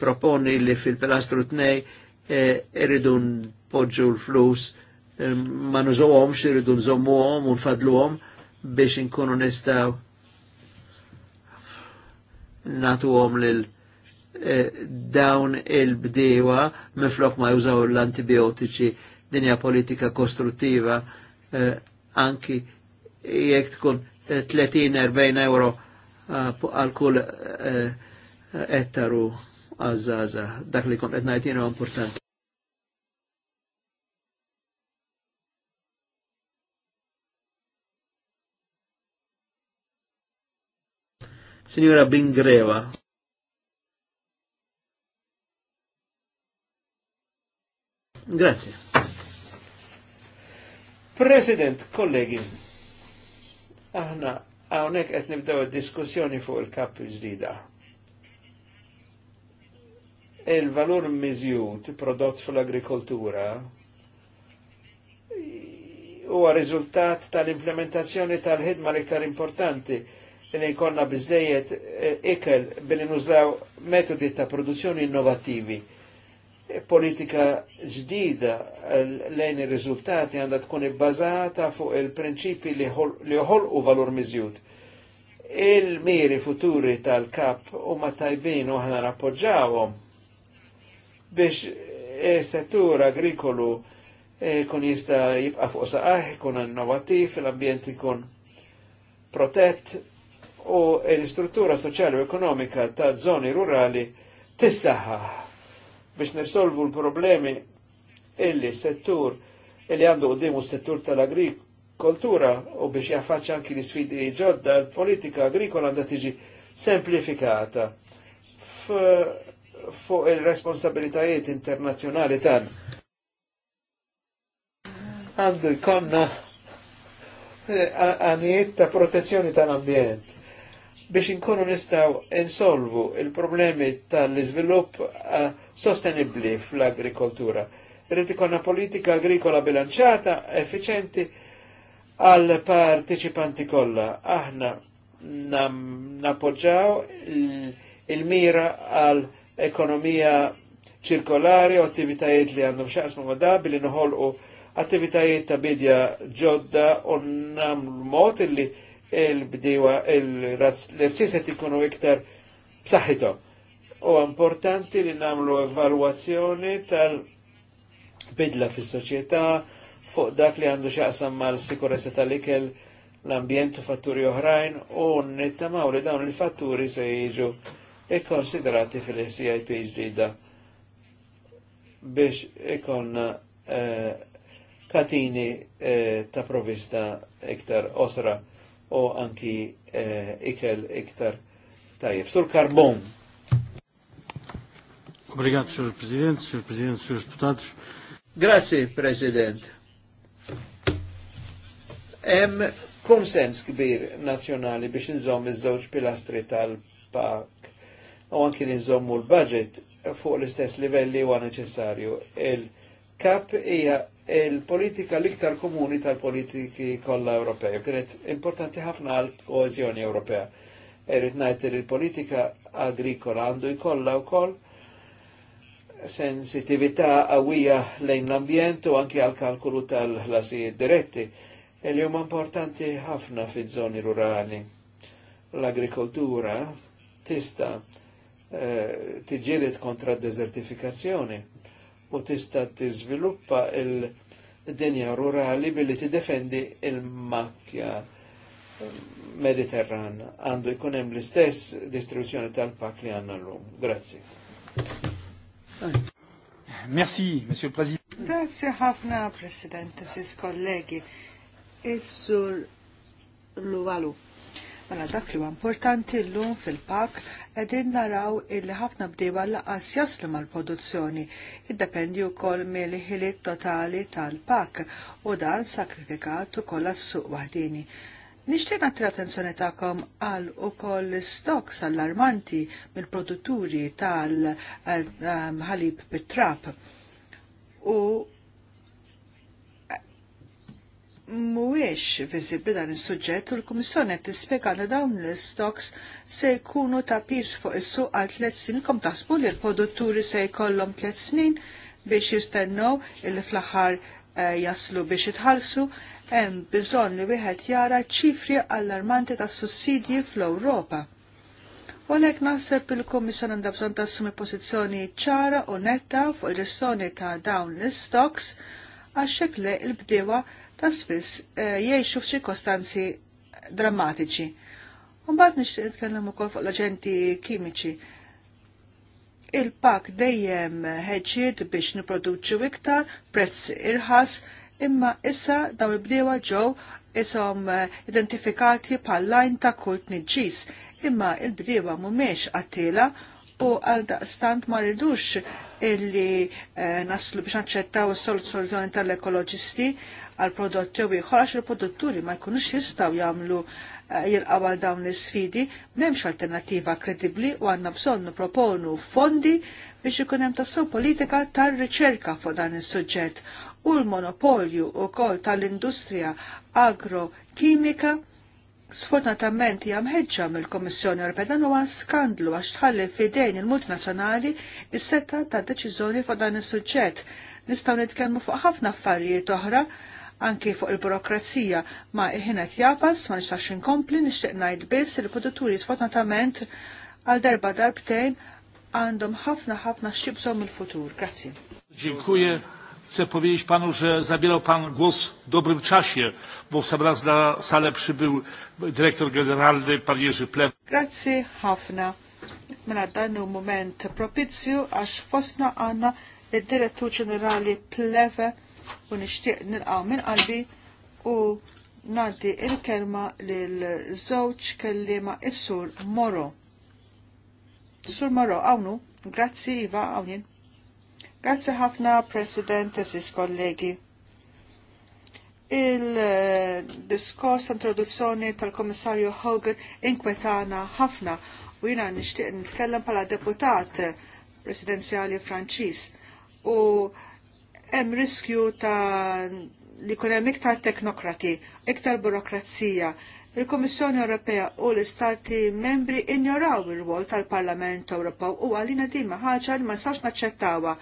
[SPEAKER 3] fil-pilastru tnej eh, irridu poġġu l-flus ma nużuhom irridu nżommuhom u nfadluhom biex inkunu nistaw natuhom lil e, dawn il-bdewa miflok ma jużaw l-antibiotiċi dinja politika kostruttiva e, anki jekk tkun 30-40 e, euro għal kull ettaru għazza Dak li kon etnajtina importanti. Signora Bingreva. Grazie. President, kollegi, aħna għawnek qed nibdew diskussjoni fuq il-kap ġdida. Il-valur miżjut prodott fl-agrikoltura huwa rizultat tal-implementazzjoni tal-ħidma l-iktar importanti li jkollna bizzejiet eh, ikel billi nużaw metodi ta' produzzjoni innovativi. E politika ġdida eh, lejn ir-riżultati għandha tkun ibbażata fuq il-prinċipi li joħolqu valur miżjud. Il-miri futuri tal-kap u ma tajbin u ħana nappoġġawhom biex eh, settur agrikolu kun jista jibqa fuq saqaħ, kun innovativ, l-ambjent kun protett, u l-istruttura soċjali u ekonomika ta' zoni rurali tissaħħa biex nirsolvu l-problemi illi settur illi għandu għoddimu settur tal-agrikoltura u biex jaffaċċa anki l-sfidi ġodda l-politika agrikola għandha tiġi semplifikata fuq il-responsabilitajiet internazjonali tan. Għandu jkonna għanijiet eh, ta' protezzjoni tal-ambjent biex inkunu nistaw insolvu il-problemi tal-izvilupp eh, sostenibli fl-agrikoltura. Rrit politika agrikola bilanċata, efficienti għal partiċipanti kolla. Aħna nappoġġaw il-mira għal ekonomija ċirkolari u attivitajiet li għandhom xaqsmu ma da attivitajiet ta' bidja ġodda u namlu mot illi li il bdiwa il-razz l-fsisa ikunu iktar b'saħħithom. U importanti li namlu evalwazzjoni tal-bidla fis-soċjetà fuq dak li għandu xaqsam mal-sikurezza tal-ikel l-ambjent u fatturi oħrajn u nittamaw li dawn il-fatturi se jiġu ikkonsiderati fil-CIP ġdida biex ikon eh, katini eh, ta' provista iktar osra u anki eh, ikel iktar tajib. Sur karbon.
[SPEAKER 1] Obrigado, Sr. Presidente, Sr. Presidente, Srs. Deputados.
[SPEAKER 3] Grazie, President. Em konsens kbir nazjonali biex nżomm iż-żewġ pilastri tal-pak u anki li nżommu l-budget fuq l-istess livelli huwa neċessarju. Il-kap hija il-politika l-iktar komuni tal-politiki kollha Ewropea. Kienet importanti ħafna għal koezjoni Ewropea. Irrid najt il politika agrikola għandu jkollha wkoll sensitività għawija lejn l-ambjent u anke għal kalkulu tal-ħlasijiet diretti e li huma importanti ħafna fiż-żoni rurali. L-agrikoltura tista eh, kontra d dezertifikazzjoni u tista t-izviluppa il- dinja rurali billi t-defendi il makja mediterran għandu jkun hemm l-istess distribuzzjoni tal-pak li għanna l llum. Grazzi.
[SPEAKER 1] Merci, Monsieur le Président.
[SPEAKER 4] Grazie ħafna, Presidente, sis kollegi. Is-sur Luvalu. Mela dak li huwa importanti llum fil-pak qegħdin naraw illi ħafna bdiewa laqas jaslu mal-produzzjoni. Iddependi wkoll mill-ħiliet totali tal-pak u dan sakrifikat ukoll għas-suq waħdini. Nishtiq nattri attenzjoni ta'kom għal u koll stoks allarmanti mill-produtturi tal-ħalib pit trap u mhuwiex viżibbli dan is-suġġett u l-Kummissjoni qed tispjega li dawn l-istoks se jkunu ta' pis fuq is-suq għal tliet snin kom taħsbu li l-produtturi se jkollhom tliet snin biex jistennew illi fl-aħħar eh, jaslu biex itħallsu hemm bżonn li wieħed jara ċifri allarmanti ta' sussidji fl-Ewropa. U għalhekk naħseb il kummissjoni għandha bżonn tassumi pożizzjoni ċara u netta fuq il-ġestjoni ta' dawn l-istoks għax le il-bdewa ta' spiss eh, jgħixu f'ċirkostanzi drammatiċi. Mbagħad nixtieq nitkellem ukoll fuq l-aġenti kimiċi. Il-pak dejjem ħeġġiet biex niproduċu iktar prezz irħas imma issa dawn il-bdiewa ġew isom eh, identifikati pal lajn ta' kult nġis, imma il-briva mumiex għattila u għal stant ma ridux illi eh, naslu biex naċċettaw s soluzjoni tal-ekoloġisti għal prodotti u ieħor il-produtturi ma jkunux jistgħu jagħmlu eh, jilqaw għal dawn l-sfidi, m'hemmx alternattiva kredibbli u għandna bżonn proponu fondi biex ikun hemm tassew politika tal riċerka fuq dan is-suġġett u l-monopolju wkoll tal-industrija agrokimika sfortunatament hija mħeġġa mill-Kommissjoni Ewropea dan huwa skandlu għax tħalli f'idejn il-multinazzjonali is-setta ta' deċiżjoni fuq dan is-suġġett. Nistgħu nitkellmu fuq ħafna affarijiet oħra anke fuq il-burokrazija ma il-ħinet japas ma nistax inkompli nixtieq ngħid biss il-produtturi sfortunatament għal darba darbtejn għandhom ħafna ħafna xibsom il-futur. Grazzi.
[SPEAKER 1] Dziękuję. Chcę powiedzieć panu, że zabierał pan głos w dobrym czasie, bo w sam raz na salę przybył dyrektor generalny pan Jerzy Plem.
[SPEAKER 4] Grazie, Hafna. Mela dan u moment propizju aż fosna Anna, dyrektor generalny Plewe u nixtieq nilqaw minn qalbi u ngħaddi il-kelma lil żewġ kellima is-sur Moro. Sur Moro, għawnu, grazzi Iva, għawnin. Grazzi ħafna, President, eżis kollegi il-diskors introduzzjoni tal-Komissarju Hogan inkwetana ħafna u jina nishtiq nitkellem pala deputat presidenzjali Franċis u hemm riskju ta' li kun hemm iktar teknokrati, iktar burokrazija. Il-Kommissjoni Ewropea u l-Istati membri ignoraw ir-rwol tal-Parlament Ewropew u għalina dima ħaġa li ma nistgħux naċċettawha.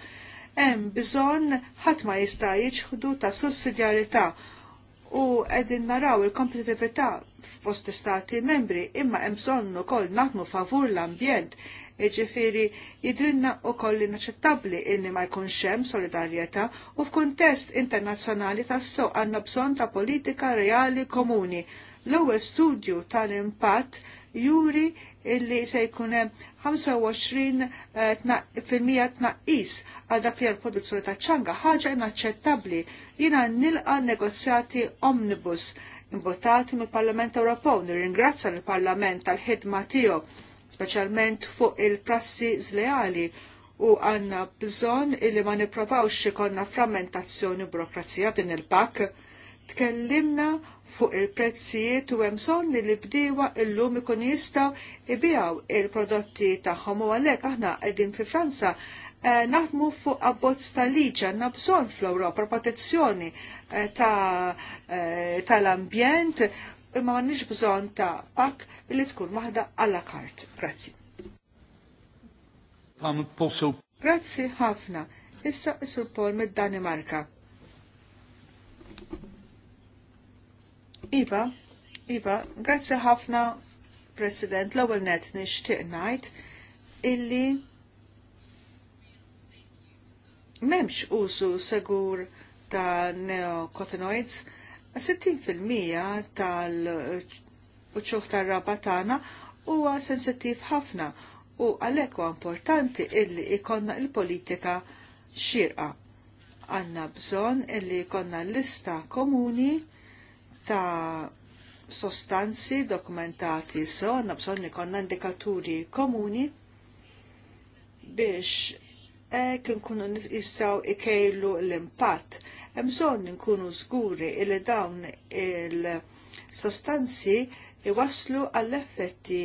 [SPEAKER 4] Hemm bżonn ħadd ma jista' jiġħdu ta' sussidjarjetà u qegħdin naraw il-kompetitività fost istati membri imma hemm bżonn ukoll naħdmu favur l-ambjent iġifiri jidrinna u kolli naċċettabli illi ma jkunx hemm solidarjetà u f'kuntest internazzjonali tas-so għandna bżonn ta' politika reali komuni. L-ewwel studju tal-impatt juri illi se jkun 25% eh, tnaqqis għal dak li produzzjoni ta' ċanga ħaġa inaċċettabbli. Jiena nilqa negozjati omnibus imbottati mill-Parlament Ewropew, nirringrazzja l-Parlament tal-ħidma tiegħu speċjalment fuq il-prassi zleali u għanna bżon illi ma niprovawx ikonna frammentazzjoni burokrazija din il-pak. Tkellimna fuq il-prezzijiet u hemm bżonn li bdiewa illum ikun jistgħu ibijaw il-prodotti tagħhom u għalhekk aħna qegħdin fi Franza eh, naħdmu fuq abbozz ta' liġi għandna bżonn fl-Ewropa protezzjoni eh, eh, tal-ambjent imma m'għandniex bżonn ta' pak li tkun waħda alla kart. Grazzi. Grazzi ħafna. Issa isur Pol mid-Danimarka. Iva, Iva, grazzi ħafna, President, l-ewwel net nixtieq ngħid illi m'hemmx użu segur ta' neokotinoids, 60% tal-uċuħ tar-raba tagħna huwa sensittiv ħafna u għalhekk huwa importanti illi ikonna il-politika xirqa. Għanna bżonn illi ikonna lista komuni ta' sostanzi dokumentati so, għanna bżonn ikonna indikaturi komuni biex e, kinkunu nistaw ikejlu l-impatt Bżonn nkunu żguri li dawn il-sostanzi iwaslu għall-effetti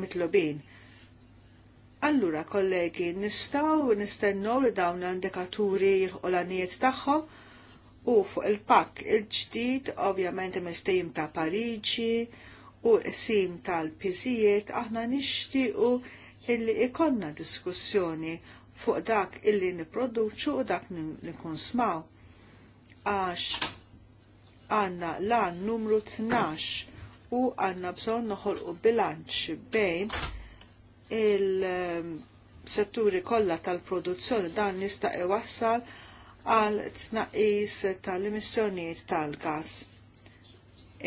[SPEAKER 4] mitlobin. Allura, kollegi, nistaw nistennu li dawn l-indikaturi l-għolanijiet tagħhom u fuq il-pak il-ġdid, ovvjament mill ta' Pariġi u sim tal pizijiet aħna nixtiequ illi ikonna diskussjoni fuq dak illi niproduċu u dak nikonsmaw. Għax għanna lan numru 12 u għanna bżon noħolqu bilanċ bejn il-setturi kollha tal-produzzjoni dan nista' iwassal għal tnaqis tal-emissjonijiet tal-gas.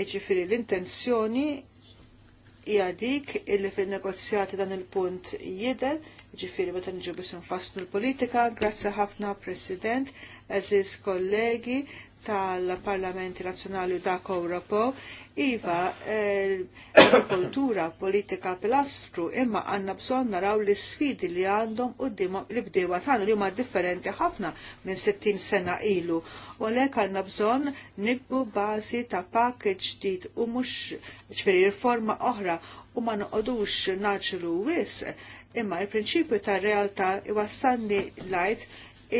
[SPEAKER 4] Iġifieri l-intenzjoni hija dik illi fin-negozjati dan il-punt jidher ġifiri meta nġu bis nfasslu l-politika. Grazzi ħafna, President, eżis kollegi tal-Parlamenti Nazzjonali dak Ewropo, Iva, l-kultura politika pilastru imma għanna bżon naraw l sfidi li għandhom u li bdewa tagħna li huma differenti ħafna minn 60 sena ilu. U għalhekk għandna bżon nikbu bażi ta' package ġdid u mhux ċferi riforma oħra u ma noqodux naġlu wis Imma il-prinċipju ta' realtà iwassalni lajt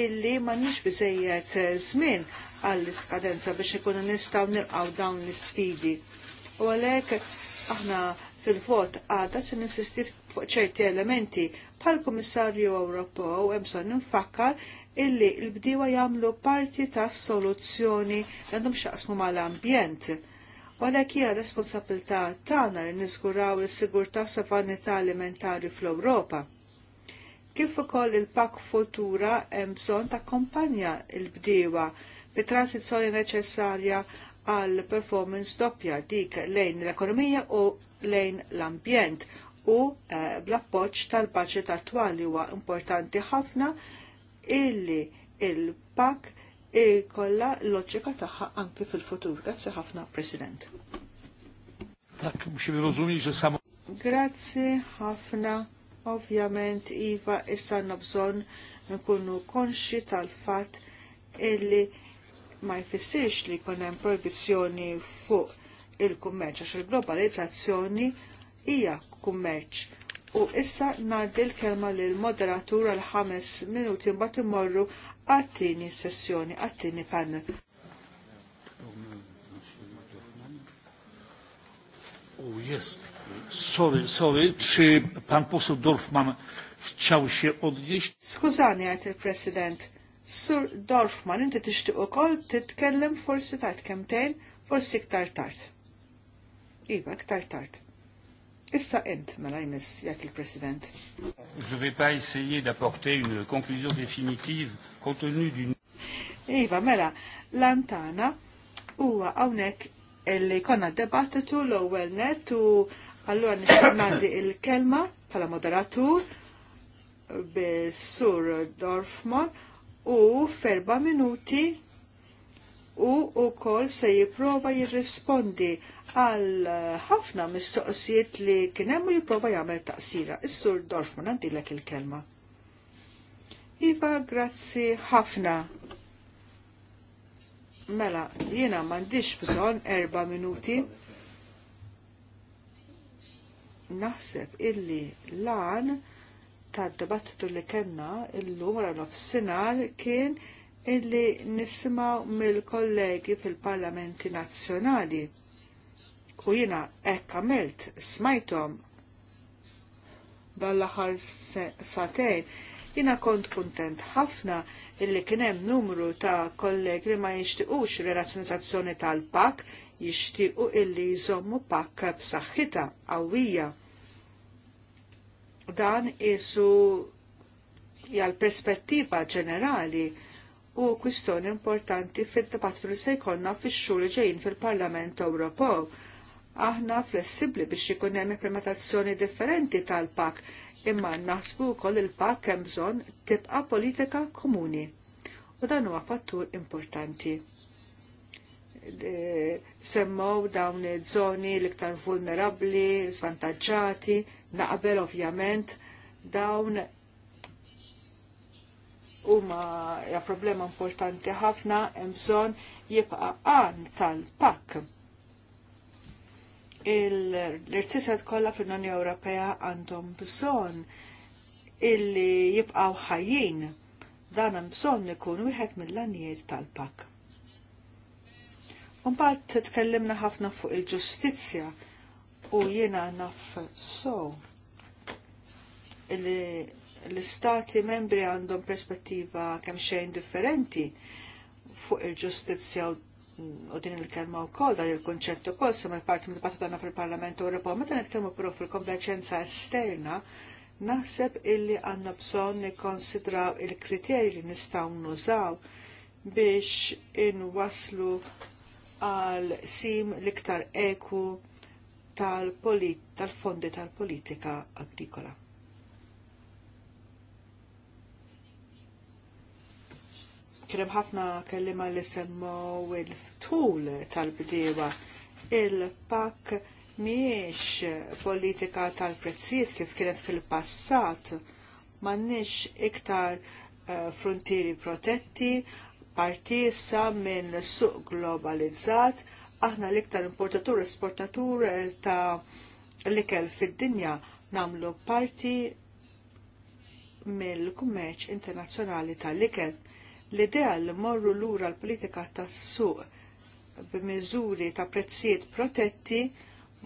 [SPEAKER 4] illi ma nix biżejjed eh, żmien għall-iskadenza biex ikunu nistgħu nilqgħu dawn l-isfidi. U għalhekk aħna fil-vot għadha se nisistif fuq ċerti elementi bħal Kummissarju Ewropew hemm bżonn nfakkar illi l-bdiewa jagħmlu parti tas soluzzjoni għandhom xaqsmu mal-ambjent U għalhekk hija responsabilità tagħna li niżguraw is-sigurtà sovranità alimentari fl-Ewropa. Kif ukoll il-pak futura hemm bżonn takkompanja l-bdiewa bi transizzjoni neċessarja għal performance doppja dik lejn l-ekonomija u lejn l-ambjent u eh, bl-appoċ tal-budget attwali huwa importanti ħafna illi il-pak ikolla e l-loġika tagħha anki fil-futur. Grazzi ħafna, President. Tak, Grazzi ħafna, ovvjament, Iva, issa bżonn nkunu konxi tal-fat illi ma jfissirx li jkun hemm proibizzjoni fuq il-kummerċ għax il-globalizzazzjoni hija kummerċ. U issa ngħaddi l-kelma l moderatur għal ħames minuti mbagħad imorru għattini sessjoni, għattini panel.
[SPEAKER 1] Oh, yes. Sorry, sorry, czy pan poseł Dorfman chciał się odnieść?
[SPEAKER 4] Skuzani, għajt il-president. Sur Dorfman, inti t-ixti u kol, t-tkellem forsi tajt kemtejn, forsi ktar tart. Iva, ktar tart. Issa int, mela jmiss, jgħat il-president.
[SPEAKER 1] Je vais pas essayer d'apporter une conclusion définitive compte di
[SPEAKER 4] Iva, mela, lantana huwa hawnhekk illi konna debattitu l-ewwel net u allura nixtieq il-kelma bħala moderatur bis-sur Dorfman u ferba minuti u u kol se jipprova jirrispondi għal ħafna mistoqsijiet li kienem u jipprova jagħmel taqsira. Is-sur Dorfman għandilek il-kelma. Iva, grazzi ħafna. Mela, jiena m'għandix bżonn erba' minuti. Naħseb illi lan tad-dibattitu li kellna illum wara nofsinhar kien illi nismaw mill-kollegi fil-parlamenti nazzjonali. U jiena hekk għamilt smajthom dal-aħħar satejn Jina kont kontent ħafna illi kienem numru ta' kolleg li ma jishtiqux relazzjonizzazzjoni tal-pak, jishtiqu illi jżommu pak b'saħħita qawwija. Dan isu jgħal perspettiva ġenerali u kwistjoni importanti fil debattu li se jkollna fix-xhur ġejjin fil-Parlament Ewropew aħna flessibli biex ikun hemm implementazzjoni differenti tal-pak imma naħsbu wkoll il-pak hemm bżonn tibqa' politika komuni. U dan huwa fattur importanti. E, semmow dawn iż-żoni l-iktar vulnerabbli, svantaġġati, naqbel ovvjament dawn huma ja problema importanti ħafna hemm bżonn jibqa' għan tal-pak l-irtisat kollha fl-Unjoni Ewropea għandhom bżonn illi jibqaw ħajjin dan hemm bżonn ikun wieħed mill-għanijiet tal-pak. Mbagħad tkellimna ħafna fuq il-ġustizzja u jiena naf so l-istati membri għandhom perspettiva kemm xejn differenti fuq il-ġustizzja u u din il-kelma wkoll dan il-konċett ukoll sema parti mill-dibattu tagħna fil-Parlament Ewropew. Meta nitkellmu però fil-konverġenza esterna, naħseb illi għandna bżonn nikkonsidraw il-kriterji li nistgħu nużaw biex inwaslu għal sim l-iktar eku tal-fondi tal-politika agrikola. Kien ħafna kellima li semmu il-tul tal-bdiewa. Il-pak miex politika tal-prezzijiet kif kienet fil-passat, m'għandniex iktar eh, frontieri protetti, partisa minn suq globalizzat, aħna l-iktar importatur esportatur ta' l-ikel fid-dinja namlu parti mill-kummerċ internazzjonali tal-ikel L-idea li morru lura l-politika tas-suq b'miżuri ta' prezzijiet protetti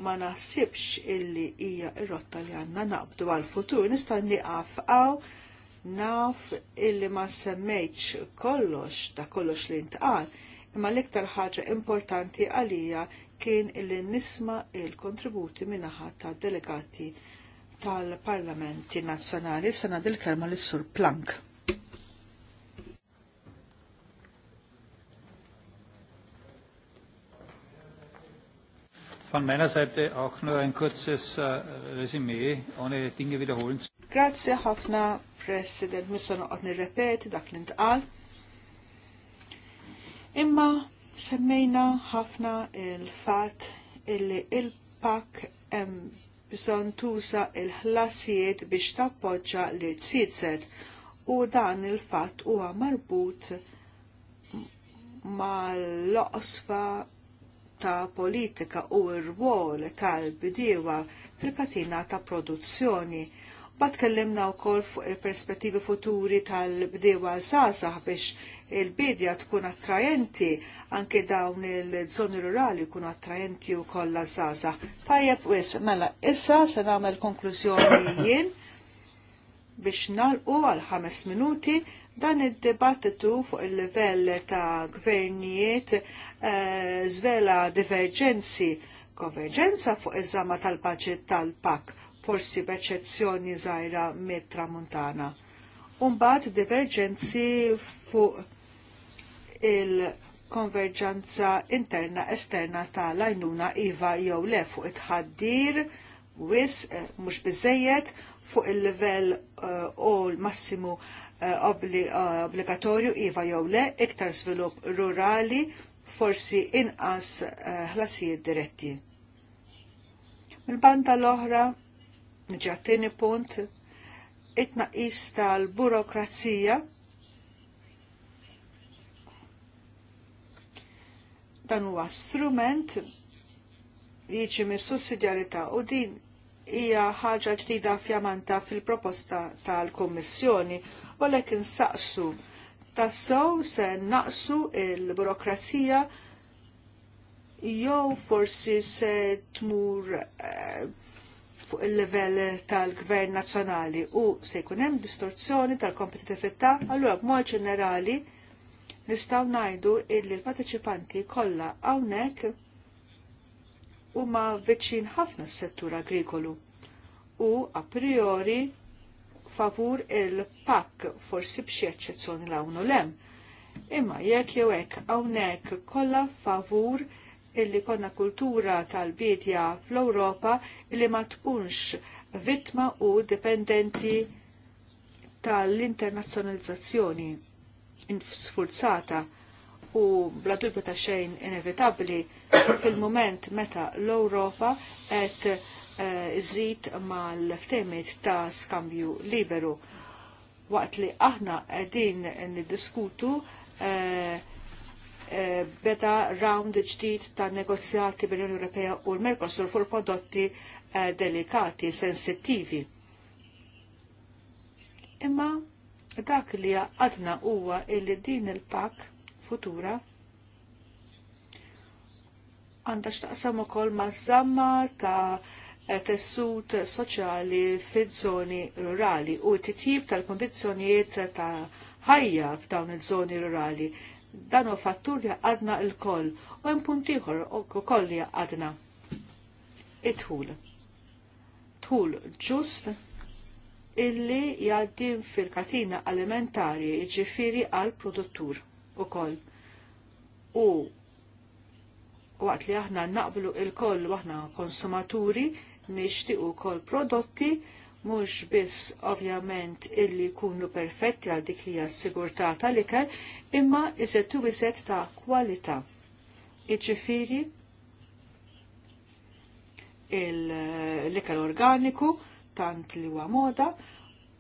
[SPEAKER 4] ma naħsibx illi hija r-rotta li għanna naqbdu għal-futur. Nista' nieqaf għaw naf illi ma semmejtx kollox ta' kollox li ntqal, imma l-iktar ħaġa importanti għalija kien illi nisma il-kontributi minnaħa ta' delegati tal-parlamenti nazzjonali sena dil-kelma l-sur Plank.
[SPEAKER 1] von meiner Seite auch nur ein kurzes äh, Resümee, ohne Dinge wiederholen zu
[SPEAKER 4] Grazie ħafna, President, misson uqot nirrepeti dak li ntqal. Imma semmejna ħafna il-fat illi il-pak hemm bżonn tuża il-ħlasijiet biex tappoġġa l-irtsietzet u dan il fat huwa marbut mal-loqsfa ta' politika u r-wol tal-bidiewa fil-katina ta' produzzjoni. Bat kellimna u kol fuq il-perspettivi futuri tal-bdewa zazax biex il-bidja tkun attrajenti anke dawn il-żoni rurali kun attrajenti u l zazax. Tajjeb wis, mela, issa se nagħmel konklużjoni jien biex nalqu għal ħames minuti Dan id-dibattitu fuq il-livell ta' gvernijiet żvela eh, divergenzi, diverġenzi, konverġenza fuq iż-żama tal-baġit tal-pak, forsi b'eċezzjoni żgħira mit-tramuntana. Umbad diverġenzi fuq il- konverġenza interna esterna tal-għajnuna IVA jew le fuq it-ħaddir, wis, eh, mhux biżejjed fuq il-level uh, eh, l massimu Eh, eh, obbligatorju iva jew le, iktar svilupp rurali, forsi inqas eh, ħlasijiet diretti. Mil-banda l-oħra, nġattini punt, itna naqis tal-burokrazija, dan huwa strument li jiġi mis-sussidjarità u din hija ħaġa ġdida fjamanta fil-proposta tal-Kummissjoni u għalhekk insaqsu tassow se naqsu il-burokrazija jew forsi se tmur eh, fuq il-level tal-gvern nazzjonali u se jkun hemm distorzjoni tal-kompetitività, allura b'mod ġenerali nistgħu ngħidu illi l-parteċipanti kollha hawnhekk huma viċin ħafna s-settur agrikolu u a priori favur il-pak forsi bxie eċċezzjoni l unu lem. Imma jekk jew hekk hawnhekk kollha favur illi konna kultura tal-bidja fl-Ewropa illi ma tkunx vittma u dipendenti tal-internazzjonalizzazzjoni sfurzata u bla dubju ta' xejn inevitabbli fil-moment meta l-Ewropa qed Eh, iżid mal-ftemiet ta' skambju liberu. Waqt li aħna qegħdin niddiskutu eh, eh, beda round ġdid ta' negozjati bil unjoni Ewropea u l-Mercosur fuq prodotti delikati, sensittivi. Imma dak li għadna huwa illi din il-pak futura għandha x'taqsam ukoll ma' żamma ta' tessut soċjali fiż-żoni rurali u t-tip tal-kondizzjonijiet ta' ħajja f'dawn il-żoni rurali. Dan u fattur li għadna l-koll u hemm punt ieħor ukoll li għadna. It-tħul. Tħul ġust illi jgħaddim fil-katina alimentari ġifiri għal produttur ukoll. U waqt li aħna naqblu il-koll aħna konsumaturi nixtiequ kol prodotti mhux biss ovvjament illi jkunu perfetti għal dik li hija sigurtà tal-ikel imma iżettu iżet ta' kwalità. Iġifieri l-ikel organiku tant li huwa moda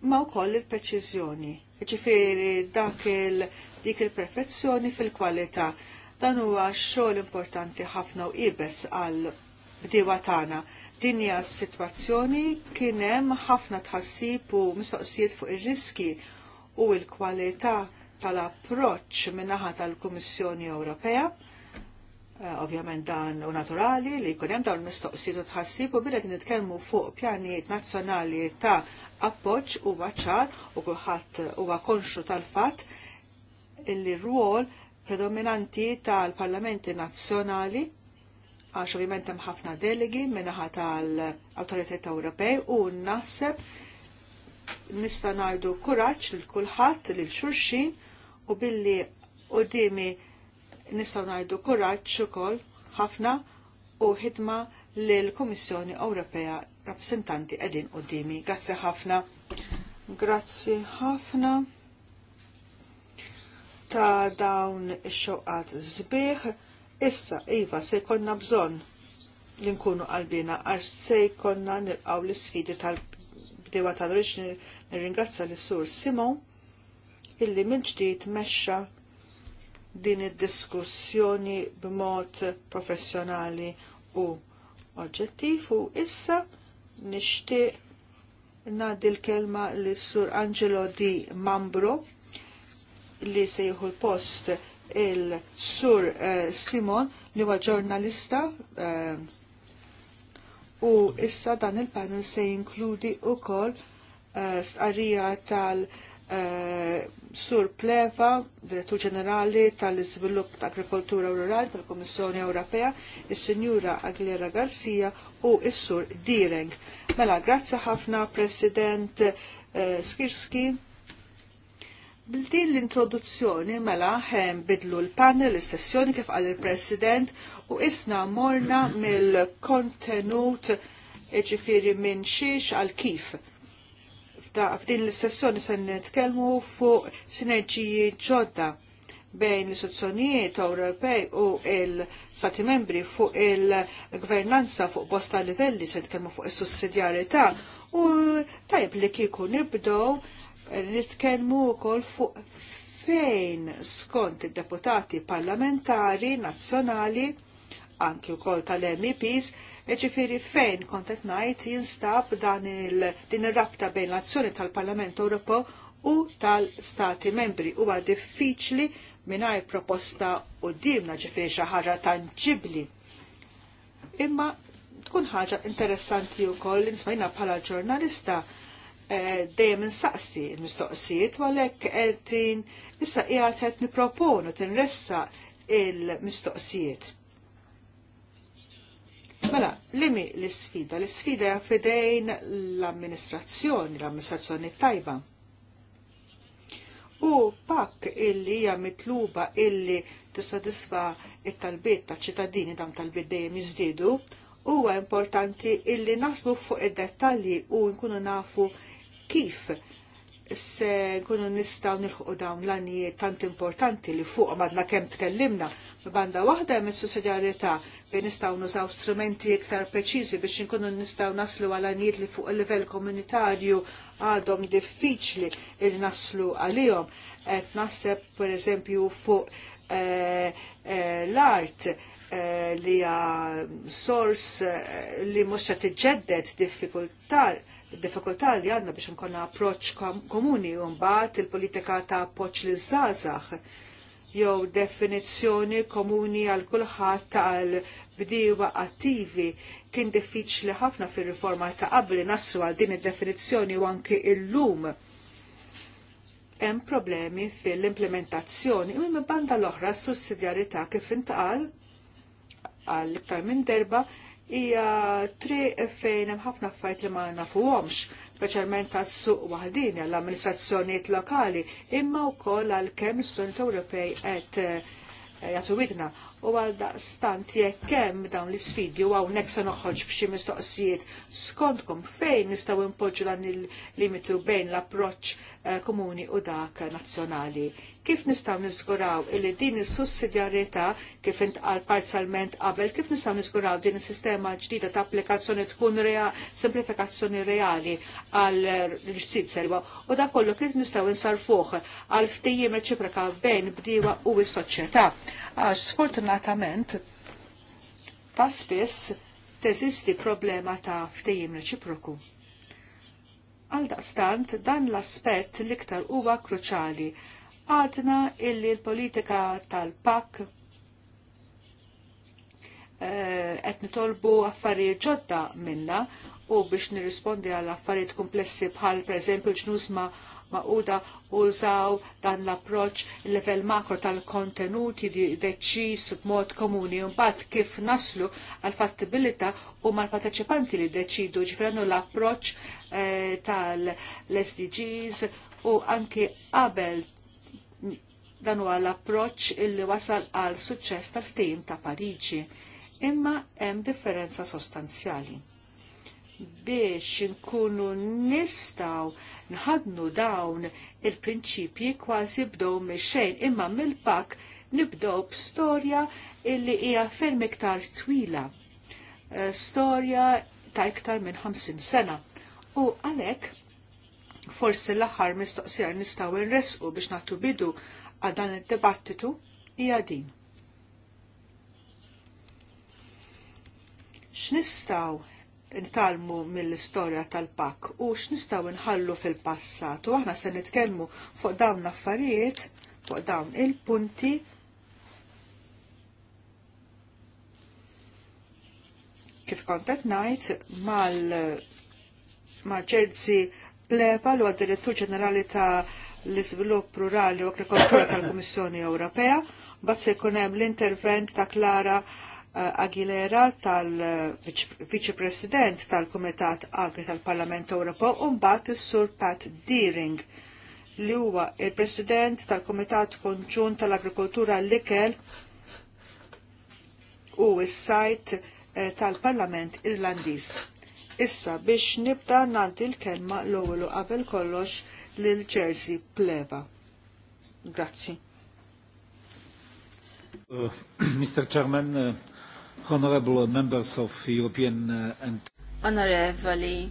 [SPEAKER 4] ma wkoll il-preċiżjoni. Iġifieri dak il dik il-perfezzjoni fil-kwalità. Dan huwa xogħol importanti ħafna u qibes għal bdiewa tagħna Dinja s-situazzjoni kienem ħafna tħassib u mistoqsijiet fuq ir-riski u l-kwalità tal-approċċ minnaħa tal-Kummissjoni Ewropea eh, ovvjament dan u naturali li jkun hemm dawn mistoqsijiet u tħassib u bidet nitkellmu fuq pjanijiet nazzjonali ta' appoġġ u ċar u kulħadd huwa konxu tal-fatt illi rwol predominanti tal-parlamenti nazzjonali għax ovvijament hemm ħafna delegi minnaħa tal-Awtoritajiet Ewropej u naħseb nista' ngħidu kuraġġ lil kulħadd lil xulxin u billi qudiemi nistgħu ngħidu kuraġġ ukoll ħafna u ħidma lil Kummissjoni Ewropea rappresentanti qegħdin qudiemi. Grazzi ħafna. Grazzi ħafna ta' dawn ix-xoqat żbieħ Issa, Iva, se jkollna bżonn li nkunu qalbina għax se jkollna nilqaw l isfidi tal-bdewa tal-oriġni nirringrazza l sur Simon illi minn ġdid mexxa din id-diskussjoni b'mod professjonali u oġġettiv u issa nixtieq ngħaddi l-kelma lis sur Angelo di Mambro li se jieħu l-post il-sur eh, Simon li huwa ġurnalista eh, u issa dan il-panel se jinkludi ukoll eh, stqarrija tal- Sur Pleva, Direttur Ġenerali tal-Iżvilupp ta' Agrikoltura Rurali tal kummissjoni Ewropea, is-Sinjura Aguilera Garcia u s sur Diering. Mela, grazzi ħafna President Skirski din l-introduzzjoni mela ħem bidlu l-panel, l-sessjoni kif għal il-President u isna morna mill-kontenut ġifiri minn xiex għal kif. F'din l-sessjoni se nitkellmu fuq sinerġiji ġodda bejn l-istituzzjonijiet Ewropej u l-Stati membri fuq il-gvernanza fuq bosta livelli se nitkellmu fuq is-sussidjarità u tajb li kieku nibdow nitkellmu wkoll fuq fejn skont id-deputati parlamentari nazzjonali anki wkoll tal-MEPs, ġifieri fejn kont qed ngħid jinstab dan il din ir-rabta bejn l-azzjoni tal-Parlament Ewropew u tal-Stati membri huwa diffiċli mingħajr proposta qudiemna ġifieri xi ħaġa tanġibbli. Imma tkun ħaġa interessanti wkoll insmajna bħala ġurnalista Eh, dejjem insaqsi l-mistoqsijiet għalhekk qegħdin issa qiegħed qed nipproponu tinressa il-mistoqsijiet. Mela, limi l-sfida? L-sfida hija fidejn l-amministrazzjoni, l-amministrazzjoni tajba. U pakk illi hija mitluba illi tissodisfa it-talbiet ta' ċittadini dam talbiet dejjem jiżdiedu, huwa importanti illi naslu fuq id-dettalji u nkunu nafu kif se nkunu nistaw nilħuq dawn l-għanijiet tant importanti li fuq madna kemm tkellimna banda waħda hemm is-sussidjarjetà fejn nistgħu nużaw strumenti iktar preċiżi biex inkunu nistgħu naslu għal għanijiet li fuq il-livell komunitarju għadhom diffiċli li naslu għalihom. Qed naħseb pereżempju fuq eh, eh, l-art eh, li hija sors li mhux se tiġġedded diffikultar diffikultà li għandna biex nkonna approċ komuni u mbagħad il-politika ta' appoġġ li żgħażagħ jew definizzjoni komuni għal kulħadd tal bdiewa attivi kien diffiċli ħafna fir-riforma ta' qabli nasru għal din id-definizzjoni u anke illum hemm problemi fil-implementazzjoni imma banda l-oħra s sussidjarità kif intqal għal iktar minn derba hija tri fejn hemm ħafna affarijiet li ma nafuhomx, speċjalment tas-suq waħdin għall-amministrazzjonijiet lokali, imma wkoll għalkemm is sunit Ewropej qed eh, jagħtu widna u għal daqstant jekk hemm dawn l-isfidi u hawnhekk se noħroġ b'xi mistoqsijiet skontkom fejn nistgħu impoġġu dan il-limitu bejn l-approċċ Eh, komuni u dak nazzjonali. Kif nistgħu niżguraw illi din is-sussidjarjetà kif intqal parzialment qabel, kif nistgħu niżguraw din is-sistema ġdida ta' applikazzjoni tkun rea, simplifikazzjoni reali għal l-ġsid u da kollu kif nistgħu nsarfuh għal ftejjiem reċiproka bejn bdiewa u s-soċjetà. Għax sfortunatament ta' spiss teżisti problema ta' ftejjiem reċiproku Għaldaqstant dan l-aspett l-iktar huwa kruċali. Għadna illi l-politika tal-PAK eh, qed nitolbu affarijiet ġodda minna u biex nirrispondi għal affarijiet komplessi bħal pereżempju l-ġnus ma' maquda użaw dan l-approċ level makro tal-kontenuti li deċis b'mod komuni mbagħad kif naslu għal fattibilità u mal-parteċipanti li deċidu ġifrenu l-approċ eh, tal-SDGs u anki qabel dan huwa l-approċ illi wasal għal suċċess tal-ftehim ta' Pariġi. Imma hemm differenza sostanzjali biex nkunu nistaw nħadnu dawn il-prinċipji kważi bdow mix imma mill-pak nibdow b'storja illi hija ferm iktar twila. Eh, storja ta' iktar minn 50 sena. U għalhekk forsi l-aħħar mistoqsija nistgħu nresqu biex nagħtu bidu għal dan id-dibattitu hija din. X'nistgħu nitalmu mill-istorja tal-pak u x'nistgħu nħallu fil-passat u aħna se nitkellmu fuq dawn l-affarijiet, fuq dawn il-punti kif kontet ngħid, mal maġerzi pleba l direttur ġenerali ta' l-izvilupp rurali u agrikoltura tal-Kummissjoni Ewropea, bat se jkun hemm l-intervent ta' Klara Aguilera tal-Viċi President tal-Kumitat Agri tal-Parlament Ewropew u mbagħad is-Sur Pat Deering li huwa il-President tal-Kumitat Konġun tal-Agrikoltura l-Ikel u s-sajt eh, tal-Parlament Irlandiż. Issa biex nibda nagħti l-kelma l-ewwel qabel kollox lil Jersey Pleva.
[SPEAKER 2] Grazzi.
[SPEAKER 1] Uh, *clears throat* Mr. Chairman, uh... Honorable members of European uh, and
[SPEAKER 2] Onorevoli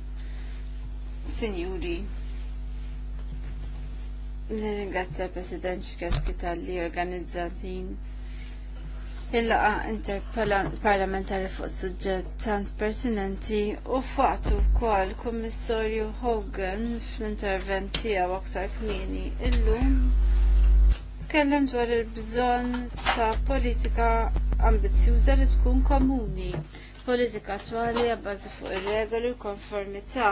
[SPEAKER 2] Signori Nirringrazzja President Xikeski tal-li organizzatin il-laqa interparlamentari fuq suġġett tant pertinenti u fatu wkoll Kommissorju Hogan fl-intervent tiegħu aktar kmieni illum Kellem dwar il-bżonn ta' politika ambizzjuża li tkun komuni. Politika attwali għabbażi fuq ir-regoli u konformità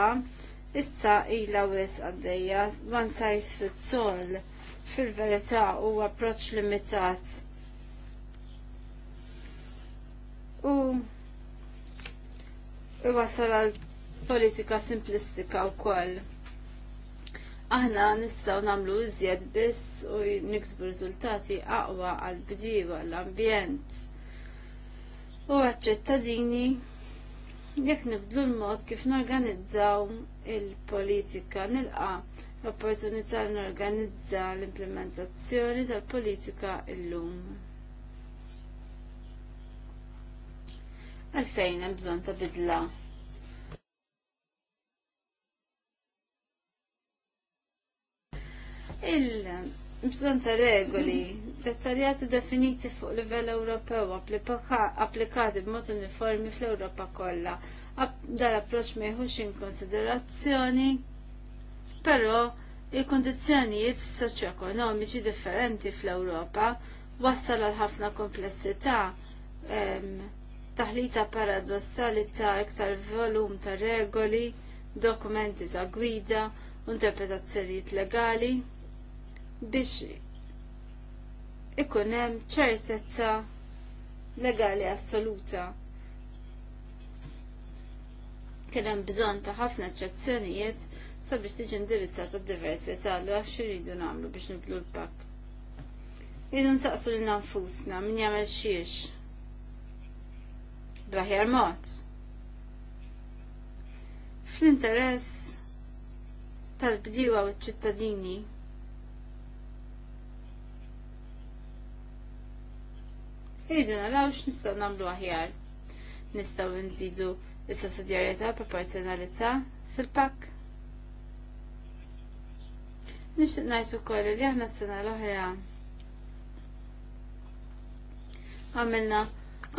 [SPEAKER 2] issa ila wis għaddejja one size fits all fil-verità u approċċ limitat. U iwasal għal politika simplistika wkoll aħna nistgħu nagħmlu iżjed biss u niksbu riżultati aqwa għal bdiewa l-ambjent. U għaċ jekk nibdlu l-mod kif norganizzaw il-politika nilqa l-opportunità li norganizza l-implementazzjoni tal-politika illum. Għalfejn hemm bżonn ta' bidla il-bżon ta' regoli dettaljati definiti fuq livell Ewropew applikati b'mod uniformi fl-Ewropa kollha. Dal-approċċ ma jħux inkonsiderazzjoni, però il-kondizzjonijiet soċjoekonomiċi differenti fl-Ewropa wassal għal ħafna komplessità taħlita paradossali ta' iktar volum ta' regoli, dokumenti ta' gwida, interpretazzjonijiet legali biex ikun hemm ċertezza legali assoluta. Kien hemm bżonn ta' ħafna ċezzjonijiet sabiex tiġi indirizzata d-diversità li għax iridu nagħmlu biex nibdlu l-pakk. Idu nsaqsu lil nfusna min jagħmel xiex. Blaħjar mod. Fl-interess tal-bdiewa u ċ-ċittadini Irridu naraw x'nistgħu nagħmlu aħjar. Nistgħu nżidu is-sussidjarjetà proporzjonalità fil pak Nixtieq najtu ukoll li aħna s-sena l-oħra għamilna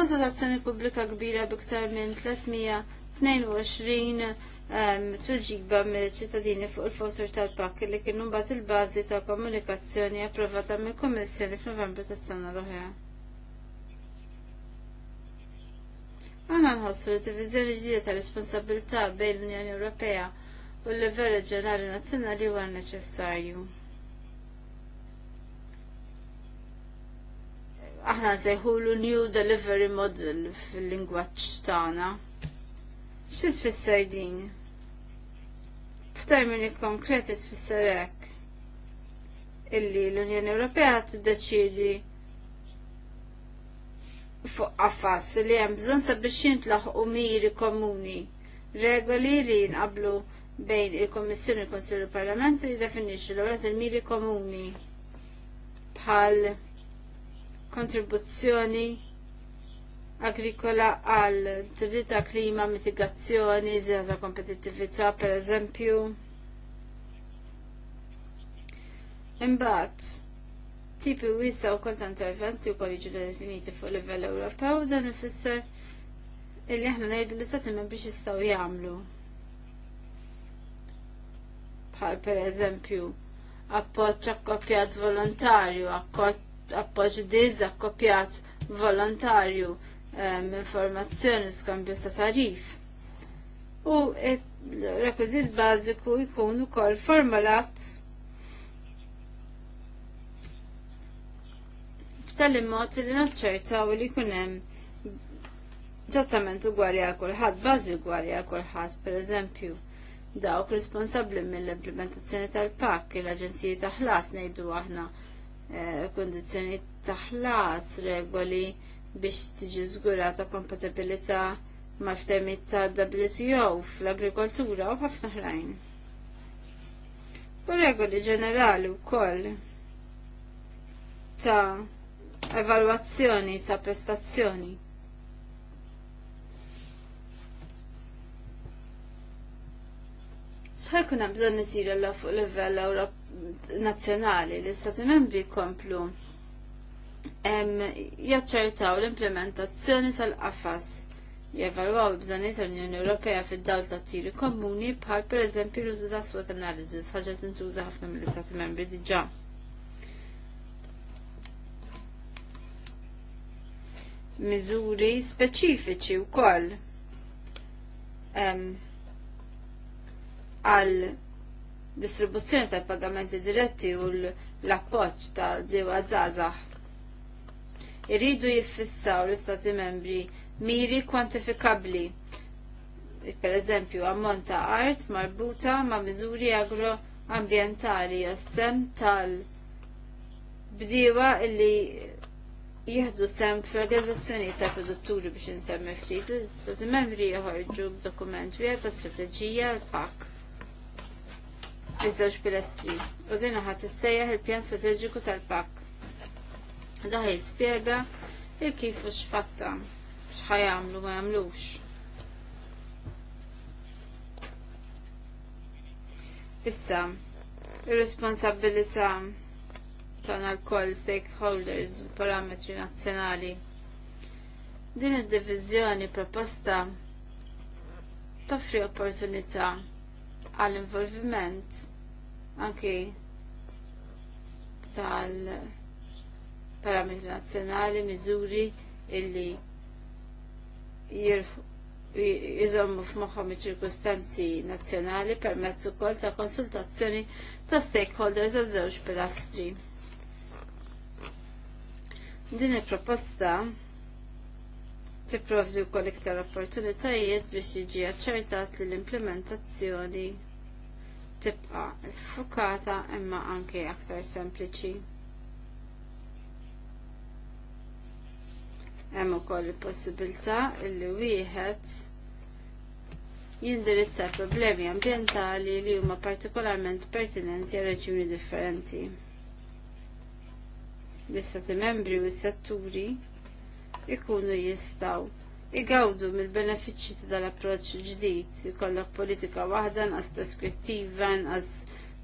[SPEAKER 2] konsultazzjoni pubblika kbira biktar minn 322 ehm, tweġiba mill-ċittadini fuq il-fotur tal-pak li kienu mbagħad il-bażi ta' komunikazzjoni approvata mill-Kummissjoni f'Novembru tas-sena l-oħra. Għana nħossu li divizjoni ġdida ta' responsabilità bejn l-Unjoni Ewropea u l level reġjonali nazzjonali huwa neċessarju. Aħna sejħulu New Delivery Model fil-lingwaġġ tagħna. Xi tfisser din? F'termini konkreti tfisser hekk illi l-Unjoni Ewropea tiddeċiedi fuq qafas li hemm bżonn sabiex jintlaħqu miri komuni, regoli li jinqablu bejn il-Kommissjoni l konsil il-Parlament li jiddefinixxu l il-miri komuni bħal kontribuzzjoni agrikola għal tibdil ta' klima, mitigazzjoni, zina ta' kompetittività per eżempju. Imbagħad tipi wisa u kol ta' interventi u kolli ġuda definiti fuq livell Ewropew dan ifisser illi aħna ngħidu l-istati ma biex jistgħu jagħmlu. Bħal pereżempju appoġġ akkoppjat volontarju, appoġġ diż akkoppjat volontarju ehm, informazzjoni skambju ta' tarif. U rekwizit bażiku jkun ukoll formalat tal-immot li naċċertaw li kunem ġattament ugwali għal kulħadd, bażi ugwali għal kulħadd, per eżempju, dawk responsabbli mill-implementazzjoni tal-pakk, l-aġenziji ħlas ngħidu aħna eh, kondizzjoni ħlas, regoli biex tiġi żgurata kompatibilità mal ftemiet ta' WTO fl-agrikoltura u ħafna ħrajn. U regoli ġenerali wkoll ta' evalwazzjoni ta' prestazzjoni. ħajkun hemm bżonn isir alla fuq livell nazzjonali li stati membri jkomplu jaċċertaw l-implementazzjoni tal-qafas jevalwaw bżonniet tal-Unjoni Ewropea fid-dawl ta' tiri komuni bħal pereżempju l-użu ta' SWOT analysis ħaġa tintuża ħafna mill-Istati Membri diġà. miżuri speċifiċi wkoll għal distribuzzjoni tal pagamenti diretti u l-appoġġ ta' diwa zazax. Iridu jiffissaw l-Istati membri miri kwantifikabli per eżempju ammonta ta' art marbuta ma' miżuri agroambientali jew tal-bdiewa illi jieħdu sem f-organizzazzjoni ta' produtturi biex insemmi ftit, l-istati membri joħorġu b'dokument wieħed ta' strateġija l-pak. Iż-żewġ pilastri u din ħadd issejjaħ il-pjan strateġiku tal-pak. Daħ jispjega il kif u x'fatta x'ħajamlu ma jagħmlux. Issa, ir-responsabilità tana l-koll stakeholders parametri nazzjonali. Din id-divizjoni proposta toffri opportunità għall-involviment anki tal-parametri nazzjonali, miżuri illi jirfu jizommu f'moħħom iċ-ċirkustanzi nazzjonali permezz ukoll ta' konsultazzjoni ta' stakeholders għal żewġ pilastri. Din il-proposta tipprovdi wkoll iktar opportunitajiet biex jiġi aċċertat li l-implementazzjoni tibqa' fukata imma anke aktar sempliċi. Hemm ukoll il-possibilità li wieħed jindirizza problemi ambjentali li huma partikolarment pertinenti għal reġjuni differenti l-istati membri u s-setturi ikunu jistaw igawdu mill-benefiċċji ta' dal-approċċ ġdid, ikollok politika waħda nqas preskrittiva, nqas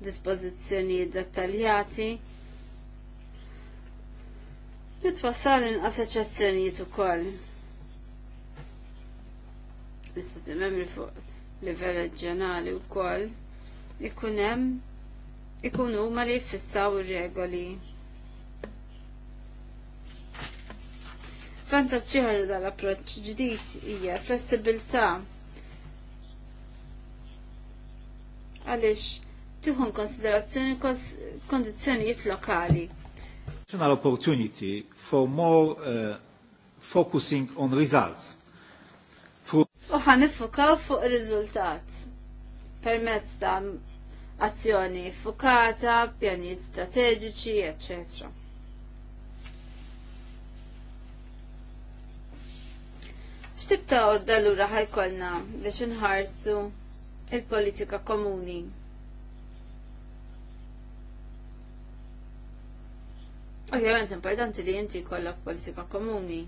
[SPEAKER 2] dispożizzjonijiet dettaljati. Mitwassal inqas eċċezzjonijiet ukoll. l istat membri fuq livell reġjonali wkoll ikun hemm ikunu huma li jfissaw ir-regoli Vantaġġi ħarra dal-approċċ ġdid hija flessibilità. għalix tuħun konsiderazzjoni kondizjonijiet lokali.
[SPEAKER 1] An opportunity for more uh, focusing on results.
[SPEAKER 2] Uħan nifukaw fuq rizultat permezz ta' azzjoni fukata, pjani strategiċi, eccetera. X'tib ta' raħaj lura biex inħarsu il-politika komuni? Ovvjament importanti li inti jkollok politika komuni.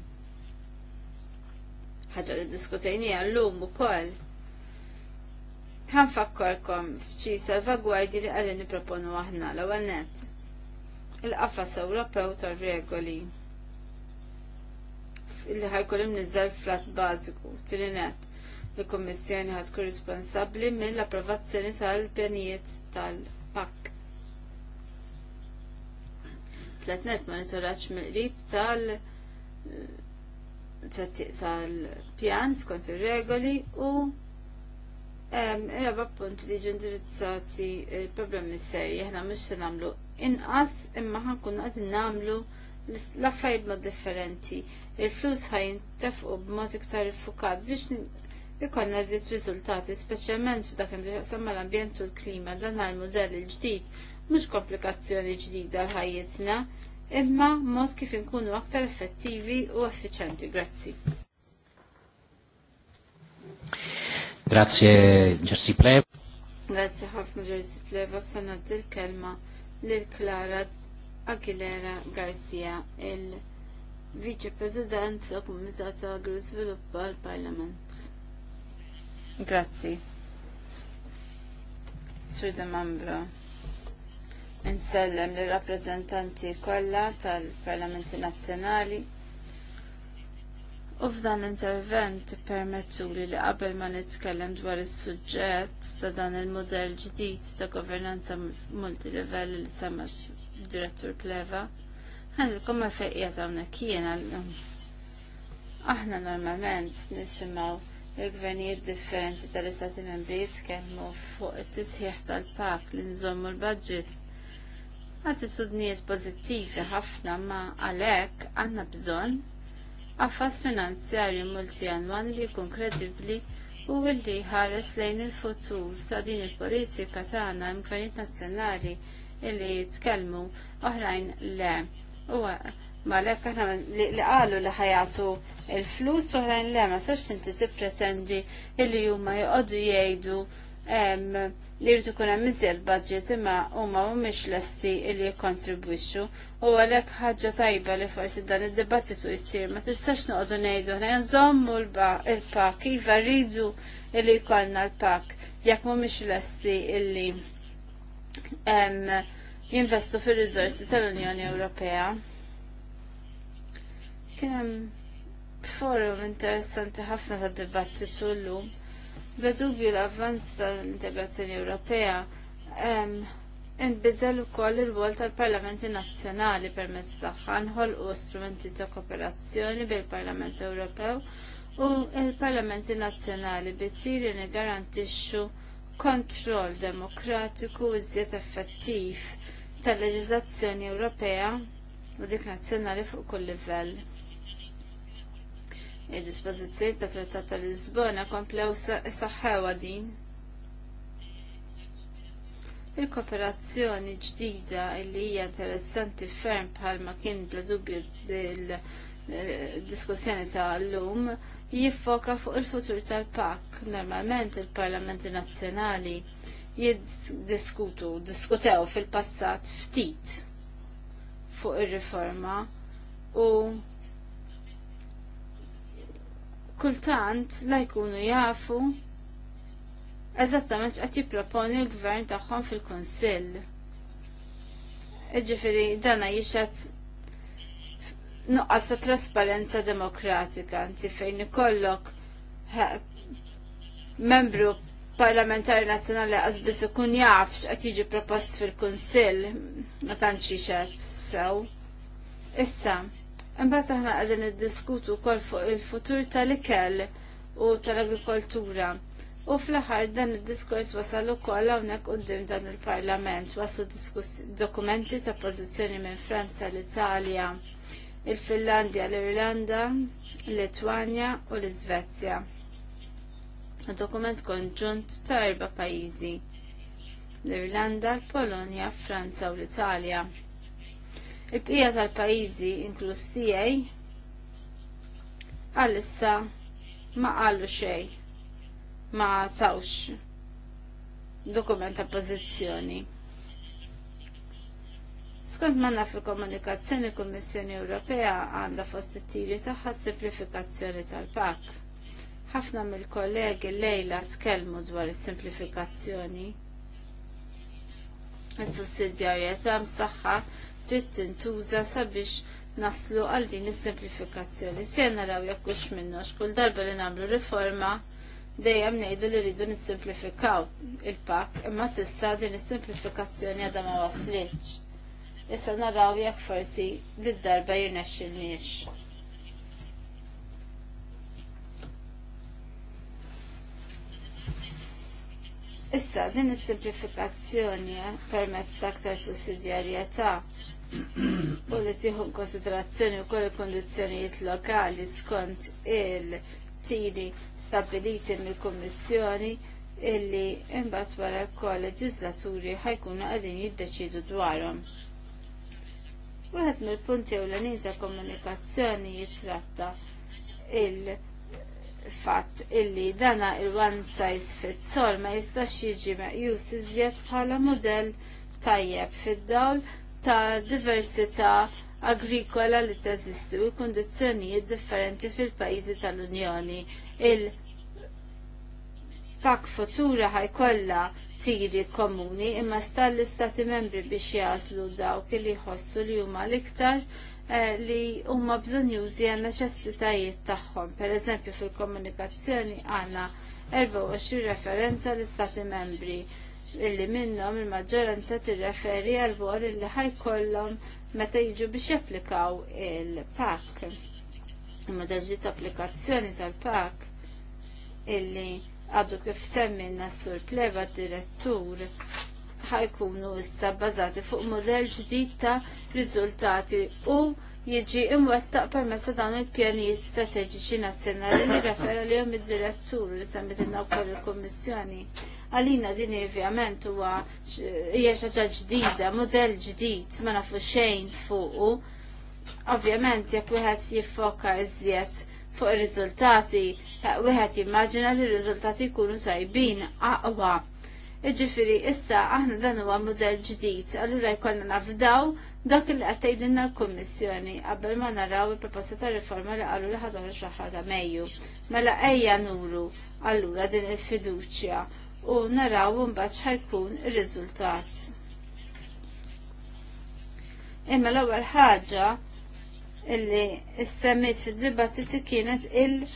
[SPEAKER 2] Ħaġa li diskutejnija llum ukoll. Ħanfakkorkom f'ċi salvagwardji li qegħdin nipproponu aħna l-ewwel net. Il-qafas Ewropew tar-regoli. Illi ħajkollim niżel flat bażiku. Tilinet, il-Kommissjoni ħad tkun responsabbli mill-approvazzjoni tal-pjanijiet tal-PAK. Tletnet monitoraċ mill-qrib tal- pjan skont ir-regoli u Raba punt li ġendirizzati il-problemi serji, ħna mux namlu inqas imma ħankun għad namlu l-affajt mod differenti il-flus ħajn tefqu b'mod iktar iffukat biex ikonna zit riżultati, speċjalment f'dak il-ħasam mal-ambjent u l-klima dan għal modell il-ġdid, mhux komplikazzjoni ġdida l-ħajjitna, imma mod kif inkunu aktar effettivi u effiċenti. Grazzi.
[SPEAKER 1] Grazie Gersi Pleb.
[SPEAKER 2] Grazie ħafna Gersi Pleb, sanad il-kelma l-Klara Aguilera Garcia il- Vice President u Kumitat Agru Sviluppa għal Parlament. Grazzi. Sir Mambro. Insellem li rappresentanti kollha tal-Parlamenti Nazzjonali. U f'dan l-intervent permettu li li qabel ma nitkellem dwar is-suġġett ta' dan il-modell ġdid ta' governanza multilivell li semmet direttur Pleva ħanilkom ma fejqija tawna kiena Aħna normalment nisimaw il-gvernijiet differenti tal-istati membri jitkellmu fuq it-tisħiħ tal-pak li nżommu l-budget. Għati sudnijiet pozittivi ħafna ma għalek għanna bżon għaffas finanzjarju multijanwan li jkun kredibli u li ħares lejn il-futur sa' din il-politika tagħna għal gvernijiet nazzjonali li jitkellmu oħrajn le. U ma aħna li qalu li ħajatu il-flus oħrajn le ma sarx inti tippretendi illi huma joqogħdu jgħidu li jrid ikun hemm iżjed budget imma huma mhumiex lesti illi jikkontribwixxu u għalhekk ħaġa tajba li forsi dan id-dibattitu jsir ma tistax noqogħdu ngħidu ħna nżommu l-pak iva rridu illi jkollna l-pak jekk mhumiex lesti illi jinvestu fil-rizorsi tal-Unjoni Ewropea. Kien hemm forum interessanti ħafna ta' dibattitu llum. Bladubju dubju l-avvanz tal-integrazzjoni Ewropea inbidel ukoll ir-rwol tal-Parlamenti Nazzjonali permezz tagħha nħolqu strumenti ta' kooperazzjoni bil-Parlament Ewropew u il-Parlamenti Nazzjonali bitiri garantixxu kontroll demokratiku iżjed effettiv tal-leġiżlazzjoni Ewropea u dik nazzjonali fuq kull livell. Id-dispożizzjoni ta' Trattat ta' Lisbona komplew saħħewa din. Il-kooperazzjoni ġdida li hija interessanti ferm bħalma kien bla dubju diskussjoni sa' l-lum jiffoka fuq il-futur tal-pak. Normalment il-Parlamenti Nazzjonali jiddiskutu, diskutew fil-passat ftit fuq ir-riforma u kultant la jkunu jafu eżattament x'qed jipproponi l-gvern tagħhom fil-Kunsill. Ġifieri dana jixed nuqqas ta' trasparenza demokratika, inti fejn ikollok membru parlamentari nazzjonali għazbis ikun jafx qed jiġi propost fil-Kunsill ma tantx xed sew. Issa, imbagħad aħna qegħdin niddiskutu wkoll fuq il-futur tal-ikel u tal-agrikoltura. U fl-aħħar dan id-diskors wasal ukoll hawnhekk quddiem dan il-Parlament waslu dokumenti ta' pożizzjoni minn Franza, l-Italja, il-Finlandja, l-Irlanda, l-Litwanja u l-Iżvezja dokument konġunt ta' erba' pajjiżi l-Irlanda, l-Polonja, Franza u l-Italja. Il-bqija tal-pajjiżi inkluż tiegħi għalissa ma qalu xejn, ma tawx dokument ta' pożizzjoni. Skont manna fil-komunikazzjoni, il kummissjoni Ewropea għandha fost it-tiri tagħha simplifikazzjoni tal-pak. Ħafna mill-kollegi lejla tkellmu dwar is-simplifikazzjoni. Is-sussidjarjetà msaħħa trid tintuża sabiex naslu għal din is-simplifikazzjoni. Se naraw jekk hux minnox kull darba li nagħmlu riforma dejjem ngħidu li rridu nissimplifikaw il-pak imma s'issa din is-simplifikazzjoni għadha ma waslitx. Issa naraw jekk forsi lid darba jirnexxilniex. Issa, din is-simplifikazzjoni permezz ta' aktar sussidjarjetà u li tiħu konsiderazzjoni wkoll il-kondizzjonijiet lokali skont il tini stabiliti mill-Kummissjoni illi imbagħad wara l leġislaturi ħajkunu qegħdin jiddeċidu dwarhom. Wieħed mill-punti ewlenin anita komunikazzjoni jitratta il- fatt illi dana il-one size fits all ma jistax jiġi meqjus iżjed bħala modell tajjeb fid-dawl ta' diversità agrikola li teżisti u kundizzjonijiet differenti fil-pajjiżi tal-Unjoni. Il-pak futura ħajkollha tiri komuni imma sta l istati membri biex jaslu dawk li jħossu li huma l-iktar Eh, li huma bżonjużi għan neċessitajiet tagħhom. Per eżempju fil-komunikazzjoni għandna 24 referenza l-Istati membri illi minnhom il-maġġoranza tirreferi għal wol illi ħajkollhom meta jiġu biex japplikaw il-pak. Il-modell ġdid applikazzjoni tal-pak illi għadu kif semminna sur pleba direttur ħajkunu issa bbażati fuq modell ġdid ta' riżultati u jiġi imwettaq permezz ta' dawn il-pjanijiet strateġiċi nazzjonali li refera jom id-direttur li semmit inna wkoll il-Kummissjoni. Għalina din ovvjament huwa hija xi ħaġa ġdida, modell ġdid ma nafu xejn u Ovvjament jekk wieħed jiffoka iżjed fuq ir-riżultati, wieħed jimmaġina li r-riżultati jkunu sajbin aqwa Iġifiri, issa aħna dan huwa model ġdid, allura jkollna nafdaw dak li qed tgħidilna l-Kummissjoni qabel ma naraw il-proposta ta' riforma li qalu li ħażor ix ta' Mejju. Mela ejja nuru allura din il-fiduċja u naraw mbagħad x'ħajkun ir-riżultat. Imma l-ewwel ħaġa illi semmit fid-dibattiti kienet il-, -il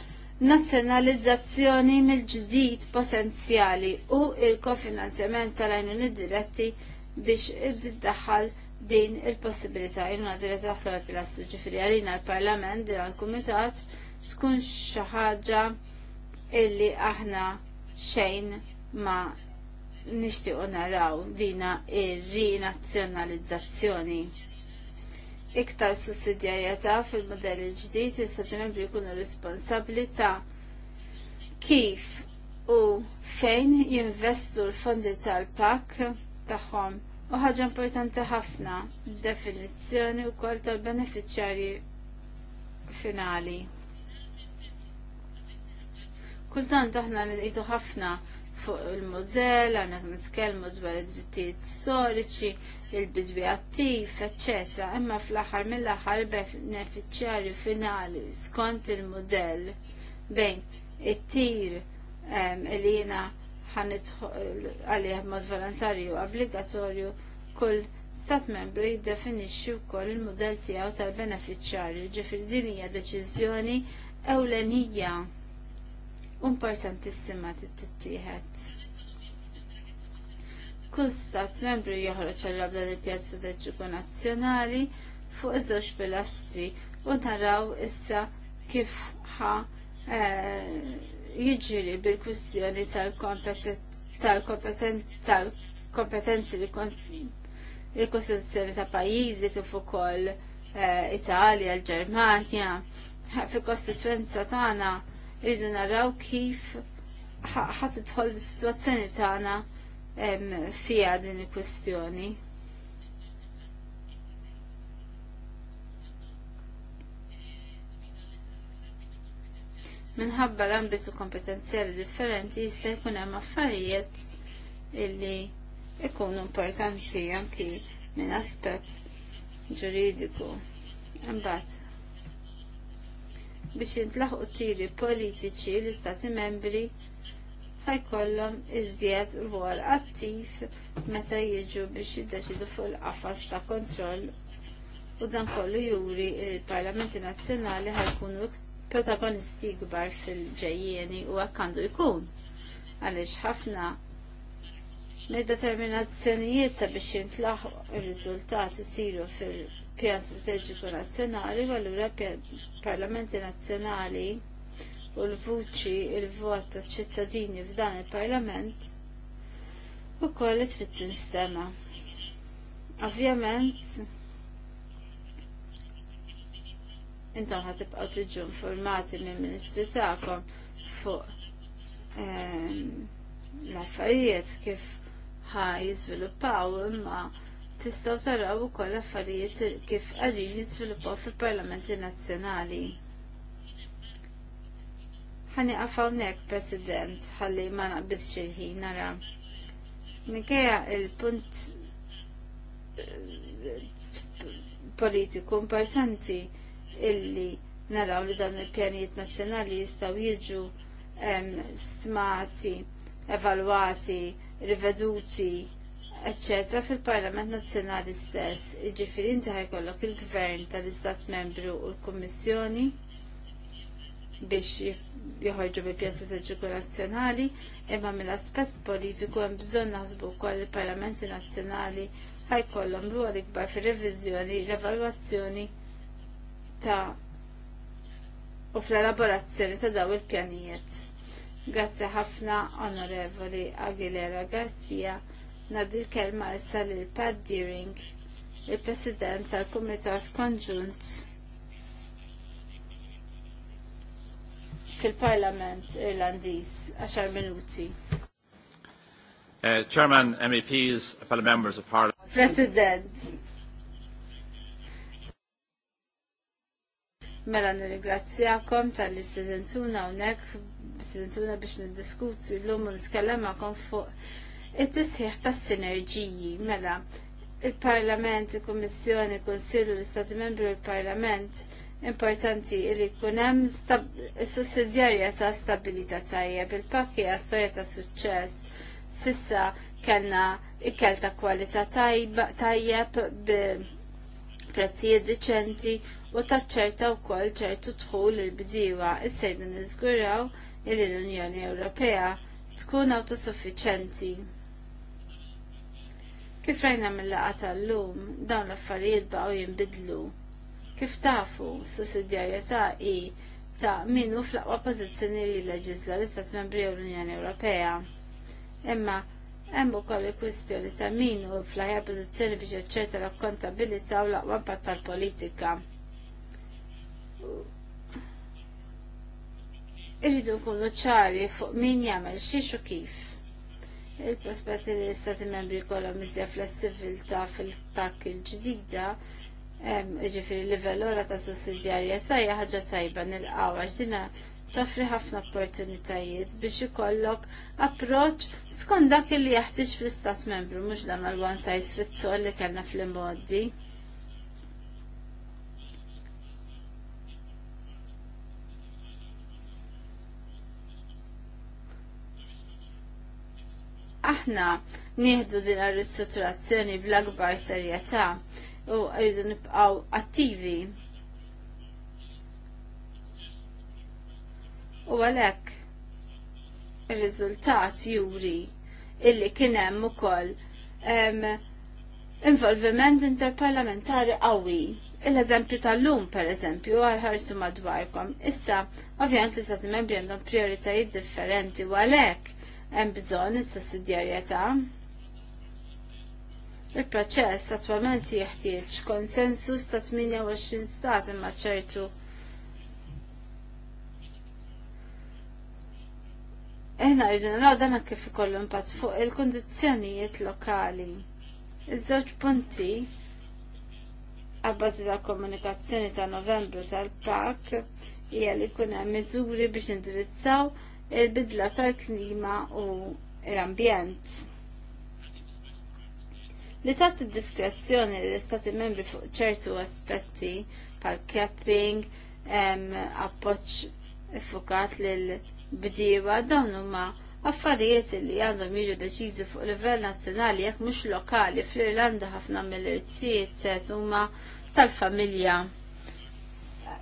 [SPEAKER 2] nazzjonalizzazzjoni mill-ġdid potenzjali u il-kofinanzjament tal id diretti biex id-daħħal din il-possibilità jnuna diretta fl pilastru ġifiri għalina l-parlament din għal-komitat tkun xaħġa illi aħna xejn ma nishtiqu naraw dina ir-rinazzjonalizzazzjoni iktar sussidjarjetà fil-modell il-ġdid jistati membri jkunu responsabbli ta' kif u fejn jinvestu l-fondi tal-pak tagħhom u ħaġa importanti ħafna definizzjoni wkoll tal-beneficjarji finali kultant aħna nqitu ħafna fuq il-modell, għanna nitkellmu dwar id-drittijiet storiċi, il-bidwi attiv, ecc. Imma fl-aħħar mill-aħħar beneficjarju finali skont il-modell bejn it-tir li jiena għalih mod volontarju obbligatorju kull stat membru jiddefinixxi wkoll il-mudell tiegħu tal benefiċjarju ġifieri din hija deċiżjoni ewlenija importantissima tittieħed. Kull stat membru joħroġ għal dan il-pjan strateġiku nazzjonali fuq iż-żewġ pilastri u naraw issa kif ħa eh, jiġri bil-kwistjoni tal-kompetenzi il-Kostituzzjoni ta' pajjiżi kif ukoll eh, Italja, l-Ġermanja. Fil-kostituenza tagħna irridu naraw kif ħatidħol is-sitwazzjoni tagħna fija din il-kwestjoni. minħabba l-ambitu kompetenzjali differenti jista' jkun hemm affarijiet illi ikunu importanti anki minn aspett ġuridiku. Imbagħad biex jintlaħqu tiri politiċi l-istati membri ħajkollhom iżjed rwol attiv meta jiġu biex jiddeċidu fuq il-qafas ta' kontroll u dan kollu juri il-Parlamenti Nazzjonali ħajkunu protagonisti gbar fil-ġejjieni u hekk għandu jkun. Għaliex ħafna mid-determinazzjonijiet ta' biex jintlaħ ir-riżultati siru fil-pjan strateġiku nazzjonali u allura parlamenti nazzjonali u l-vuċi il-vot ta' ċittadini f'dan il-parlament u koll li trid tinstema. Ovvjament, intom ħat tibqgħu tiġu informati minn ministri tagħkom fuq ehm, l-affarijiet kif ħa jiżviluppaw imma tistgħu taraw ukoll affarijiet kif qegħdin jiżviluppaw fil-parlamenti nazzjonali ħani għafawnek, President, ħalli ma naqbis xilħi, nara. Mikeja il-punt eh, politiku importanti illi naraw li dawn il-pjanijiet nazzjonali jistaw jiġu stmati, evalwati, riveduti, eccetera fil-Parlament Nazzjonali stess, iġifiri inti ħajkollok il-Gvern tal-Istat Membru u l-Kummissjoni biex joħorġu bi pjesa tal-ġugu nazzjonali, imma mill-aspett politiku hemm bżonn naħsbu wkoll il-Parlamenti Nazzjonali ħajkollhom rwol ikbar fir-reviżjoni, l-evalwazzjoni ta' u fl-elaborazzjoni ta' daw il-pjanijiet. Grazzi ħafna Onorevoli Aguilera Garcia nadi l-kelma issa lil pad Deering, il-President tal-Kumitat Konġunt fil-Parlament Irlandiż għaxar minuti.
[SPEAKER 1] Uh, Chairman, MEPs, fellow members of Parliament.
[SPEAKER 2] President. Mela nirringrazzjakom tal-li unnek, studentuna biex nidiskuti l-lum u niskellemakom fuq it-tisħiħ tas sinerġiji Mela, il-Parlament, il-Kommissjoni, il-Konsilju, l-Stati Membri u il-Parlament importanti li kunem sussidjarja ta' stabilita tajjeb il-pakki storja ta' suċċess sissa kellna ikkel ta' kualita tajjeb bi prezzijiet diċenti u ta' u wkoll ċertu dħul il-bdiewa issejdu niżguraw li l-Unjoni Ewropea tkun autosuffiċenti. Kif rajna mill laqata l lum dawn l-affarijiet baqgħu jinbidlu Kif tafu sussidjarjetà i ta' minnu fl-aqwa pożizzjoni li leġisla l-Istat Membri u l-Unjoni Ewropea. Imma hemm ukoll il-kwistjoni ta' min u fl-aħjar pożizzjoni biex jaċċerta l-akkontabilità u l-aqwa impatt tal-politika irridu nkunu ċari fuq min jagħmel xiex u kif. Il-prospetti li l-Istati membri kollha miżja flessibilità fil-pakk il-ġdida ġifiri livell ora ta' sussidjarja sajja ħaġa tajba nil-qawa ġdina toffri ħafna opportunitajiet biex ikollok approċ skont dak li jaħtieġ fl-istat membru mhux dan mal-one size fits all li kellna fl-immoddi. aħna nieħdu din ar-ristrutturazzjoni bl-akbar serjetà u rridu nibqaw attivi. U għalhekk ir rizultat juri illi kien hemm ukoll involviment interparlamentari qawwi. Il-eżempju tal-lum, per eżempju, għal-ħarsu madwarkom. Issa, ovvjament li stati membri għandhom prioritajiet differenti u għalhekk hemm bżonn is-sussidjarjetà. Il-proċess attwalment jeħtieġ konsensus ta' 28 stat imma ċertu Eħna rridu naraw dan kif ikollu impatt fuq il-kondizzjonijiet lokali. Iż-żewġ punti għabbażi ta' komunikazzjoni ta' Novembru tal-Pak hija li jkun hemm miżuri biex indirizzaw il-bidla tal-klima u l-ambjent li tat diskrezzjoni li l-istati membri fuq ċertu aspetti pal capping, appoċ effukat l-bdiewa, dawn huma affarijiet li għandhom jiġu deċiżi fuq livell nazzjonali jekk mhux lokali fl-Irlanda ħafna mill-irtijiet huma tal-familja.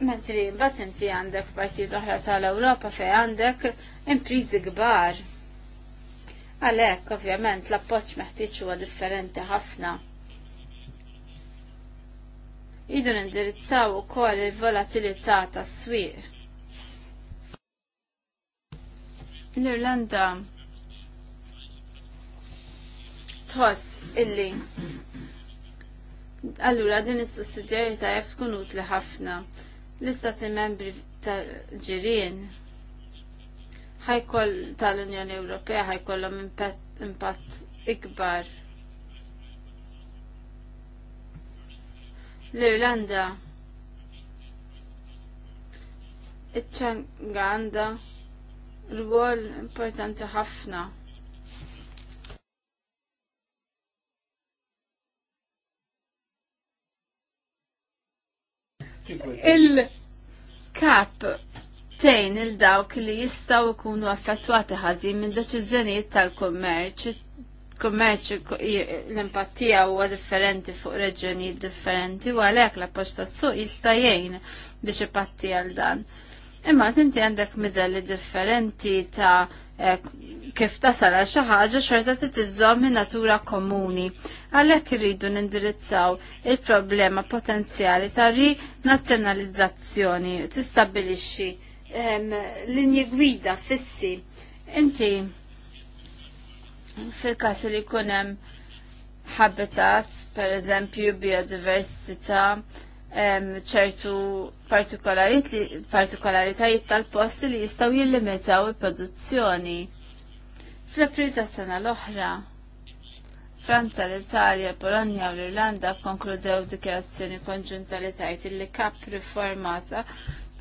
[SPEAKER 2] Mentri, mbagħad inti għandek partijiet oħra tal-Ewropa fejn għandek imprizi kbar Għalhekk ovvjament l-appoġġ meħtieġ huwa differenti ħafna. Idu nindirizzaw ukoll il-volatilità tas-swieq. L-Irlanda tħoss illi Allura, din is sussidjarità jaf tkun utli ħafna. L-istati membri tal-ġirien ħajkoll tal-Unjoni Ewropea ħajkollhom impatt ikbar. L-Irlanda iċ-ċanga għandha rwol importanti ħafna. Il-kap tejn il-dawk li jistaw ikunu affettwati ħażin minn deċiżjonijiet tal-kummerċ, kummerċ l-empatija huwa differenti fuq reġjoni differenti u għalhekk l-appoġġ tas-suq jista' jgħin biex ipatti għal dan. Imma tinti għandek midelli differenti ta' eh, kif tasal xi ħaġa xorta titiżżomm minn natura komuni. Għalhekk irridu nindirizzaw il-problema potenzjali ta' rinazzjonalizzazzjoni tistabbilixxi linji gwida fissi. Inti, fil-kas li kunem habitat, per eżempju, biodiversità, ċertu partikolaritajiet tal-post li jistaw jillimitaw il-produzzjoni. Fl-april ta' sena l-oħra, Franza, l-Italja, Polonia u l-Irlanda konkludew dikjerazzjoni konġunta li tajt li kap riformata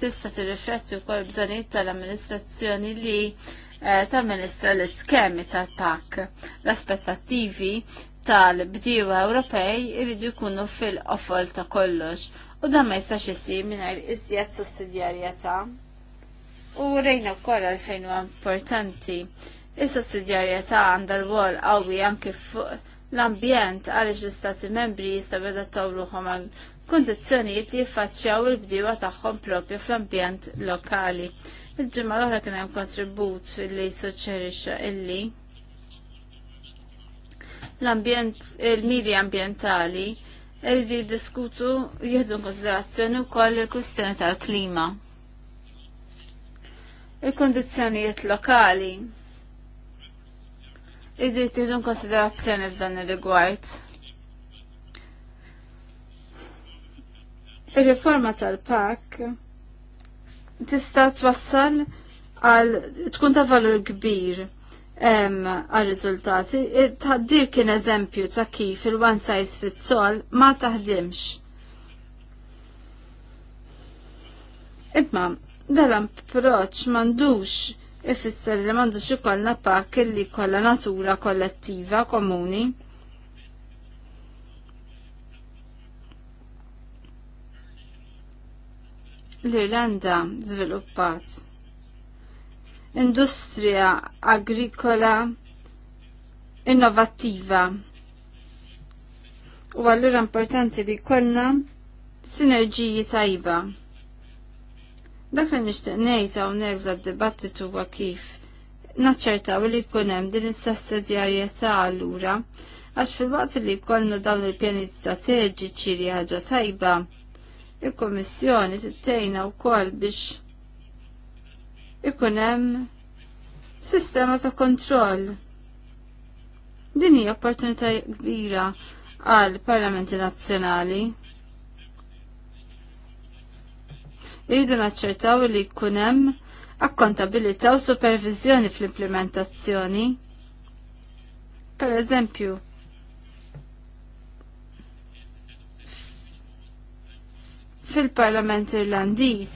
[SPEAKER 2] tista' tirrifletti wkoll bżonit tal-amministrazzjoni li eh, Ministra l-iskemi tal-PAK. L-aspettattivi tal bdiwa Ewropej iridu jkunu fil-qofol ta' kollox u dan ma jistax isir mingħajr iżjed sussidjarjetà. U rejna kol għalfejn huwa importanti. Is-sussidjarjetà għandha rwol qawwi anki fuq l-ambjent għaliex l-istati membri jistgħu jadattaw ruħhom għal kondizjonijiet li jiffaċċjaw il-bdiewa tagħhom propju fl-ambjent lokali. Il-ġimgħa l-oħra kien hemm kontribut li suċċerixxa illi l-ambjent il-miri ambjentali irridu jiddiskutu jieħdu konsiderazzjoni wkoll il-kwistjoni tal-klima. Il-kondizzjonijiet lokali irridu jittieħdu konsiderazzjoni f'dan ir-rigward. Ir-riforma tal-pak tista' twassal għal tkun ta' valur kbir għal riżultati. Taħdir kien eżempju ta' kif il-one size fits all ma taħdimx. Imma dal-approċ mandux ifisser li mandux ikollna pak li kollha natura kollettiva komuni. l-Irlanda żviluppat. Industrija agrikola innovattiva. U allura importanti li kollna sinerġiji tajba. Dak li nixtieq ngħid hawnhekk għad-dibattitu huwa kif naċċertaw li jkun hemm din is-sussidjarjetà allura għax fil-waqt li jkollna dawn il-pjani strateġiċi li ħaġa tajba il-Kommissjoni tittejna wkoll biex ikun hemm sistema ta' kontroll. Din hija opportunità kbira għal parlamenti nazzjonali. Iridu naċċertaw li jkun hemm akkontabilità u supervizjoni fl-implementazzjoni. Per eżempju, fil-Parlament Irlandiż.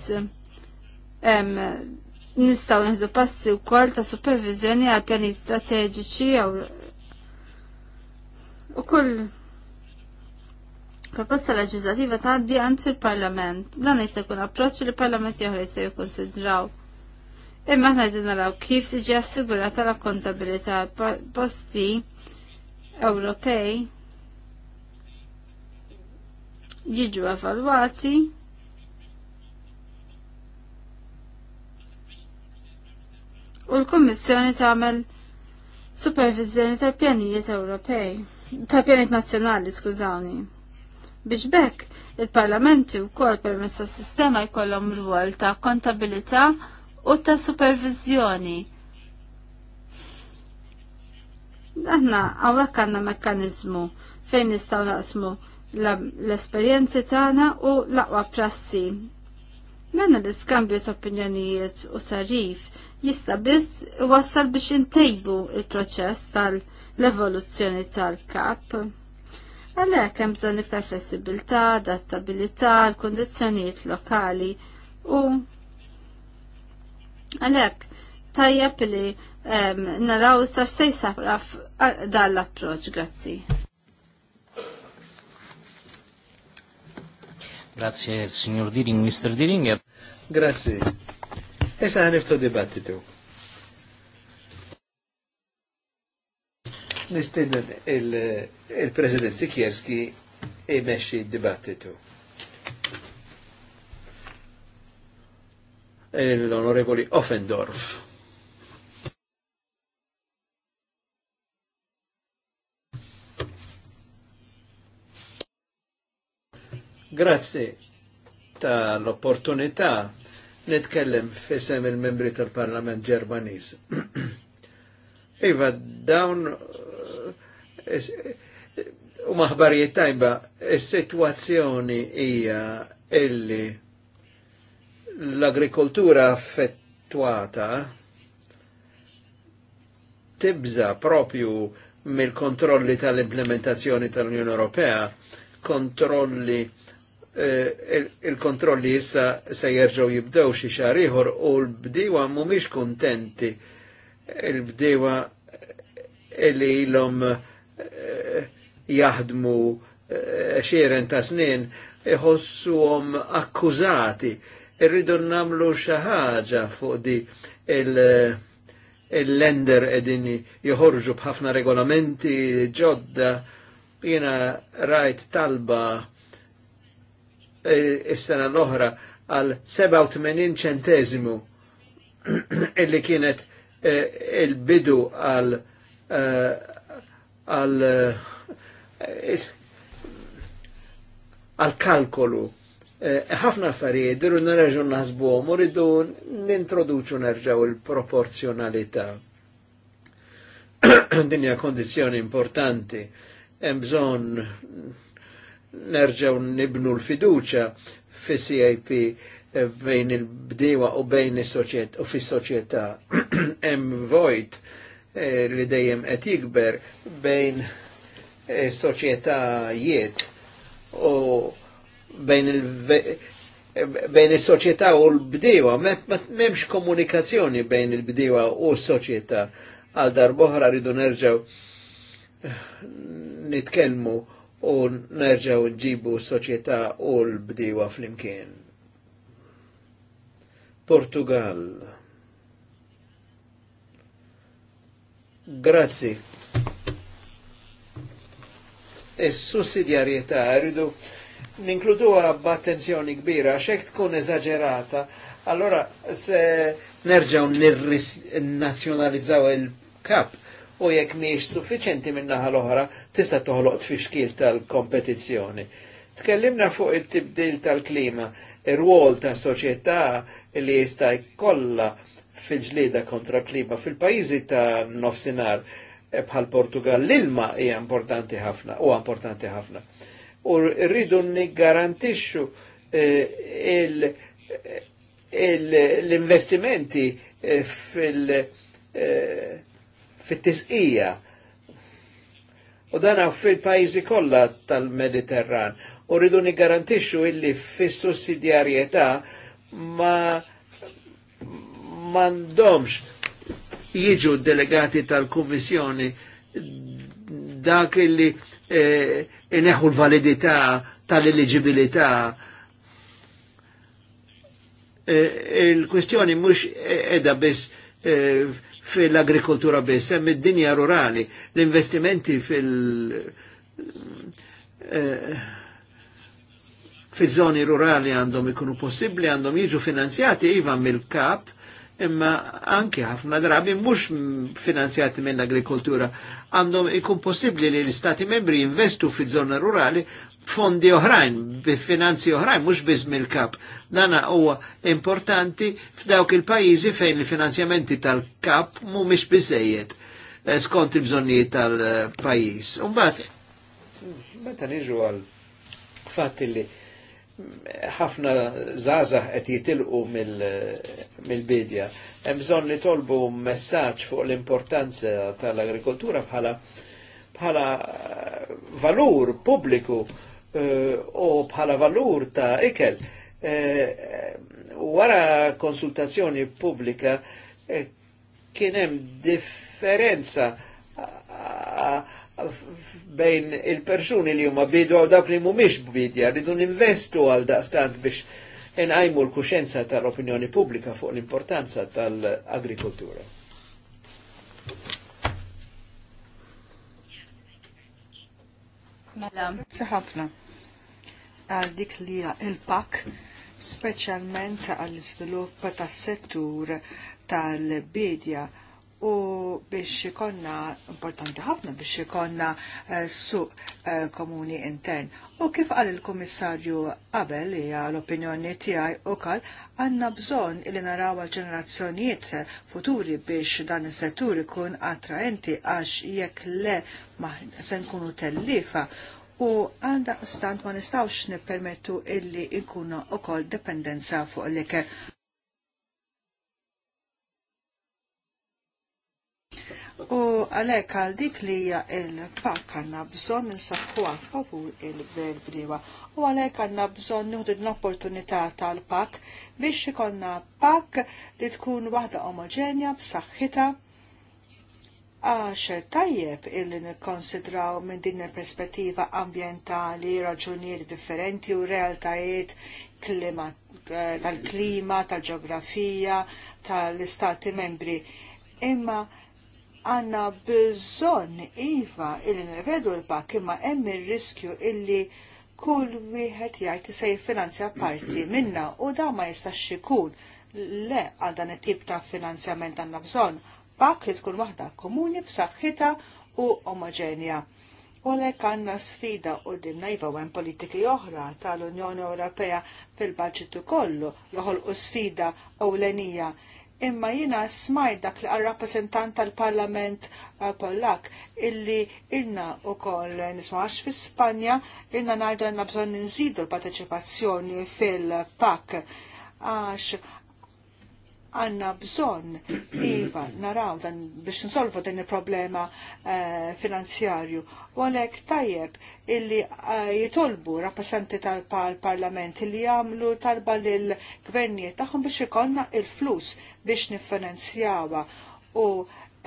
[SPEAKER 2] Nistaw neħdu passi u kol ta' supervizjoni għal pjani strateġiċi u kull proposta leġislativa għaddi għand fil-Parlament. Dan jista' jkun approċċ li parlament oħra jista' jikkonsidraw. Imma ħna qed naraw kif tiġi assigurata l-akkontabilità posti Ewropej jiġu evalwati u l-Kummissjoni tagħmel supervizjoni tal-pjanijiet Ewropej, tal-pjanijiet nazzjonali, skużawni. Biex bekk il-parlamenti wkoll permezz tas-sistema jkollhom rwol ta' kontabilità u ta' supervizjoni. Aħna hawnhekk għandna mekkaniżmu fejn nistgħu naqsmu l-esperjenzi tagħna u l-aqwa prassi. Dan l-iskambju ta' opinjonijiet u tarif jista' biss wassal biex intejbu il-proċess tal-evoluzzjoni tal-kap. Għalhekk hemm bżonn iktar flessibilità, adattabilità, l-kundizzjonijiet lokali u għalhekk tajjeb li ehm, naraw sa' xtej safraf dan l-approċ, grazzi.
[SPEAKER 1] Grazie, signor
[SPEAKER 3] Diring, Mr. Diringer. Grazie. E sa' għaniftu dibattitu. Nistenden il-President il Sikierski e d-dibattitu. L-Onorevoli Offendorf. Grazzi tal-opportunità nitkellem fissem il-membri tal-Parlament Ġermaniż. *clears throat* iva, dawn eh, eh, u maħbarijiet tajba, il-situazzjoni hija illi l-agrikoltura affettuata tibza propju mill-kontrolli tal-implementazzjoni tal-Unjoni Ewropea, kontrolli Eh, il-kontrolli issa se jerġgħu jibdew xi xahar ieħor u l-bdiewa mhumiex kuntenti il-bdiewa li ilhom eh, jaħdmu eh, xieren ta' snin iħossuhom akkużati irridu namlu ħaġa fuq di il-lender edin joħorġu bħafna regolamenti ġodda jiena rajt talba Eh, is-sena l-oħra għal 87 ċentesimu *clears throat* illi kienet eh, il-bidu għal eh, għal għal kalkolu. ħafna affarijiet irridu nerġgħu naħsbuhom u rridu nintroduċu nerġa'w il-proporzjonalità. *clears throat* Dinja kondizzjoni importanti hemm bżonn nerġaw nibnu l-fiduċa fi CIP eh, bejn il-bdewa u bejn il soċjetà u fis-soċjetà *clears throat* hemm vojt eh, li dejjem qed jikber bejn eh, is u bejn il bejn is-soċjetà u l-bdewa, m'hemmx komunikazzjoni bejn il-bdewa u s-soċjetà għal darboħra rridu nerġaw nitkellmu u nerġaw ġibu soċieta u l-bdiwa fl-imkien. Portugal. Grazzi. Is-sussidjarjetà rridu ninkluduha b'attenzjoni kbira x'hekk tkun eżaġerata, allora se nerġgħu nirnazzjonalizzaw il-kap u jekk miex suffiċenti min-naħa l-oħra tista' toħloq tfixkil tal-kompetizzjoni. Tkellimna fuq it-tibdil tal-klima, ir-rwol ta' soċjetà li jista' jkollha fil-ġlieda kontra klima fil-pajjiżi ta' nofsinhar e, bħal Portugal l-ilma hija importanti ħafna u importanti ħafna. U rridu niggarantixxu e, e, l-investimenti fil- fit-tisqija. U dan fil pajzi kollha tal-Mediterran. U rridu nigarantixxu illi fis-sussidjarjetà ma mandomx jiġu delegati tal-Kummissjoni dak illi eh, ineħu l-validità tal-eligibilità eh, il-kwestjoni mux e-, edha bis eh, fil-agrikoltura biss, hemm id-dinja rurali, l-investimenti fil- eh, fil-żoni rurali għandhom ikunu possibbli, għandhom jiġu finanzjati iva mill-kap, imma anke ħafna drabi mhux finanzjati minn agrikoltura għandhom ikun possibbli li l-istati membri jinvestu fi zona rurali fondi oħrajn, bi finanzi oħrajn, mux biz mill-kap. Dana huwa importanti f'dawk il-pajizi fejn il-finanzjamenti tal-kap mu mux bizzejiet eh, skont il-bżonnijiet tal-pajis. Umbat, meta niġu għal fatt li ħafna zazah qed jitilqu mill-bidja. Mil Hemm bżonn li tolbu messaġġ fuq l-importanza tal-agrikoltura bħala bħala eh, valur pubbliku u eh, bħala valur ta' ikel. Eh, wara konsultazzjoni pubblika eh, kien hemm differenza bejn il-persuni li huma bidu għaw dawk li mhumiex bidja, rridu ninvestu għal daqstant biex enajmu l-kuxenza tal-opinjoni pubblika fuq l-importanza tal-agrikoltura.
[SPEAKER 4] Mela. ħafna għal dik li il-pak speċjalment għall izvilupp tas-settur tal-bidja u biex ikonna, importanti ħafna biex ikonna uh, suq uh, komuni intern. U kif għal il-Komissarju qabel hija l-opinjoni tiegħi u kal għandna bżonn li naraw għal ġenerazzjonijiet futuri biex dan is-settur ikun attraenti għax jekk le se nkunu tellifa u għanda stant ma nistawx nippermettu illi nkunu wkoll dependenza fuq l ikel U għalek għal dik li hija il-pak għanna bżon għal favur il-verbriwa u għalek għanna bżon nħudu l-opportunità tal pakk biex ikonna pakk li tkun waħda omogenja b'saħħita għax tajjeb illi nikkonsidraw minn din il-perspettiva ambientali, raġunijiet differenti u realtajiet eh, tal-klima, tal-ġeografija, tal-istati membri. Imma għanna bżonn iva illi nirvedu l-pak imma hemm ir-riskju illi kull wieħed jgħid se jiffinanzja parti minna u da ma jistax ikun le għal dan it-tip ta' finanzjament għandna bżonn pak li tkun waħda komuni b'saħħitha u omogenja. U għalhekk għandna sfida u dimna iva hemm politiki oħra tal-Unjoni Ewropea fil-baġitu kollu joħolqu sfida ewlenija imma jina smajt dak li għal-rappresentant tal-parlament uh, pollak illi inna u koll nismax fi Spanja inna najdu għanna bżon nżidu l-parteċipazzjoni fil-PAK għax għanna bżon iva naraw dan biex nsolvu din il-problema eh, finanzjarju u għalek tajjeb illi eh, jitolbu rappresenti tal-parlament illi jamlu talba l-gvernijiet taħħom biex ikonna il-flus biex nifinanzjawa u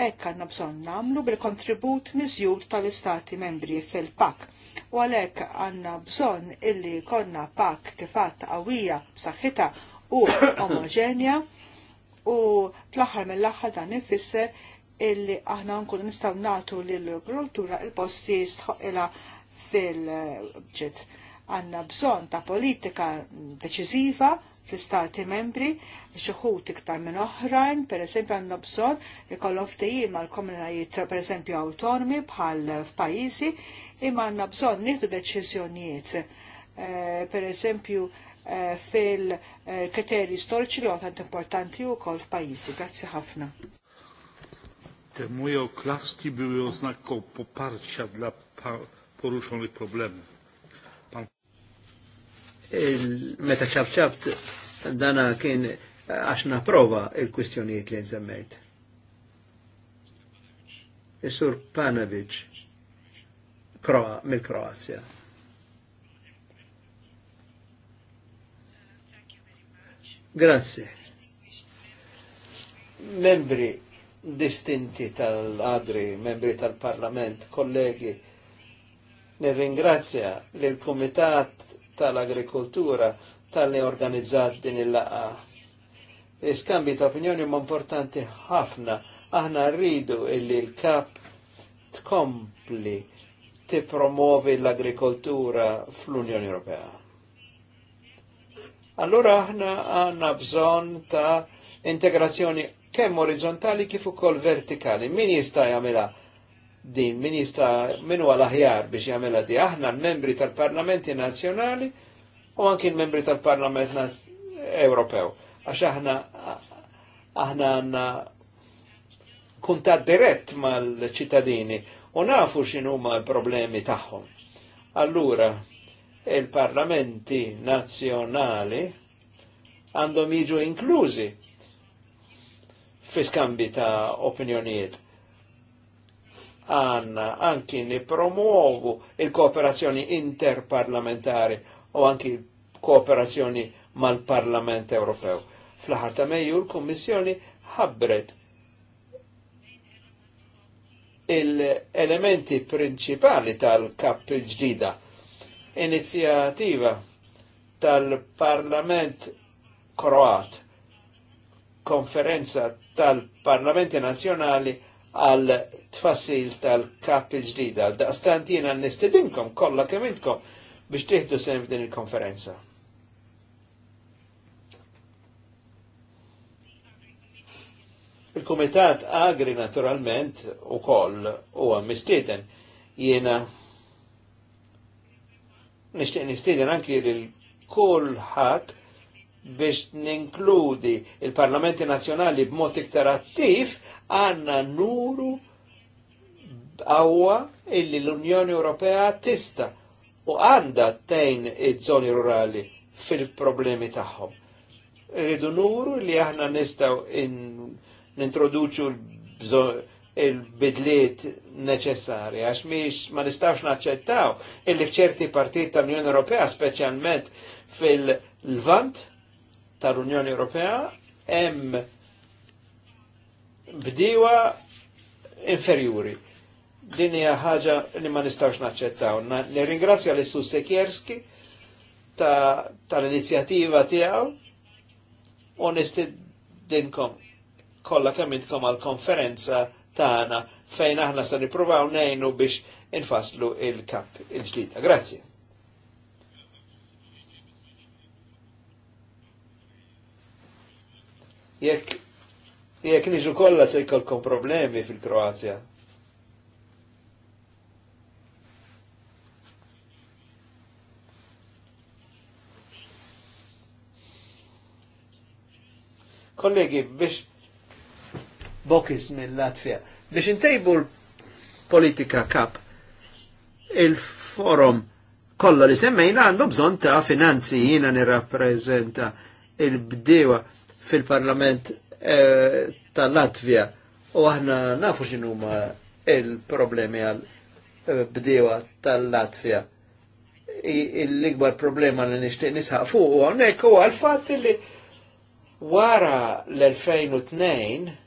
[SPEAKER 4] ekk għanna bżon namlu bil-kontribut miżjud tal-istati membri fil-pak u għalek għanna bżon illi konna pak kifat għawija b'saħħita u omogenja u fl-aħħar mill-aħħar dan ifisser illi aħna nkunu nistgħu nagħtu lill agrikoltura il-post li jistħoqilha fil ġit Għanna bżonn ta' politika deċiżiva fl-istati membri, xuħut iktar minn oħrajn, per eżempju għandna bżonn ikollhom ftehim mal komunitajiet per eżempju autonomi bħal f'pajjiżi, imma għandna bżonn nieħdu deċiżjonijiet. Eh, per eżempju, Eh, fil-kriterji storiċi li għotant importanti u kol pajisi. Grazie ħafna.
[SPEAKER 1] Te moje oklaski były oznaką poparcia dla poruszonych problemi. Meta ċabċabt
[SPEAKER 3] dana kien eh, għaxna prova il kwistjoniet li nżemmejt. Isur Panovic, mil kroazja Grazie. Membri distinti tal-Adri, membri tal-Parlament, kollegi, nirringrazzja l-Komitat tal agrikultura tal-li organizzat din il-laqa. Iskambi ta' opinjoni ma' importanti ħafna. Aħna rridu illi l-kap tkompli promuovi l-agrikoltura fl-Unjoni Ewropea allora aħna għanna bżon ta' integrazzjoni kemm orizzontali kif ukoll vertikali. Min jista' jagħmilha din, min jista' min huwa l-aħjar biex jagħmilha di aħna l-membri tal-Parlamenti Nazzjonali u anki l-membri tal-Parlament Ewropew. Għax aħna aħna għandna kuntat dirett mal-ċittadini u nafu x'inhuma l-problemi tagħhom. Allura, il-parlamenti nazzjonali għandhom jiġu inklużi fi skambi ta' opinjonijiet. Għanna anki nipromuovu il-kooperazzjoni interparlamentari u anki kooperazzjoni mal-Parlament Ewropew. Fl-ħar ta' Mejju l-Kummissjoni ħabbret il-elementi principali tal-kap il-ġdida inizjativa tal-Parlament Kroat, konferenza tal-Parlamenti Nazjonali għal tfassil tal kapi ġdida Daqstant jena nistedinkom kolla kemintkom biex tiħdu sem din il-konferenza. Il-Kumitat Agri naturalment u koll u għammistieten jena nishtiq nistieden anki lil kulħadd biex ninkludi il-Parlamenti Nazzjonali b'mod iktar attiv għandna nuru għawa illi l-Unjoni Ewropea tista u għanda tejn iż-żoni rurali fil-problemi tagħhom. Rridu nuru li aħna nistgħu nintroduċu il-bidliet neċessarji, għax miex ma nistawx naċċettaw illi fċerti partit tal-Unjoni Ewropea, specialment fil vant tal-Unjoni Ewropea, hemm bdiwa inferjuri. Din hija ħaġa li ma nistawx naċċettaw. Nirringrazzja l sus Sekjerski tal-inizjattiva tiegħu u nistidinkom kollha kemm intkom għal-konferenza tagħna fejn aħna se nippruvaw ngħinu biex infaslu il-kap il-ġdida. Grazzi. Jekk jekk niġu kollha se jkollkom problemi fil-Kroazja. kollegi biex bokis minn Latvija Biex intejbu l-politika kap, il-forum kollha li semmejna għandu bżonn ta' finanzi jiena nirrapprezenta il-bdewa fil-Parlament eh, tal-Latvja u aħna nafu x'inhuma il-problemi għal eh, bdewa tal-Latvja. L-ikbar problema li nixtieq nisħaq fuq u hawnhekk huwa l-fatt li wara l-2002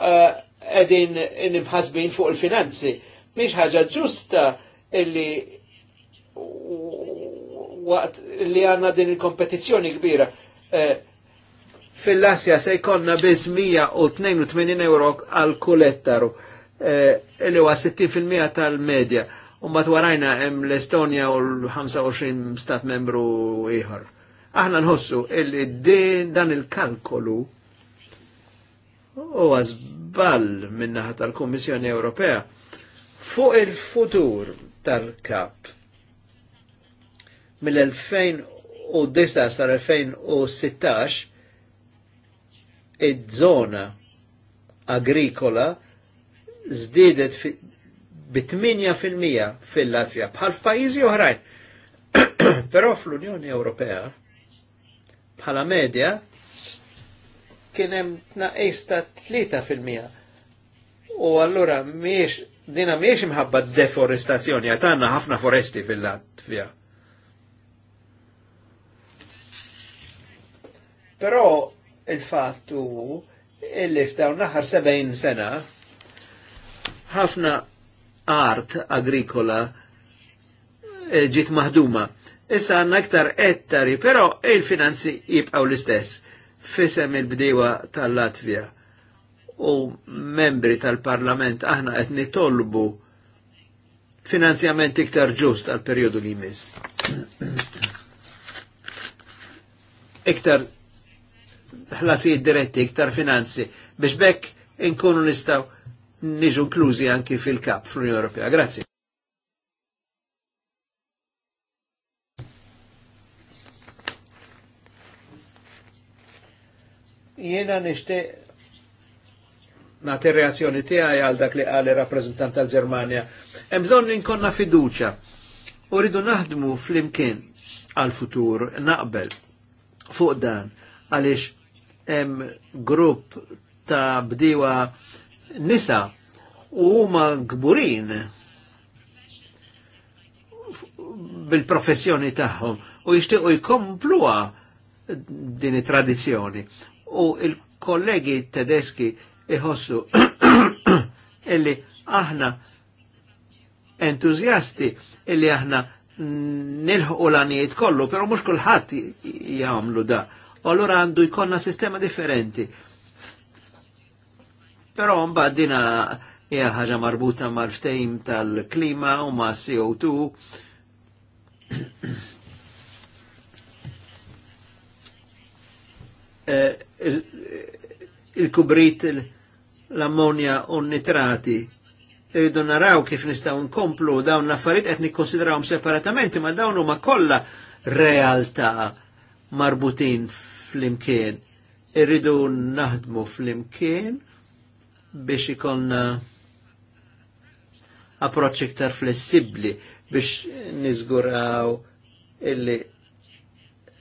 [SPEAKER 3] għedin eh, nimħasbin fuq il-finanzi. Miex ħaġa ġusta illi waqt li għanna din il-kompetizjoni kbira. Eh, Fil-Asja se jkonna biz 182 euro għal kulettaru, eh, illi huwa 60% tal-medja. Umbat warajna hemm l-Estonja u l-25 stat membru ieħor. Aħna nħossu illi din dan il-kalkolu u għazbal minnaħat tal-Kommissjoni Ewropea fuq il-futur tal-kap mill 2019 tal 2016 id-żona agrikola zdidet bi 8% fil-Latvija bħal f'pajjiżi oħrajn. *clears throat* Però fl-Unjoni Ewropea bħala medja kien hemm tnaqqis ta' 3%. U allura miex dina miex imħabba deforestazzjoni, għat ħafna foresti fil-Latvija. Però il-fattu illi f'dawn l-aħħar 70 sena ħafna art agrikola eh, ġiet maħduma. Issa għanna iktar ettari, però il-finanzi jibqaw l-istess fisem il-bdiwa tal-Latvija u membri tal-Parlament aħna qed nitolbu finanzjament iktar ġust għal periodu li jmiss. *clears throat* iktar ħlasijiet diretti, iktar finanzi, biex bekk inkunu nistaw niġu inklużi anki fil-kap fl-Unjoni Ewropea. Grazie. Jiena nixtieq nati reazzjoni tiegħi għal dak li qal ir-rappreżentant tal-Ġermanja. Hemm bżonn inkonna fiduċja. U rridu naħdmu flimkien għal-futur naqbel fuq dan għaliex hemm grupp ta' bdiwa nisa u huma gburin bil-professjoni tagħhom u jixtiequ jkompluha din it-tradizzjoni u il-kollegi tedeski iħossu *coughs* illi aħna entuzjasti illi aħna nilħu l-għaniet kollu, pero mux kullħat jgħamlu da. U allura għandu jkonna sistema differenti. Pero mbagħad dina hija ħaġa marbuta mal-ftejm tal-klima u ma' CO2. *coughs* uh, eh, il-kubrit l-ammonja u nitrati. Irridu naraw kif nistaw nkomplu dawn l-affarijiet qed nikkonsidrawhom separatamente, ma dawn huma kollha realtà marbutin fl-imkien. Irridu naħdmu fl-imkien biex ikonna approċċ iktar flessibbli biex niżguraw illi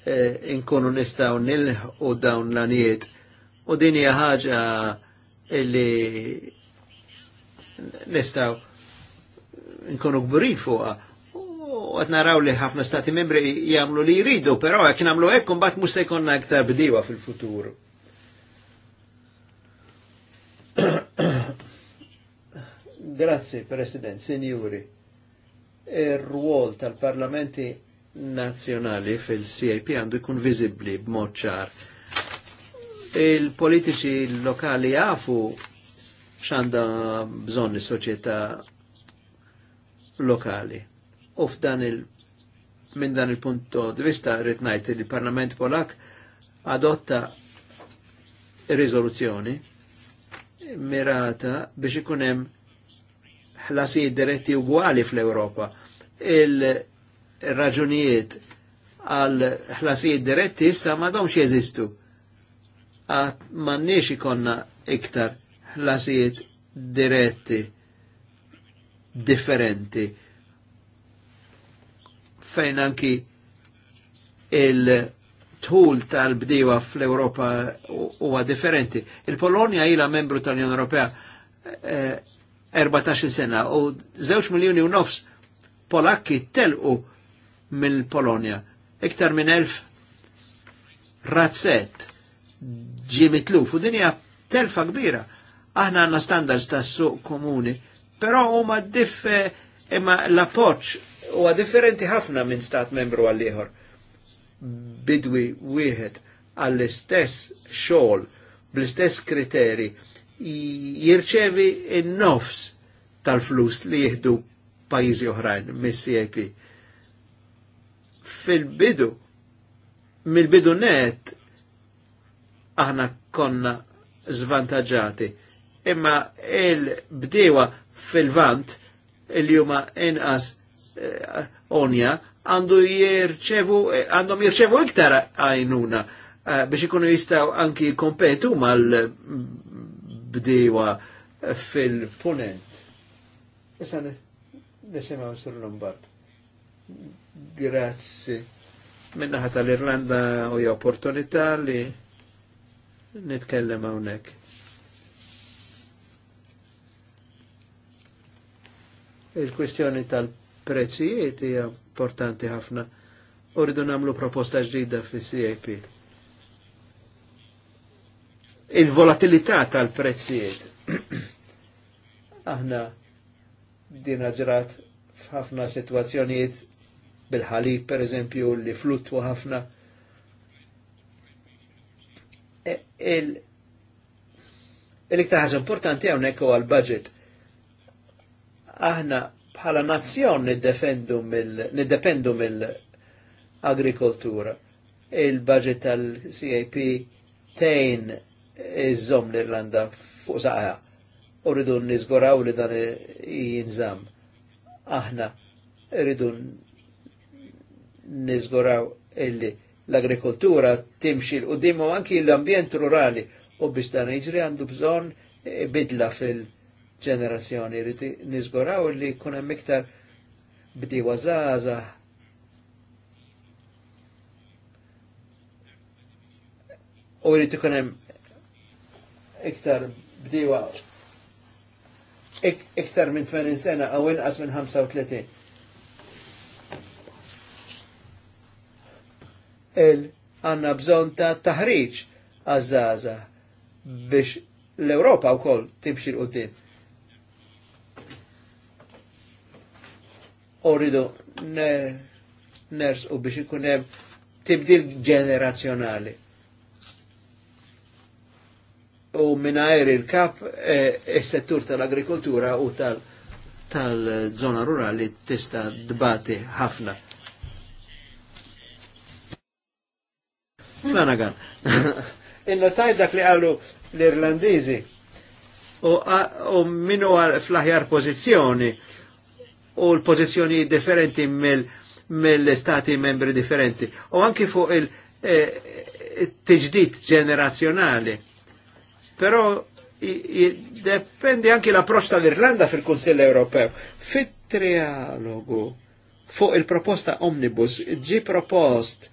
[SPEAKER 3] Eh, inkunu nistaw u dawn l-anijiet. U din hija ħaġa illi nistaw nkunu gburin fuqa. U għatna naraw li ħafna stati membri jamlu li jridu, pero għak namlu ekkum bat musa jkonna iktar bdiwa fil-futur. *coughs* Grazie, President, Signori. Il-ruol tal-parlamenti nazjonali fil-CIP għandu jkun viżibbli b'mod ċar. Il-politiċi lokali għafu xanda bżonni soċieta lokali. U f'dan il minn dan il-punt di vista rritnajt il parlament Polak adotta riżoluzzjoni mirata biex ikunem ħlasi diretti uguali fl europa raġunijiet għal ħlasijiet diretti issa ma domx jeżistu. Għat mannix ikonna iktar ħlasijiet diretti differenti fejn anki il-tul tal-bdiwa fl-Europa huwa differenti. Il-Polonja ila membru tal-Unjoni Ewropea 14 eh, sena u 2 miljoni u nofs Polakki telqu mill-Polonja. Iktar minn elf razzet ġie mitluf u dinja telfa kbira. Aħna għanna standards ta' suq komuni, però huma diffe imma l-appoċ huwa differenti ħafna minn stat membru għall ieħor Bidwi wieħed għall-istess xogħol bl-istess kriteri jirċevi in-nofs tal-flus li jihdu pajjiżi oħrajn mis-CIP fil-bidu, mill-bidu net, aħna konna zvantagġati. Imma il-bdewa fil-vant, il-juma inqas eh, onja, għandu jirċevu, eh, għandhom jirċevu iktar għajnuna eh, biex ikunu jistaw anki kompetu mal-bdewa fil-punent. Issa nisimaw sur Lombard. Grazzi. Minnaħa tal-Irlanda u opportunità li nitkellem hawnhekk. Il-kwistjoni tal-prezzijiet hija importanti ħafna. Uridu nagħmlu proposta ġdida fis-CAP. Il-volatilità tal-prezzijiet. *clears throat* Aħna din f'ħafna situazzjonijiet bil-ħalib per eżempju li fluttu ħafna. E, il-iktar ħaġa importanti hawnhekk huwa l-budget. Aħna bħala nazzjon niddependu mill-agrikoltura. Il-budget tal-CAP tejn iżżomm l-Irlanda fuq saqa. u rridu nizgoraw li dan jinżam. Aħna rridu nizguraw illi l-agrikoltura timxi u qoddim u anki l-ambjent rurali u biex dan iġri għandu bżon eh, bidla fil-ġenerazzjoni rriti nizguraw illi kunem hemm iktar bdi wazaza u rriti kunem hemm iktar bdiwa iktar minn 20 sena għawin inqas minn 35 għanna bżon ta' taħriġ għazzaza biex l-Europa u koll timxi l-qoddim. Orridu ners u biex ikunem tibdil ġenerazzjonali. U minnajr il-kap e, is-settur tal-agrikoltura u tal-zona rurali tista' dbati ħafna. Flanagan. Innotajt dak li għallu l-Irlandizi u minu fl-aħjar pozizjoni u l-pozizjoni differenti mill-stati membri differenti u anki fuq il-tġdid e, ġenerazzjonali. Però dependi anki l-approċ tal-Irlanda fil-Kunsill Ewropew. Fit-trialogu fuq il-proposta omnibus ġi propost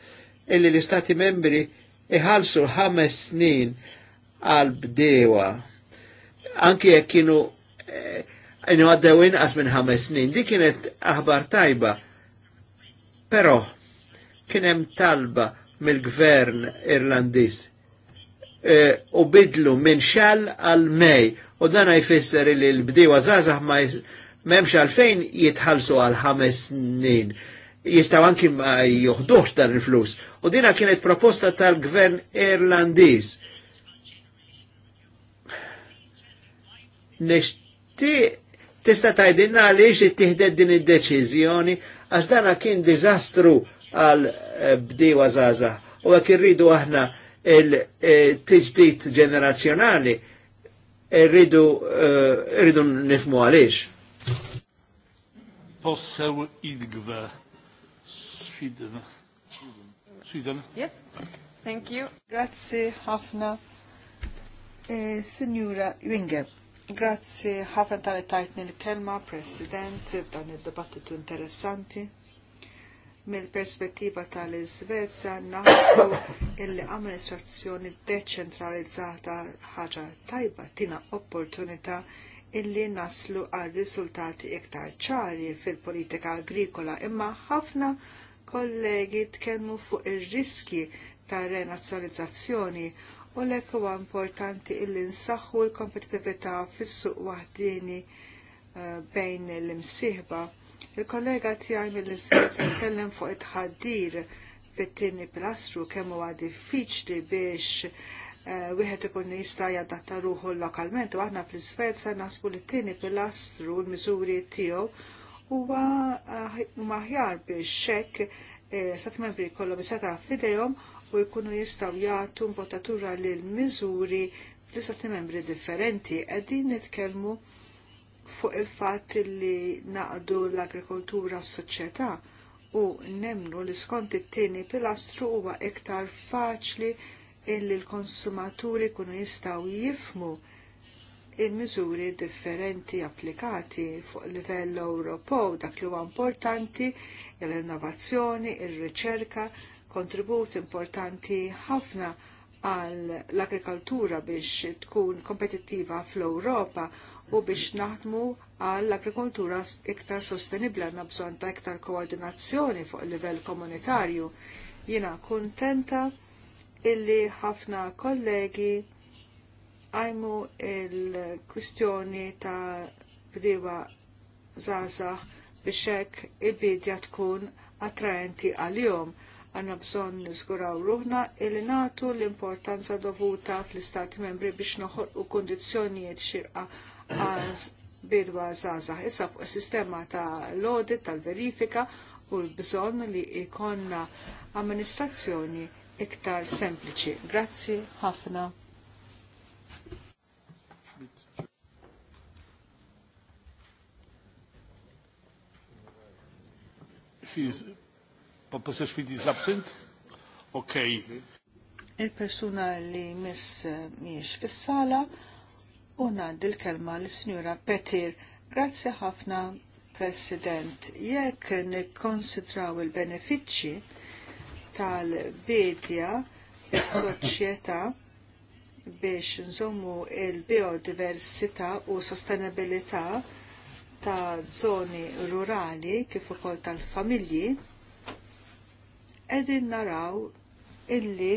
[SPEAKER 3] illi l-istati membri iħalsu ħames snin għal bdewa. Anki jekk kienu kienu eh, għaddew inqas minn ħames snin, di kienet aħbar tajba. Però kien hemm talba mill-gvern Irlandiż eh, u bidlu minn xal għal mej u dan jfisser li l-bdewa zazax ma memx għalfejn jitħalsu għal ħames snin. Jistaw anki ma juħduħx dan il-flus U dina kienet proposta tal-gvern irlandiż. Nishti tista tajdinna għaliex tihded din id-deċiżjoni għax dana kien diżastru għal eh, bdiewa zaza u għak irridu aħna il-tiġdid eh, ġenerazzjonali irridu eh, irridu nifmu għaliex.
[SPEAKER 1] Possew id-gvern. Sweden.
[SPEAKER 4] Yes, thank you. Grazzi ħafna, eh, Signora Winger. Grazzi ħafna tal tajtni l-kelma, President, f'dan il-dibattitu interessanti. Mill-perspettiva tal-Svezja naħsu l-amministrazzjoni deċentralizzata ħaġa tajba tina opportunità illi naslu għal rizultati iktar ċari fil-politika agrikola imma ħafna kollegi tkellmu fuq ir-riski ta' renazzjonizzazzjoni u lek huwa importanti illi nsaħħu l-kompetitività fis-suq waħdini eh, bejn l-imsieħba. Il-kollega tiegħi mill-Iżvezja tkellem fuq it-ħaddir fit-tieni pilastru kemm huwa diffiċli biex eh, wieħed ikun jista' jadatta ruħu lokalment u aħna fl-Iżvezja naħsbu li t-tieni pilastru l-miżuri tiegħu huwa ah, maħjar biex xekk eh, stat membri kollom seta' fidejhom u jkunu jistgħu jagħtu mbotatura lil miżuri fl-istati membri differenti. Qegħdin nitkellmu fuq il-fatt li naqdu l-agrikoltura s-soċjetà u nemnu li skont it-tieni pilastru huwa iktar faċli illi l-konsumaturi kunu jistgħu jifmu il-miżuri differenti applikati fuq livell Ewropew dak li huwa importanti l-innovazzjoni, ir-riċerka, kontribut importanti ħafna għal l-agrikoltura biex tkun kompetittiva fl-Ewropa u biex naħdmu għal l-agrikoltura iktar sostenibli għandna bżonn ta' iktar koordinazzjoni fuq livell komunitarju. Jiena kuntenta illi ħafna kollegi għajmu il-kwistjoni ta' bdiewa zazax biex hekk il-bidja tkun attraenti għal-jom għanna bżon nizguraw ruħna illi natu l-importanza dovuta fl-istati membri biex noħolqu u xirqa xirqa bidwa zaza. Issa fuq sistema ta' l-audit, tal-verifika u l-bżon li ikonna amministrazzjoni iktar sempliċi. Grazzi ħafna.
[SPEAKER 1] absent? Okay.
[SPEAKER 4] Il-persuna li miss miex fis-sala u ngħaddi l-kelma lis signora Petir. Grazzi ħafna, President. Jekk nikkonsidraw il-benefiċċji tal-bedja is soċjetà biex nżommu il-biodiversità u sostenibilità ta' zoni rurali kif ukoll tal-familji qegħdin naraw illi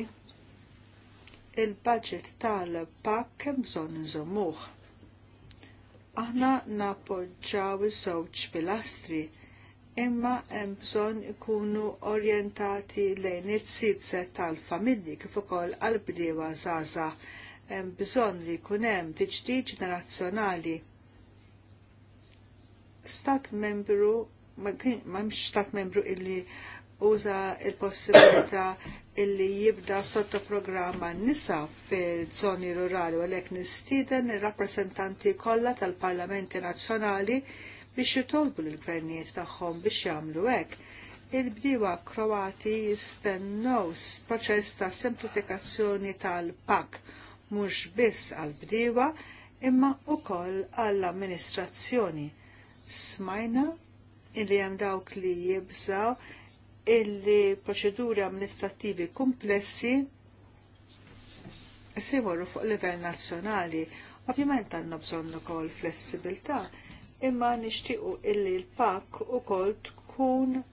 [SPEAKER 4] il-budget tal-pak hemm bżonn nżommuh. Aħna nappoġġaw iż-żewġ pilastri imma hemm bżonn ikunu orjentati lejn it sidse tal-familji kif ukoll għall-bdiewa żgħażagħ hemm bżonn li jkun hemm tiġdid ġenerazzjonali stat membru ma kienx stat membru illi uża il-possibilità illi jibda sotto programma nisa fi zoni rurali u għalhekk nistieden ir-rappreżentanti kollha tal-Parlamenti Nazzjonali biex jitolbu lill-gvernijiet tagħhom biex jagħmlu hekk il-bdiewa Kroati jistennew proċess ta' semplifikazzjoni tal-pak mhux biss għall bdiewa imma wkoll għall-amministrazzjoni smajna illi hemm dawk li jibżaw illi proċeduri amministrativi komplessi se jmorru fuq livell nazzjonali. Ovvjament għandna bżonn ukoll flessibilità, imma nixtiequ illi l-pak ukoll tkun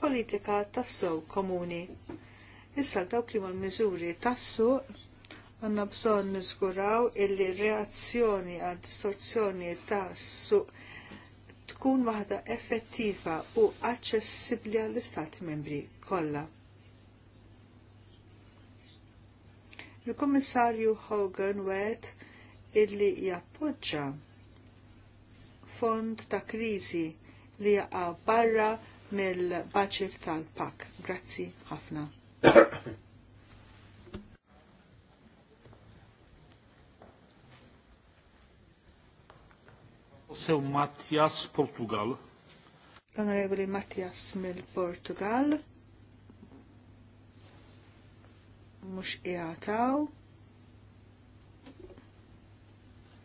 [SPEAKER 4] politika tas komuni. Issa dawk li mal-miżuri tas-suq għanna bżon nizguraw illi reazzjoni għad distorzjoni tassu. suq tkun waħda effettiva u aċċessibbli għall-Istati membri kollha. Il-Kummissarju Hogan wed illi jappoġġa fond ta' kriżi li jaqa' barra mill-baċir tal-pak. Grazzi ħafna. *coughs*
[SPEAKER 1] poseł Mattias Portugal.
[SPEAKER 4] L-Onorevoli Mattias mill-Portugal. Mux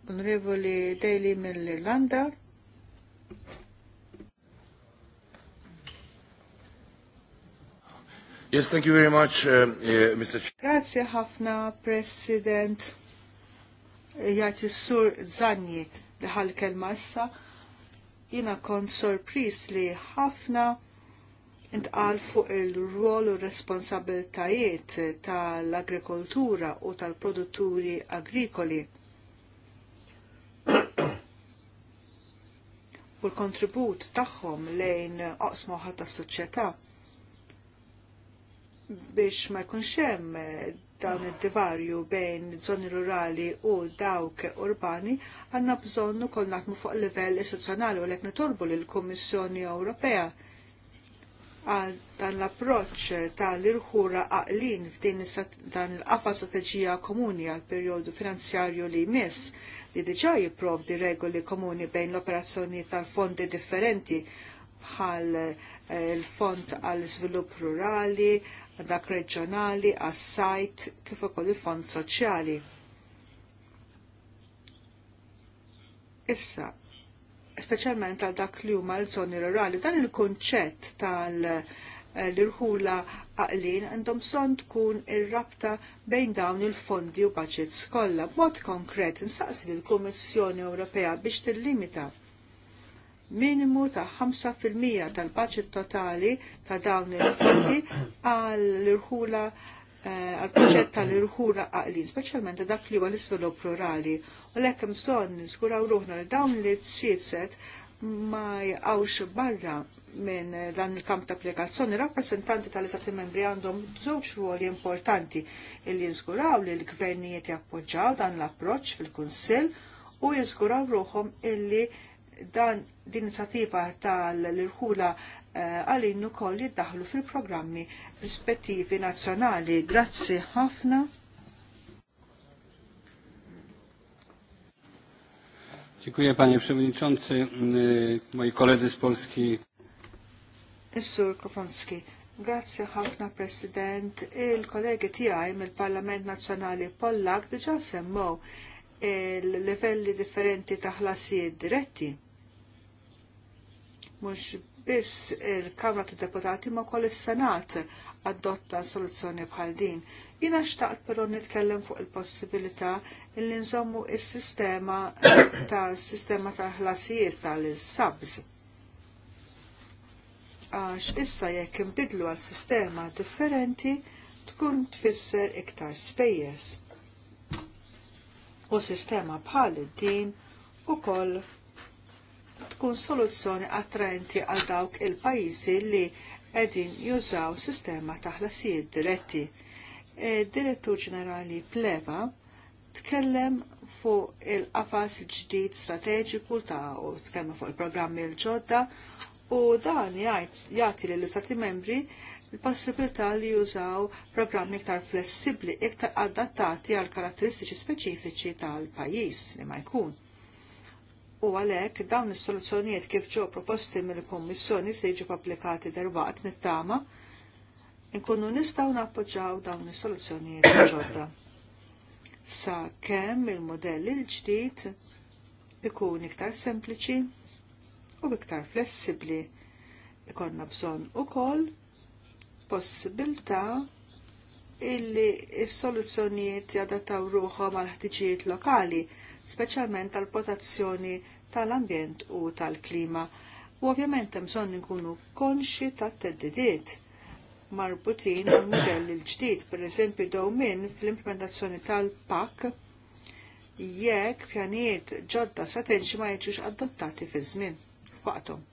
[SPEAKER 4] Onorevoli Daly mill-Irlanda.
[SPEAKER 1] Yes, thank you very much, uh, uh, Mr.
[SPEAKER 4] Grazie Hafna, President. Jgħat sur li ħal kelma issa, jina kont sorpris li ħafna intqal fuq il-rol u responsabiltajiet tal-agrikoltura u tal-produtturi agrikoli. *coughs* u l-kontribut tagħhom lejn oqsmoħat tas soċjetà biex ma jkunx hemm dawn id-divarju bejn żoni rurali u dawk urbani għandna bżonn ukoll naħdmu fuq livell istituzzjonali u lek nitolbu lill kummissjoni Ewropea għal dan l-approċċ tal-irħura għaqlin f'din dan il-qafa strateġija komuni għal perjodu finanzjarju li jmiss li diġà jipprovdi regoli komuni bejn l-operazzjoni tal-fondi differenti bħal eh, il-fond għal svilupp rurali, dak reġjonali għas-sajt kif ukoll il-fond soċjali. Issa, speċjalment għal dak li huma l-żoni rurali, dan il-kunċett tal- eh, l-irħula għaqlin għandhom son tkun ir-rabta bejn dawn il-fondi u budgets skolla. b'mod konkret nsaqsi lill kummissjoni Ewropea biex tillimita minimu ta' 5% tal-budget totali ta' dawn il-fondi għall-irħula eh, għal-proġett tal-irħula għaqlin, specialment ta' dak li huwa l-isvilupp rurali. U l hemm bżonn niżguraw ruħna li dawn li tsieset ma jgħawx barra minn dan il-kamp ta' applikazzjoni, rappresentanti tal-istati membri għandhom żewġ ruoli importanti illi jiżguraw li l-gvernijiet jappoġġaw dan l-approċċ fil-Kunsill u jiżguraw ruħhom illi dan din iniziativa tal-irħula eh, għalin ukoll jiddaħlu fil-programmi rispettivi nazzjonali. Grazzi ħafna. Dziękuję
[SPEAKER 1] panie przewodniczący, mm, moi koledzy z Polski.
[SPEAKER 4] sur Krofonski. Grazzi ħafna President. Il-kollegi tiegħi mill-Parlament Nazzjonali Pollak diġà semmow il-livelli differenti ta' ħlasijiet diretti mhux biss il-Kamra tad deputati ma wkoll is-Senat adotta soluzzjoni bħal din. Jiena xtaqt però nitkellem fuq il-possibilità li nżommu il *coughs* sistema tal sistema ta' ħlasijiet tal-subs. Għax issa jekk inbidlu għal sistema differenti tkun tfisser iktar spejjeż. U sistema bħal din ukoll tkun soluzzjoni attraenti għal dawk il-pajjiżi li qegħdin jużaw sistema ta' ħlasijiet diretti. E, Direttur ġenerali Pleva tkellem fuq il-qafas ġdid strateġiku ta' u tkellem fuq il-programmi l-ġodda u dan jagħti lill istati membri l-possibilità li jużaw programmi iktar flessibbli iktar adattati għal karatteristiċi speċifiċi tal-pajjiż li ma jkun u għalhekk dawn is-soluzzjonijiet kif ġew proposti mill-Kummissjoni se jiġu applikati darbaqt nittama inkunu nistgħu nappoġġaw dawn is-soluzzjonijiet ġodda. Sa kemm il-modell il-ġdid ikun iktar sempliċi u iktar flessibbli ikonna bżonn ukoll possibilità illi s-soluzzjonijiet jadattaw ruħhom għal ħtiġijiet lokali, speċjalment għal potazzjoni tal-ambjent u tal-klima. U ovvjament hemm bżonn inkunu konxi tat-teddidiet marbutin għal modell il-ġdid, per eżempju min fl-implementazzjoni tal-PAK jekk pjanijiet ġodda strateġi ma jiġux adottati fi żmien f'waqthom.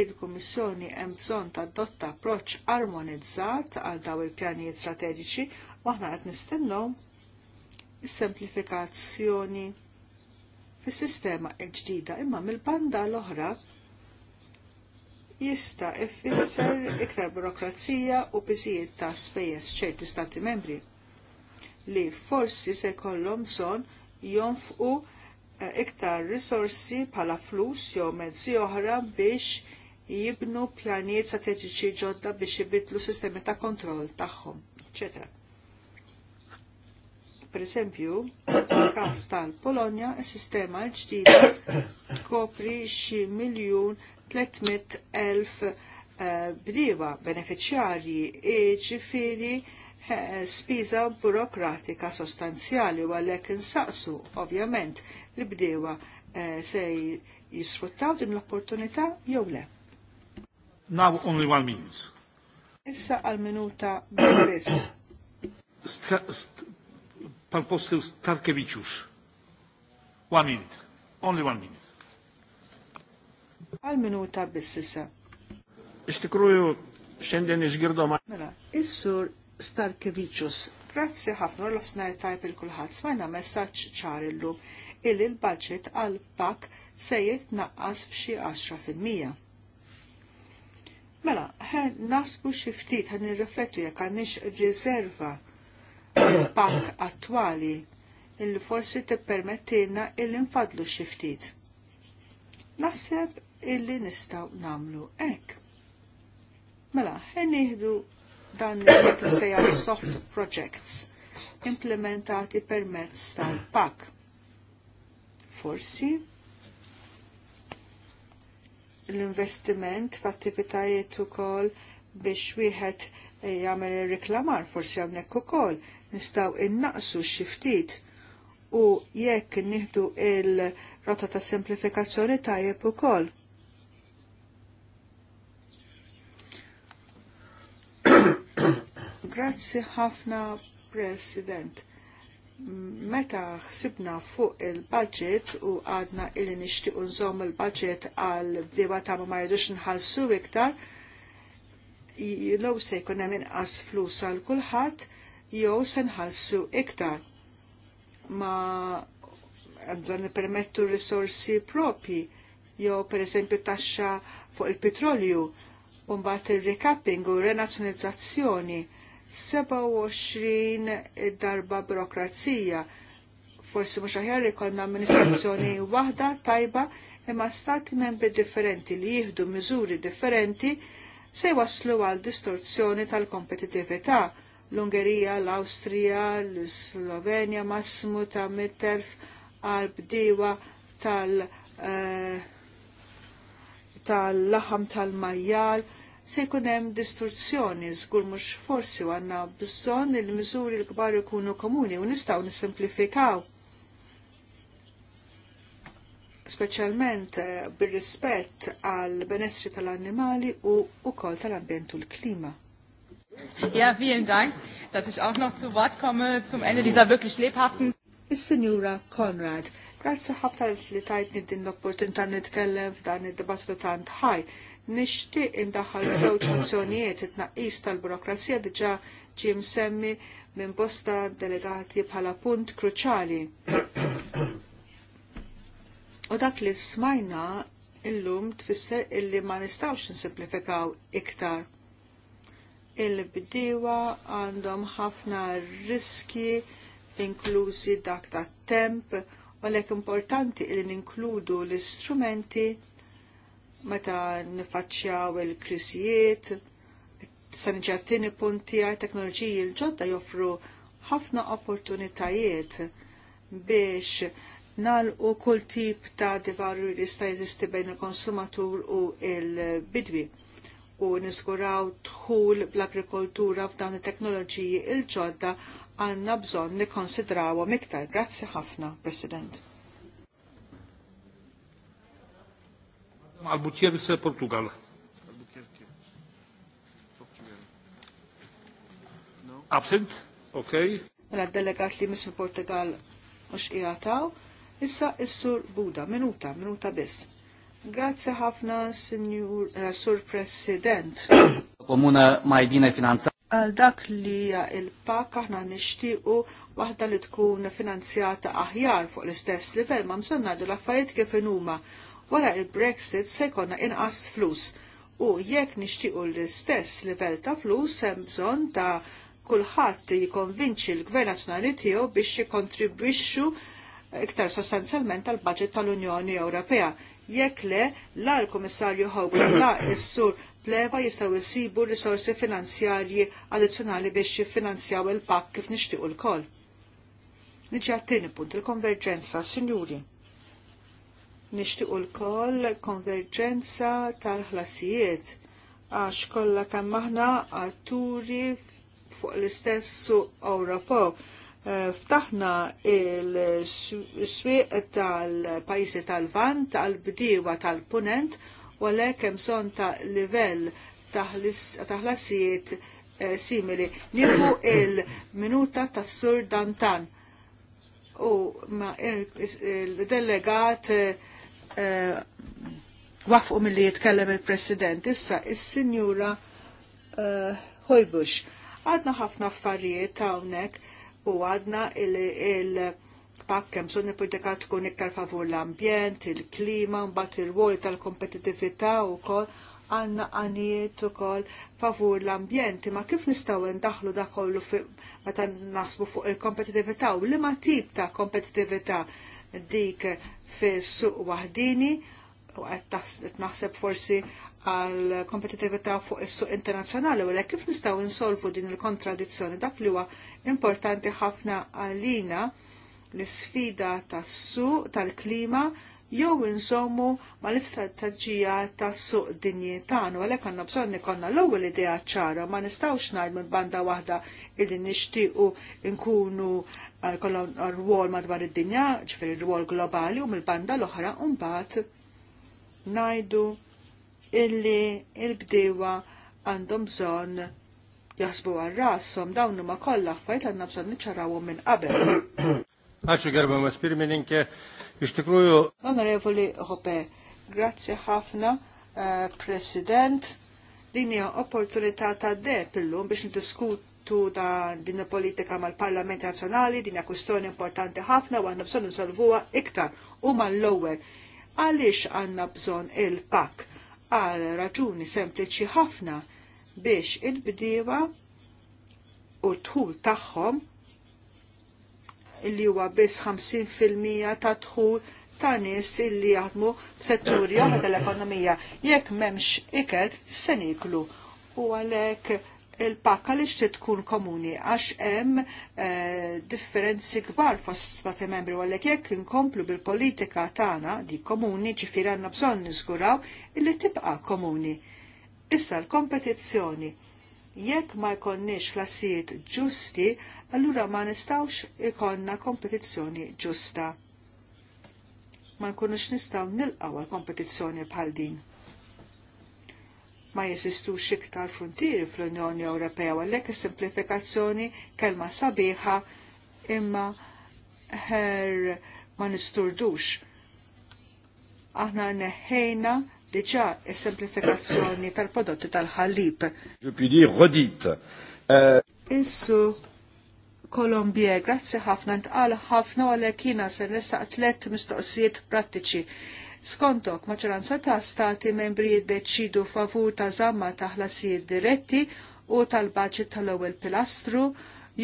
[SPEAKER 4] Il-Kummissjoni hemm bżonn tadotta approċċ armonizzat għal daw il-pjanijiet strateġiċi u aħna qed nistennew is-semplifikazzjoni fis-sistema ġdida imma mill-banda l-oħra jista' ifisser iktar burokrazija u biżijiet ta' spejjeż ċerti stati membri li forsi se jkollhom bżonn jonfqu eh, iktar risorsi bħala flus jew mezzi oħra biex jibnu pjanijiet strateġiċi ġodda biex ibidlu sistemi ta' kontroll tagħhom, eċetera pereżempju, fil-każ tal-Polonja, is-sistema l-ġdida tkopri xi miljun 300 elf eh, bdiewa beneficjarji ġifiri eh, spiża burokratika sostanzjali u għalhekk insaqsu ovvjament li bdiewa eh, se jisfruttaw din l-opportunità jew le.
[SPEAKER 1] Now only one means.
[SPEAKER 4] Issa għal minuta bis.
[SPEAKER 1] Pan One minute. Only one minute.
[SPEAKER 4] Għal minuta Ixtikruju xenden
[SPEAKER 1] Mela,
[SPEAKER 4] il-sur Starkevicius. Grazzi ħafna l-osnar tajp il-kulħadd smajna messaġġ ċar illum illi l-budget għal pak se jitnaqqas b'xi 10%. Mela, ħen nasbu xiftit, ħen ħan jek jekk riserva pakk *coughs* attwali illi forsi tippermettilna illi nfadlu xiftit. Naħseb illi nistaw namlu ek. Mela, ħeniħdu dan il-meklu sejja soft projects implementati permezz tal-pak. Forsi l-investiment f'attivitajiet ukoll biex wieħed jagħmel reklamar forsi hawnhekk ukoll nistaw innaqsu xiftit u jekk nieħdu il-rota ta' semplifikazzjoni tajjeb ukoll. *coughs* Grazzi ħafna, President meta ħsibna fuq il-budget u għadna illi nishtiq nżomm il-budget għal bdewa ta' ma rridux nħallsu iktar, jilow se jkun hemm inqas flus għal kulħadd, jew se nħallsu iktar. Ma għandu nipermettu risorsi propi, jew pereżempju taxxa fuq il-petrolju u mbagħad ir-recapping u renazzjonizzazzjoni 27 darba burokrazija forsi mhux aħjar ikollna amministrazzjoni *coughs* waħda tajba imma stati membri differenti li jieħdu miżuri differenti se waslu għal distorzjoni tal-kompetitività l-Ungerija, l-Awstrija, l-Slovenja massimu ta' mitterf għal bdiewa tal- eh, tal-laħam tal-majjal se jkun hemm distruzzjoni żgur mhux forsi għandna bżonn il-miżuri l-kbar ikunu komuni u nistgħu nisimplifikaw. Speċjalment eh, bir-rispett għal benessri tal-annimali u wkoll tal-ambjent u l-klima. Ja, vielen Dank, dass ich auch noch zu Wort komme zum Ende dieser wirklich lebhaften. Ist sinjura Konrad, grazzi ħafna li tajtni din l-opportunità nitkellem f'dan id-dibattitu tant ħaj. Nixtieq indaħħal żewġ azzjonijiet it-tnaqqis tal-burokrazija diġà ġie msemmi minn bosta delegati bħala punt kruċali. U dak li smajna illum tfisser illi ma nistawx nsimplifikaw iktar il-bdiewa għandhom ħafna riski inklużi dak ta' temp u l importanti li ninkludu l-istrumenti meta nifacċjaw il-krisijiet, sanġattini punti għaj teknoloġiji l-ġodda joffru ħafna opportunitajiet biex nalqu kull tip ta' divarju li jista' jeżisti bejn il-konsumatur u il-bidwi. il bidwi u niskuraw tħul bl-agrikoltura f'dawn it-teknoloġiji il-ġodda għanna bżonn nikkonsidrawhom iktar. Grazzi ħafna, President.
[SPEAKER 1] Portugal. Absent? Okay.
[SPEAKER 4] Mela delegat li mis Portugal mux iħataw. Issa is-sur Buda, minuta, minuta biss. Grazie ħafna, Signor uh, Sur President.
[SPEAKER 1] Komuna *coughs* majdina finanza.
[SPEAKER 4] Għal dak li il-pak aħna nixtiequ waħda li tkun finanzjata aħjar fuq l-istess livell ma mżon ngħidu l-affarijiet kif huma. Wara il-Brexit se jkollna inqas flus u jekk nixtiequ l-istess livell ta' flus hemm bżonn ta' kulħadd jikonvinċi l-Gvern Nazzjonali tiegħu biex jikontribwixxu iktar sostanzjalment tal-budget tal-Unjoni Ewropea Jekk le, la l-Komissarju Hogan *coughs* la s-sur pleva jistaw jisibu risorsi finanzjarji addizzjonali biex jiffinanzjaw il-pak kif nixtiequ l-koll. Niġi għattini punt il-konverġenza, sinjuri. Nixtiequ l kol konverġenza tal-ħlasijiet għax kollha kemm aħna atturi fuq l istessu suq Ewropew Eh, ftaħna il-swieq tal pajsi tal-Vant, tal-bdiewa tal-Punent, u għalhekk hemm bżonn ta' livell ta' ħlasijiet eh, simili. Nieħu il-minuta tas Sur Dantan u ma il-delegat eh, wafqu mill-li jitkellem il-President. Issa, is-Sinjura Hojbux. Għadna ħafna affarijiet hawnhekk u għadna il pakkem il bżonn politika tkun iktar favur l-ambjent, il-klima, mbagħad il wol tal u wkoll għanna għaniet u kol favur l-ambjent, ma kif nistaw ndaħlu da kollu meta nasbu fuq il-kompetitivita u li ma tip ta' kompetitivita dik fi suq wahdini u għed naħseb forsi għal kompetitività fuq is-suq internazzjonali u kif nistgħu insolvu din il-kontradizzjoni dak li huwa importanti ħafna għalina l isfida tas-suq tal-klima jew insommu ma l-istrateġija tas-suq dinji tagħna għalhekk għandna bżonn ikollna l-ewwel idea ċara ma nistgħux ngħid mill banda waħda illi nixtiequ nkunu eh, kollha rwol madwar id-dinja, ġifieri rwol globali u mill-banda l-oħra mbagħad ngħidu illi il-bdewa għandhom bżonn jasbu għal rasom dawn huma kollha fajt għandna bżonn niċċarawhom minn qabel.
[SPEAKER 1] Għaxu *coughs* gerba ma spirmininke ixtikruju.
[SPEAKER 4] Onorevoli Hope, grazie ħafna, eh, President. Din hija opportunità ta' de illum biex niddiskutu da din politika mal-Parlament Nazzjonali, din hija kwistjoni importanti ħafna u għandna bżonn insolvuha iktar u mal lower Għaliex għandna bżonn il-pak? għal raġuni sempliċi ħafna biex il-bdiewa u tħul tagħhom li huwa biss 50% ta' tħul ta' nies illi jaħdmu setturi oħra tal-ekonomija. Jekk m'hemmx ikel se niklu u għalhekk il-pakka li xtid tkun komuni għax hemm eh, differenzi kbar fost stati membri għalhekk jekk inkomplu bil-politika tagħna di komuni ġifier għandna bżonn niżguraw li tibqa' komuni. Issa l-kompetizzjoni jekk ma jkonniex klasijiet ġusti, allura ma nistawx ikonna kompetizzjoni ġusta. Ma nkunux nistaw nilqaw għal kompetizzjoni bħal din ma jeżistux iktar frontieri fl-Unjoni Ewropea għalhekk is-simplifikazzjoni kelma sabiħa imma her ma nisturdux. Aħna neħejna diġa' is-simplifikazzjoni tal-prodotti tal-ħalib. Euh, Issu Kolombie, grazzi ħafna ntqal ħafna għalhekk jina se nresaq tlet mistoqsijiet prattiċi Skontok, maġranza ta' stati membri jiddeċidu favur ta' zamma ta' ħlasijiet diretti u tal-budget tal-ewwel pilastru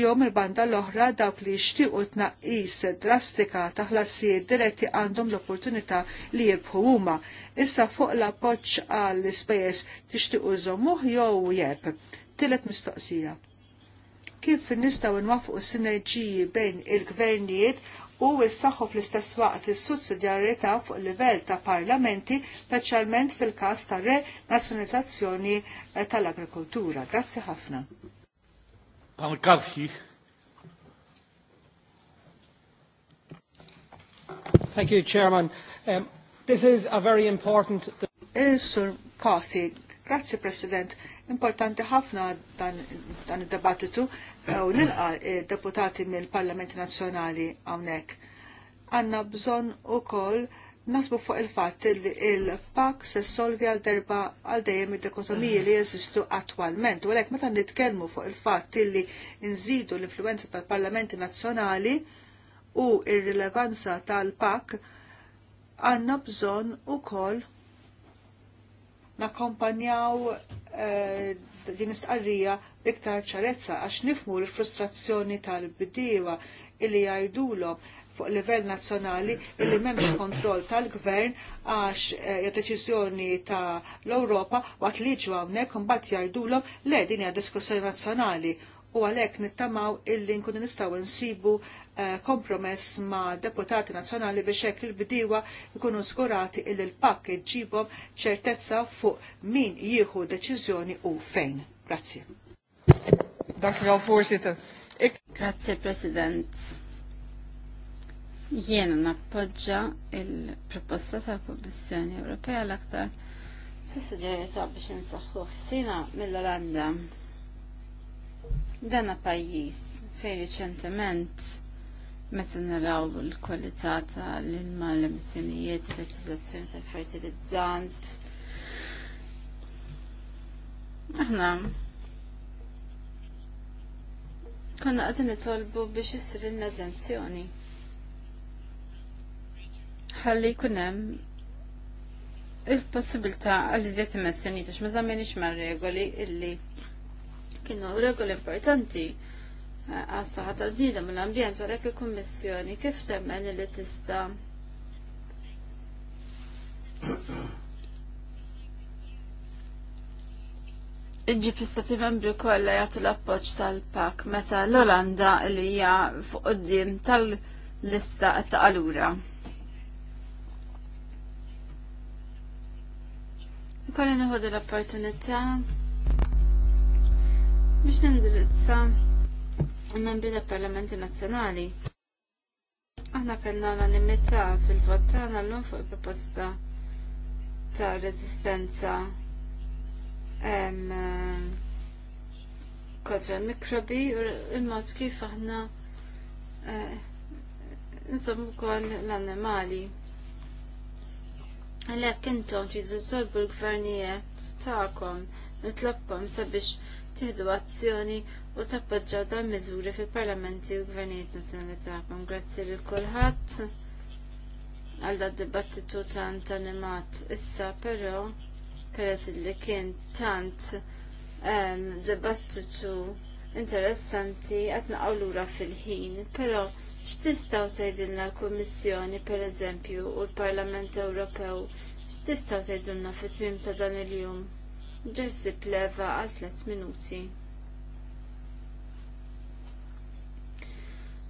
[SPEAKER 4] jom il-banda l-oħra dawk li jixtiequ tnaqqis drastika ta' ħlasijiet diretti għandhom l-opportunità li jirbħu huma. Issa fuq l-appoġġ għall ispejjeż tixtiequ żommuh jew jeb. Tilet mistoqsija. Kif nistgħu nwaffqu sinerġiji bejn il-gvernijiet u jissaħħu fl-istess waqt is sussidjarieta fuq livell ta' parlamenti, specialment fil kas ta' re nazjonizzazzjoni eh, tal-agrikoltura. Grazzi ħafna. Pan Kavxi. Thank you, Chairman. Um, this is a very important... Eh, Sir Kasi, grazzi President. Importanti ħafna dan, dan id-debattitu u nilqa eh, deputati mill-Parlament Nazzjonali hawnhekk. Għandna bżonn ukoll nasbu fuq il-fatt li il-pak se solvi għal darba għal dejjem id dekotomiji li jeżistu attualment. U għalhekk meta nitkellmu fuq il-fatt li nżidu l-influenza tal-Parlamenti Nazzjonali u il rilevanza tal-pak għandna bżonn ukoll nakkompanjaw eh, din istqarrija iktar ċarezza għax nifmu l-frustrazzjoni tal-bdiewa illi jgħidulhom fuq livell nazzjonali illi memx kontroll tal-gvern għax eh, hija deċiżjoni ta' l-Ewropa waqt li ġu hawnhekk imbagħad jgħidulhom le din hija diskussjoni nazzjonali u għalhekk nittamaw illi nkunu nistgħu nsibu eh, kompromess ma' deputati nazzjonali biex hekk il-bdiewa jkunu żgurati illi l-pakk iġibhom ċertezza fuq min jieħu deċiżjoni u fejn.
[SPEAKER 2] Grazie voorzitter. Ik... Grazie, president. Jiena nappoġġa il-proposta tal-Kommissjoni Ewropea l-aktar sussidjarjetà biex insaħħu ħsina mill-Olanda. Dan pajjiż fejn riċentement meta naraw l-kwalità tal-ilma l-emissjonijiet, il-leġiżlazzjoni tal-fertilizzant. Aħna Konna għadin nitolbu biex jisir il-nazenzjoni. Ħalli kunem il-possibilta għalli il dimensjoni tax ma zamminix ma regoli illi kienu regoli importanti għas-saħħa tal-bnida mill-ambjent għalek il-Kummissjoni kif temmen li tista' Iġib pistati membri kolla jgħatu l-appoċ tal-pak meta l-Olanda li hija fuq qoddim tal-lista ta' allura. Kolli nħodu l-opportunità biex nindirizza membri tal parlamenti nazzjonali. Aħna kellna l-animità fil-vot tagħna l-lum fuq il-proposta ta' rezistenza Eh, kontra l-mikrobi u il-mod kif aħna eh, nżommu ukoll l-annimali. Għalek intom ġidu zolbu l-gvernijiet ta'kom, nitlobkom sabiex tiħdu azzjoni u tappoġġaw dan miżuri fil-parlamenti u gvernijiet nazzjonali ta'kom. Grazzi lil kulħadd għal dat dibattitu tant animat issa, però peress li kien tant dibattitu interessanti qed naqgħu lura fil-ħin, però x'tistgħu tgħidilna l-Kummissjoni pereżempju u l-Parlament Ewropew x'tistgħu tgħidulna fit-tmiem ta' dan il-jum? Ġersi pleva għal tliet minuti.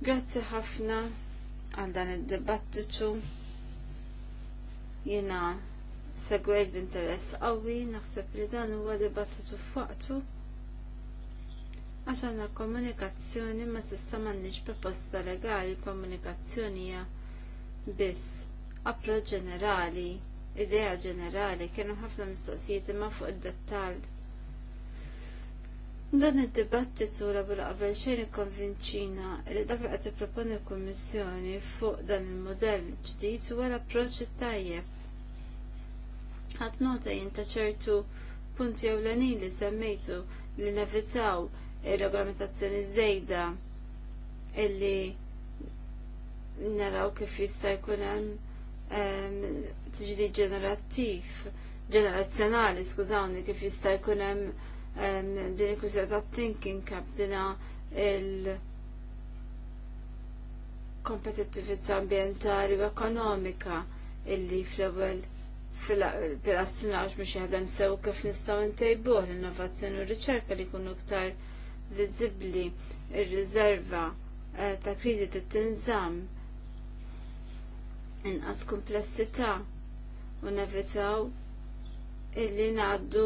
[SPEAKER 2] Grazzi ħafna għal dan id-dibattitu. Jiena segwejt b'interess qawwi, naħseb li dan huwa dibattitu f'waqtu għax għandna komunikazzjoni ma s'issa m'għandniex proposta legali, komunikazzjoni hija biss appro ġenerali, idea ġenerali, kienu ħafna mistoqsijiet imma fuq id-dettall. Dan id-dibattitu la bil qabel xejn ikkonvinċina li dak li qed tipproponi l-Kummissjoni fuq dan il-modell ġdid huwa l-approċċ tajjeb ħadd nota jien ta' ċertu punti ewlenin li semmejtu li nevitaw ir-regolamentazzjoni zejda illi naraw kif jista' jkun hemm ehm, tiġdi ġenerattiv ġenerazzjonali, skużawni, kif jista' jkun hemm ehm, din il-kwistja ta' thinking dina il- kompetittività ambientali u ekonomika illi fl-ewwel fil-astronaut biex jaħdem sew kif nistgħu ntejbuh l-innovazzjoni u r-riċerka li jkunu ktar viżibbli r-rizerva eh, ta' kriżi tit-tinżamm inqas komplessità u nevitaw illi ngħaddu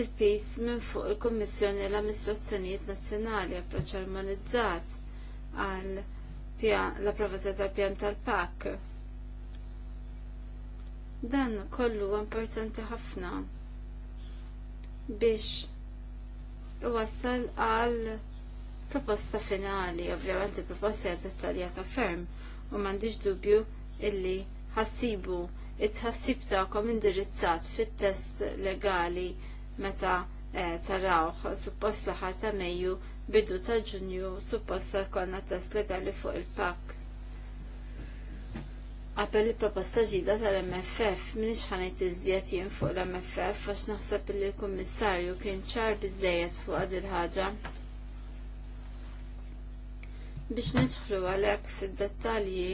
[SPEAKER 2] il-pis minn fuq il-Kummissjoni l-Amministrazzjonijiet Nazzjonali approċċ armonizzat għal l-approvazzjoni tal-pjan tal-PAK. Dan kollu importanti ħafna biex iwassal għal proposta finali, ovvjament il-proposta hija dettaljata ferm u m'għandix dubju illi ħassibu it-ħassib kom indirizzat fit-test legali meta eh, tarawh suppost l ħarta meju Mejju bidu ta' Ġunju suppost konna test legali fuq il-pak. Appell il-proposta ġida tal-MFF, minix ħanajt iżjed jien fuq l-MFF, għax naħseb li l-Kommissarju kien ċar biżejjed fuq għad il-ħagġa. Biex nidħlu għalek fid-dettalji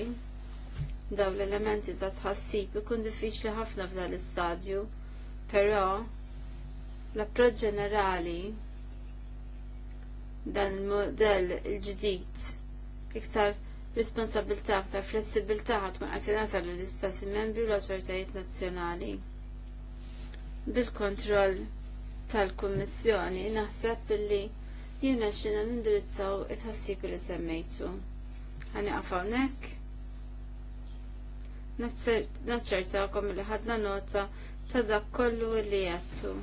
[SPEAKER 2] daw l-elementi ta' tħassib ikun diffiċli ħafna f'dan l-istadju, però l-approċ ġenerali dan il-modell il-ġdid iktar responsabilità aktar flessibilità ħatkun għasinata l-istati membri l-autoritajiet nazzjonali. Bil-kontroll tal-Kummissjoni naħseb li jina xina nindirizzaw it-ħassib li semmejtu. Għani għafawnek? kom li ħadna nota ta' dak kollu li jattu.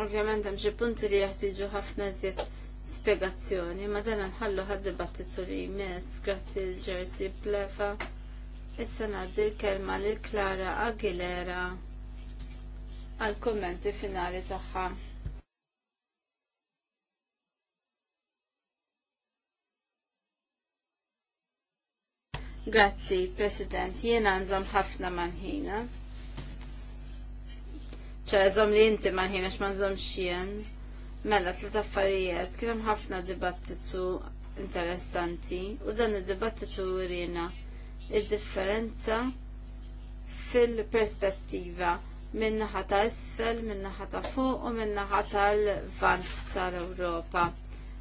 [SPEAKER 2] Ovvjament hemm xi punti li jeħtieġu ħafna żied spjegazzjoni, ma dan nħallu ħad-dibattitu li jmiss grazzi l-Jersey Plefa. Issa ngħaddi l-kelma lil Klara Aguilera għal kommenti finali tagħha. Grazzi, President, jiena nżomm ħafna manħina ċa eżom li inti mal-ħin għax ma xien. Mela, tlet affarijiet, kien hemm ħafna dibattitu interessanti u dan id-dibattitu rina il differenza fil-perspettiva minna ta' isfel, minna ta' fuq u ħata tal-vant tal-Ewropa.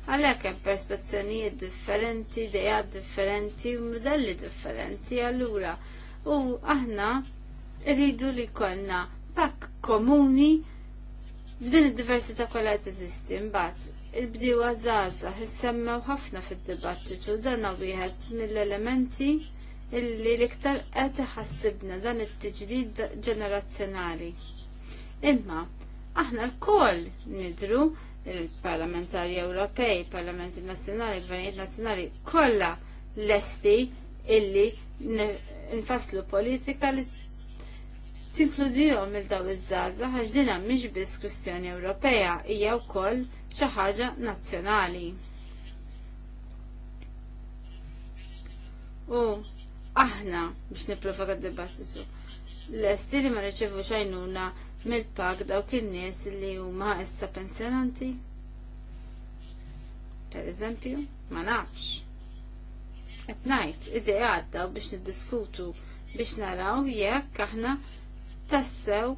[SPEAKER 2] Għalhekk hemm perspezzjonijiet differenti, idejat differenti u modelli differenti allura. U aħna rridu li konna pakk komuni f'din id-diversità kollha teżisti mbagħad il-bdiewa żgħażagħ issemmew ħafna fid-dibattitu dan wieħed mill-elementi illi l-iktar qed iħassibna dan it-tiġdid ġenerazzjonali. Imma aħna l-koll nidru il-parlamentari Ewropej, parlamenti nazzjonali, gvernijiet nazzjonali kollha lesti illi nfasslu politika li tinkludihom il daw iż żazza għax din mhix biss kwistjoni Ewropea hija wkoll xi ħaġa nazzjonali. U aħna biex nipprovoka d su. Lesti li ma reċevu xajnuna mill-pak dawk in-nies li huma issa pensjonanti? Per eżempju, ma nafx. Qed ngħid, idea għaddaw biex niddiskutu biex naraw jekk aħna tassew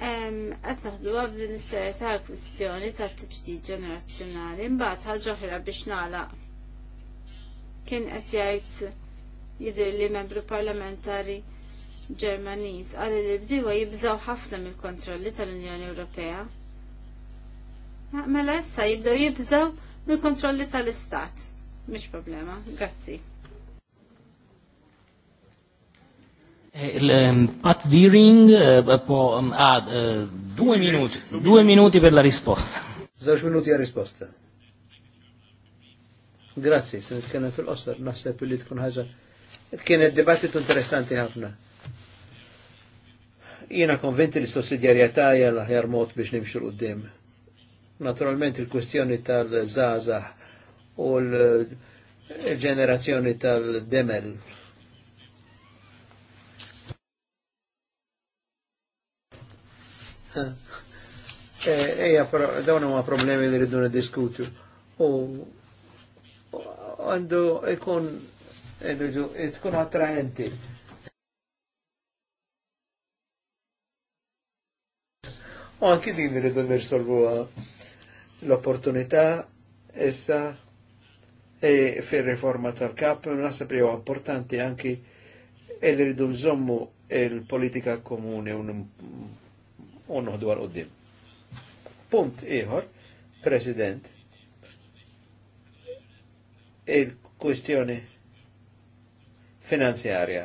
[SPEAKER 2] qed naħdu għabdin istess għal kwistjoni ta' t tġdi ġenerazzjonali. Mbagħad ħaġa oħra biex nagħlaq. Kien qed jgħid jidher li membru parlamentari Ġermaniż għal li bdiewa jibżgħu ħafna mill-kontrolli tal-Unjoni Ewropea. Mela issa jibdew jibżgħu mill-kontrolli tal-Istat. Mhix problema. Grazzi.
[SPEAKER 1] Ehm, Pat Deering, eh, eh, ehm, ah, eh, due minuti, due minuti per la risposta.
[SPEAKER 3] Zawx minuti għal risposta. Grazie, se nitkellem fil-qosor, naħseb li tkun ħaġa. Kienet dibattitu interessanti ħafna. Jiena konventi li sussidjarjetà hija l-aħjar mod biex nimxu l-qudiem. Naturalment il-kwestjoni tal-żgħażagħ u l-ġenerazzjoni tal-demel Eh, eja, dawn huma problemi li rridu niddiskutu. U għandu ikun tkun attraenti. U anki din rridu nirsolvu l-opportunità issa e fil riforma tal-kap, nasab li importanti anki e il-ridu nżommu il-politika komune un u noħdu għal qoddim. Punt iħor, President, il kustjoni finanzjarja.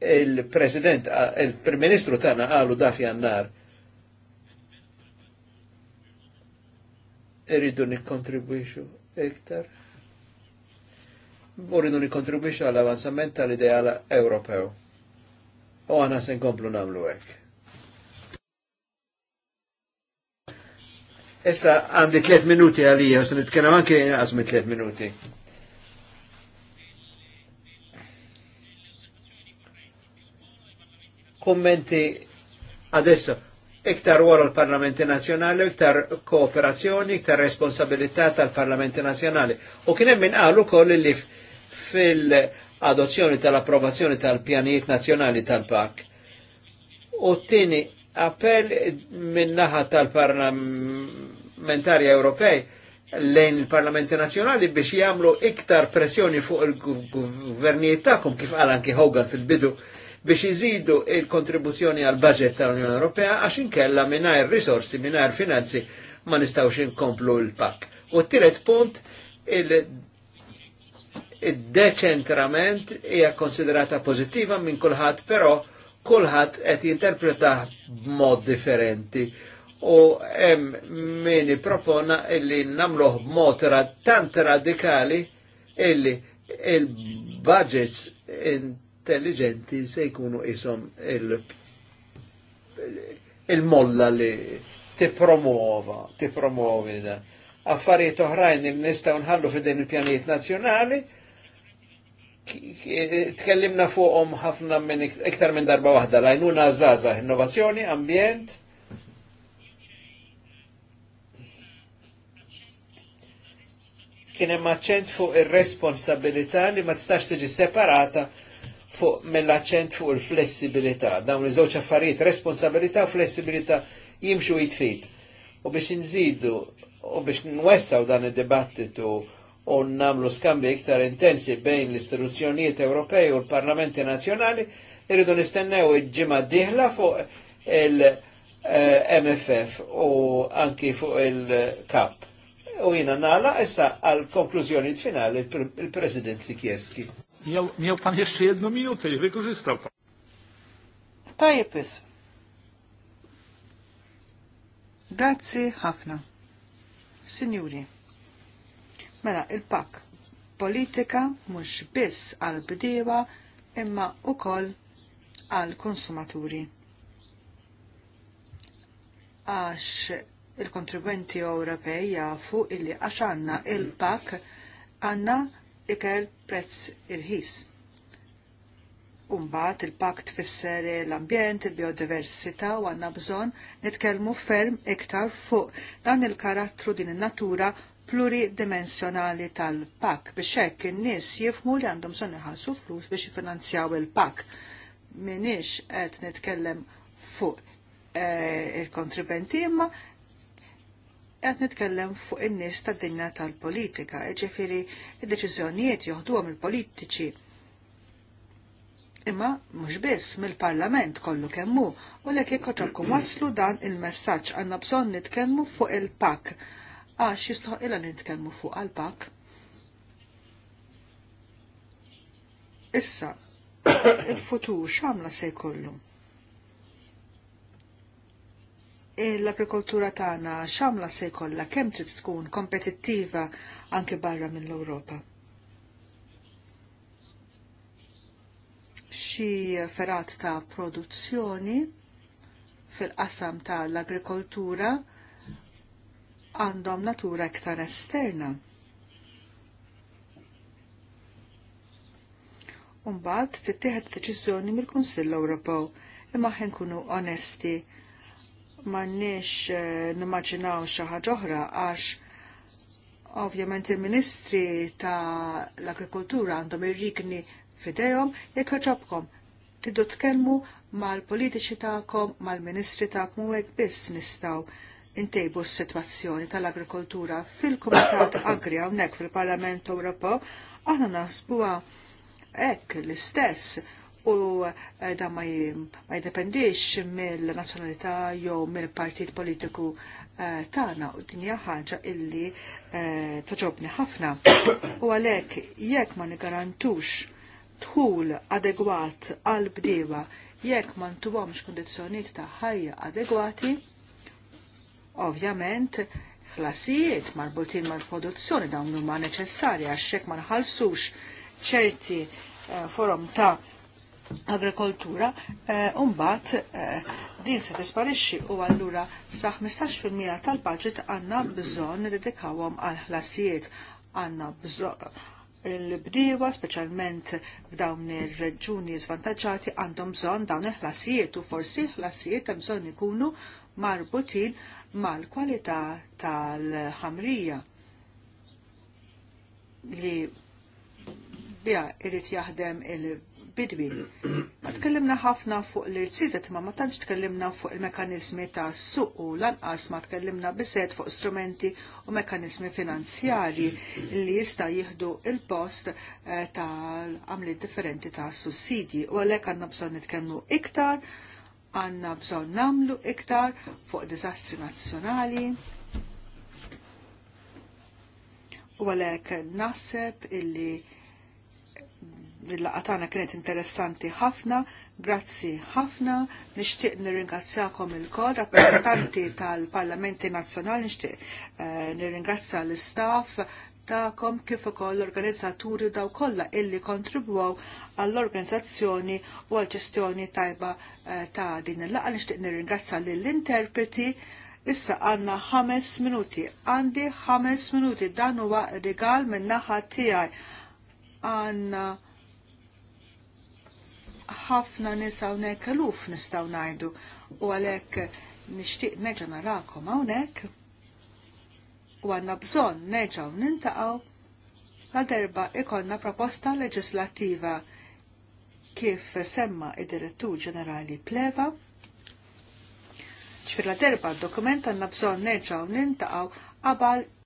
[SPEAKER 3] Il-President, il-Prim-Ministru tana għalu daf jannar irridu nikkontribwixu iktar. Urridu nikkontribwixu għall-avanzament tal-ideala Ewropew u għana se nkomplu namlu hekk. Issa għandi tliet minuti għalija, se nitkellem anke inqas minn tliet minuti. Kommenti adesso iktar wara l-Parlamenti Nazjonali, iktar kooperazzjoni, iktar responsabilità tal-Parlamenti Nazjonali. U kien hemm għalu koll li fil- adozzjoni tal-approvazzjoni tal-pjanijiet nazjonali tal-PAK. U t-tini appell minnaħa tal-parlamentari Ewropej lejn il-parlamenti nazjonali biex jagħmlu iktar pressjoni fuq il-gvernijiet tagħhom kif qal anki Hogan fil-bidu biex jizidu il-kontribuzzjoni għal budget tal-Unjoni Ewropea għax inkella mingħajr risorsi, mingħajr finanzi ma nistgħux inkomplu l-pak. U t-tielet punt il id-deċentrament hija konsiderata pozittiva minn kulħadd, però kulħadd qed jinterpreta b'mod differenti u hemm min propona illi nagħmluh b'mod tant radikali illi il-budgets intelligenti se jkunu isom il- il-molla li tipromuova, tipromuovi da. Affarijiet oħrajn il-nistaw nħallu din il-pjanijiet nazjonali, tkellimna fuqhom ħafna minn iktar minn darba waħda lajnuna żgħażagħ, innovazzjoni, ambjent. Kien hemm aċċent fuq ir-responsabilità li ma tistax tiġi separata fuq mill-aċċent fuq il-flessibilità. Dawn iż-żewġ affarijiet, responsabilità u flessibilità jimxu jitfit. U biex nżidu u biex nwessaw dan id-dibattitu u namlu skambi iktar intensi bejn l-istituzzjonijiet Ewropej u l-Parlamenti Nazzjonali irridu nistennew il-ġimma diħla fuq il-MFF u anki fuq il-KAP. U jina nala issa għal konklużjoni finali il-President Sikieski.
[SPEAKER 1] Miał pan jesċi jednu minuta, i wykorzystał pan.
[SPEAKER 4] Tajepis. Grazie ħafna. Signori. Mela, il-pak politika mhux biss għal bdiewa imma koll għal konsumaturi. Għax il-kontribwenti Ewropej jafu illi għax għandna il-pak għandna ikel prezz irħis. Umbat il pakt tfisser l-ambjent, il-biodiversità u għanna bżon nitkellmu ferm iktar fuq dan il-karattru din in-natura pluridimensjonali tal-pak biex hekk in-nies jifhmu li għandhom son iħallsu flus biex jifinanzjaw il-pak. Minix qed nitkellem fuq eh, il-kontribenti imma qed nitkellem fuq in-nies tad-dinja tal-politika, jiġifieri id-deċiżjonijiet joħduhom il-politiċi imma mhux biss mill-Parlament kollu kemmu, u lek jekk waslu dan il-messaġġ għandna bżonn nitkellmu fuq il-pak għax jistħoq illa nitkellmu fuq għal Issa, *coughs* il-futur xamla se jkollu? L-agrikoltura tagħna xamla se jkollha kemm trid tkun kompetittiva anke barra mill-Ewropa. Xi ferat ta' produzzjoni fil-qasam tal-agrikoltura għandhom natura iktar esterna. Umbagħad tittieħed deċiżjoni mill-Kunsill Ewropew imma ħin kunu onesti m'għandniex eh, nimmaġinaw xi ħaġa oħra għax ovvjament il-Ministri ta' l-Agrikoltura għandhom ir-rikni fidejhom jekk ħaġobkom tiddu tkellmu mal-politiċi tagħkom, mal-ministri tagħkom u hekk biss nistgħu intejbu s-situazzjoni tal-agrikoltura fil-Komitat *coughs* Agri hawnhekk fil-Parlament Ewropew aħna naħsbuha hekk l-istess u eh, da ma jdependix mill-nazzjonalità jew mill-partit politiku eh, tagħna u din hija ħaġa illi eh, toġobni ħafna. *coughs* U għalhekk jekk ma nigarantux tħul adegwat għal bdiewa jekk ma ntuhomx kundizzjonijiet ta' ħajja adegwati, Ovvjament, ħlasijiet marbutin mal-produzzjoni dawn huma neċessarji għax hekk ma nħallsux ċerti eh, forom ta' agrikoltura, eh, u mbagħad eh, din se tisparixxi u allura sa 15% tal-budget għandna bżonn dedikawhom għal ħlasijiet għandna bżonn il-bdiewa, speċjalment f'dawn ir-reġuni żvantaġġati, għandhom bżonn dawn il-ħlasijiet u forsi ħlasijiet hemm bżonn ikunu marbutin mal-kwalità tal-ħamrija li bija irrit jaħdem il-bidwi. Ma tkellimna ħafna fuq l-irċizet, ma ma tantx tkellimna fuq il-mekanizmi ta' suq u lanqas ma tkellimna biset fuq strumenti u mekanizmi finanzjari li jista jihdu il-post eh, tal-għamli differenti ta' sussidji u għalek għanna bżon nitkellmu iktar għanna bżon namlu iktar fuq dizastri nazzjonali. U għalek nasib illi l laqatana kienet interessanti ħafna, grazzi ħafna, nishtiq nirringrazzjakom il-kol, rappresentanti *coughs* tal-Parlamenti Nazzjonali, nishtiq eh, nirringrazzja l-istaff, tagħkom kif ukoll l-organizzaturi daw kollha illi kontribwaw għall-organizzazzjoni u għall-ġestjoni tajba eh, ta' din il laqgħa nixtieq nirringrazzja lill-interpreti Issa għanna ħames minuti. Għandi ħames minuti dan huwa rigal minn naħa tiegħi. Għanna ħafna nisa hawnhekk eluf nistgħu ngħidu u għalhekk nixtieq neġa narakom hawnhekk u għanna bżon neġaw nintaqaw la derba ikonna proposta leġislativa kif semma id-direttur ġenerali Pleva. ċfir la derba dokument għanna bżon neġaw nintaqaw għabal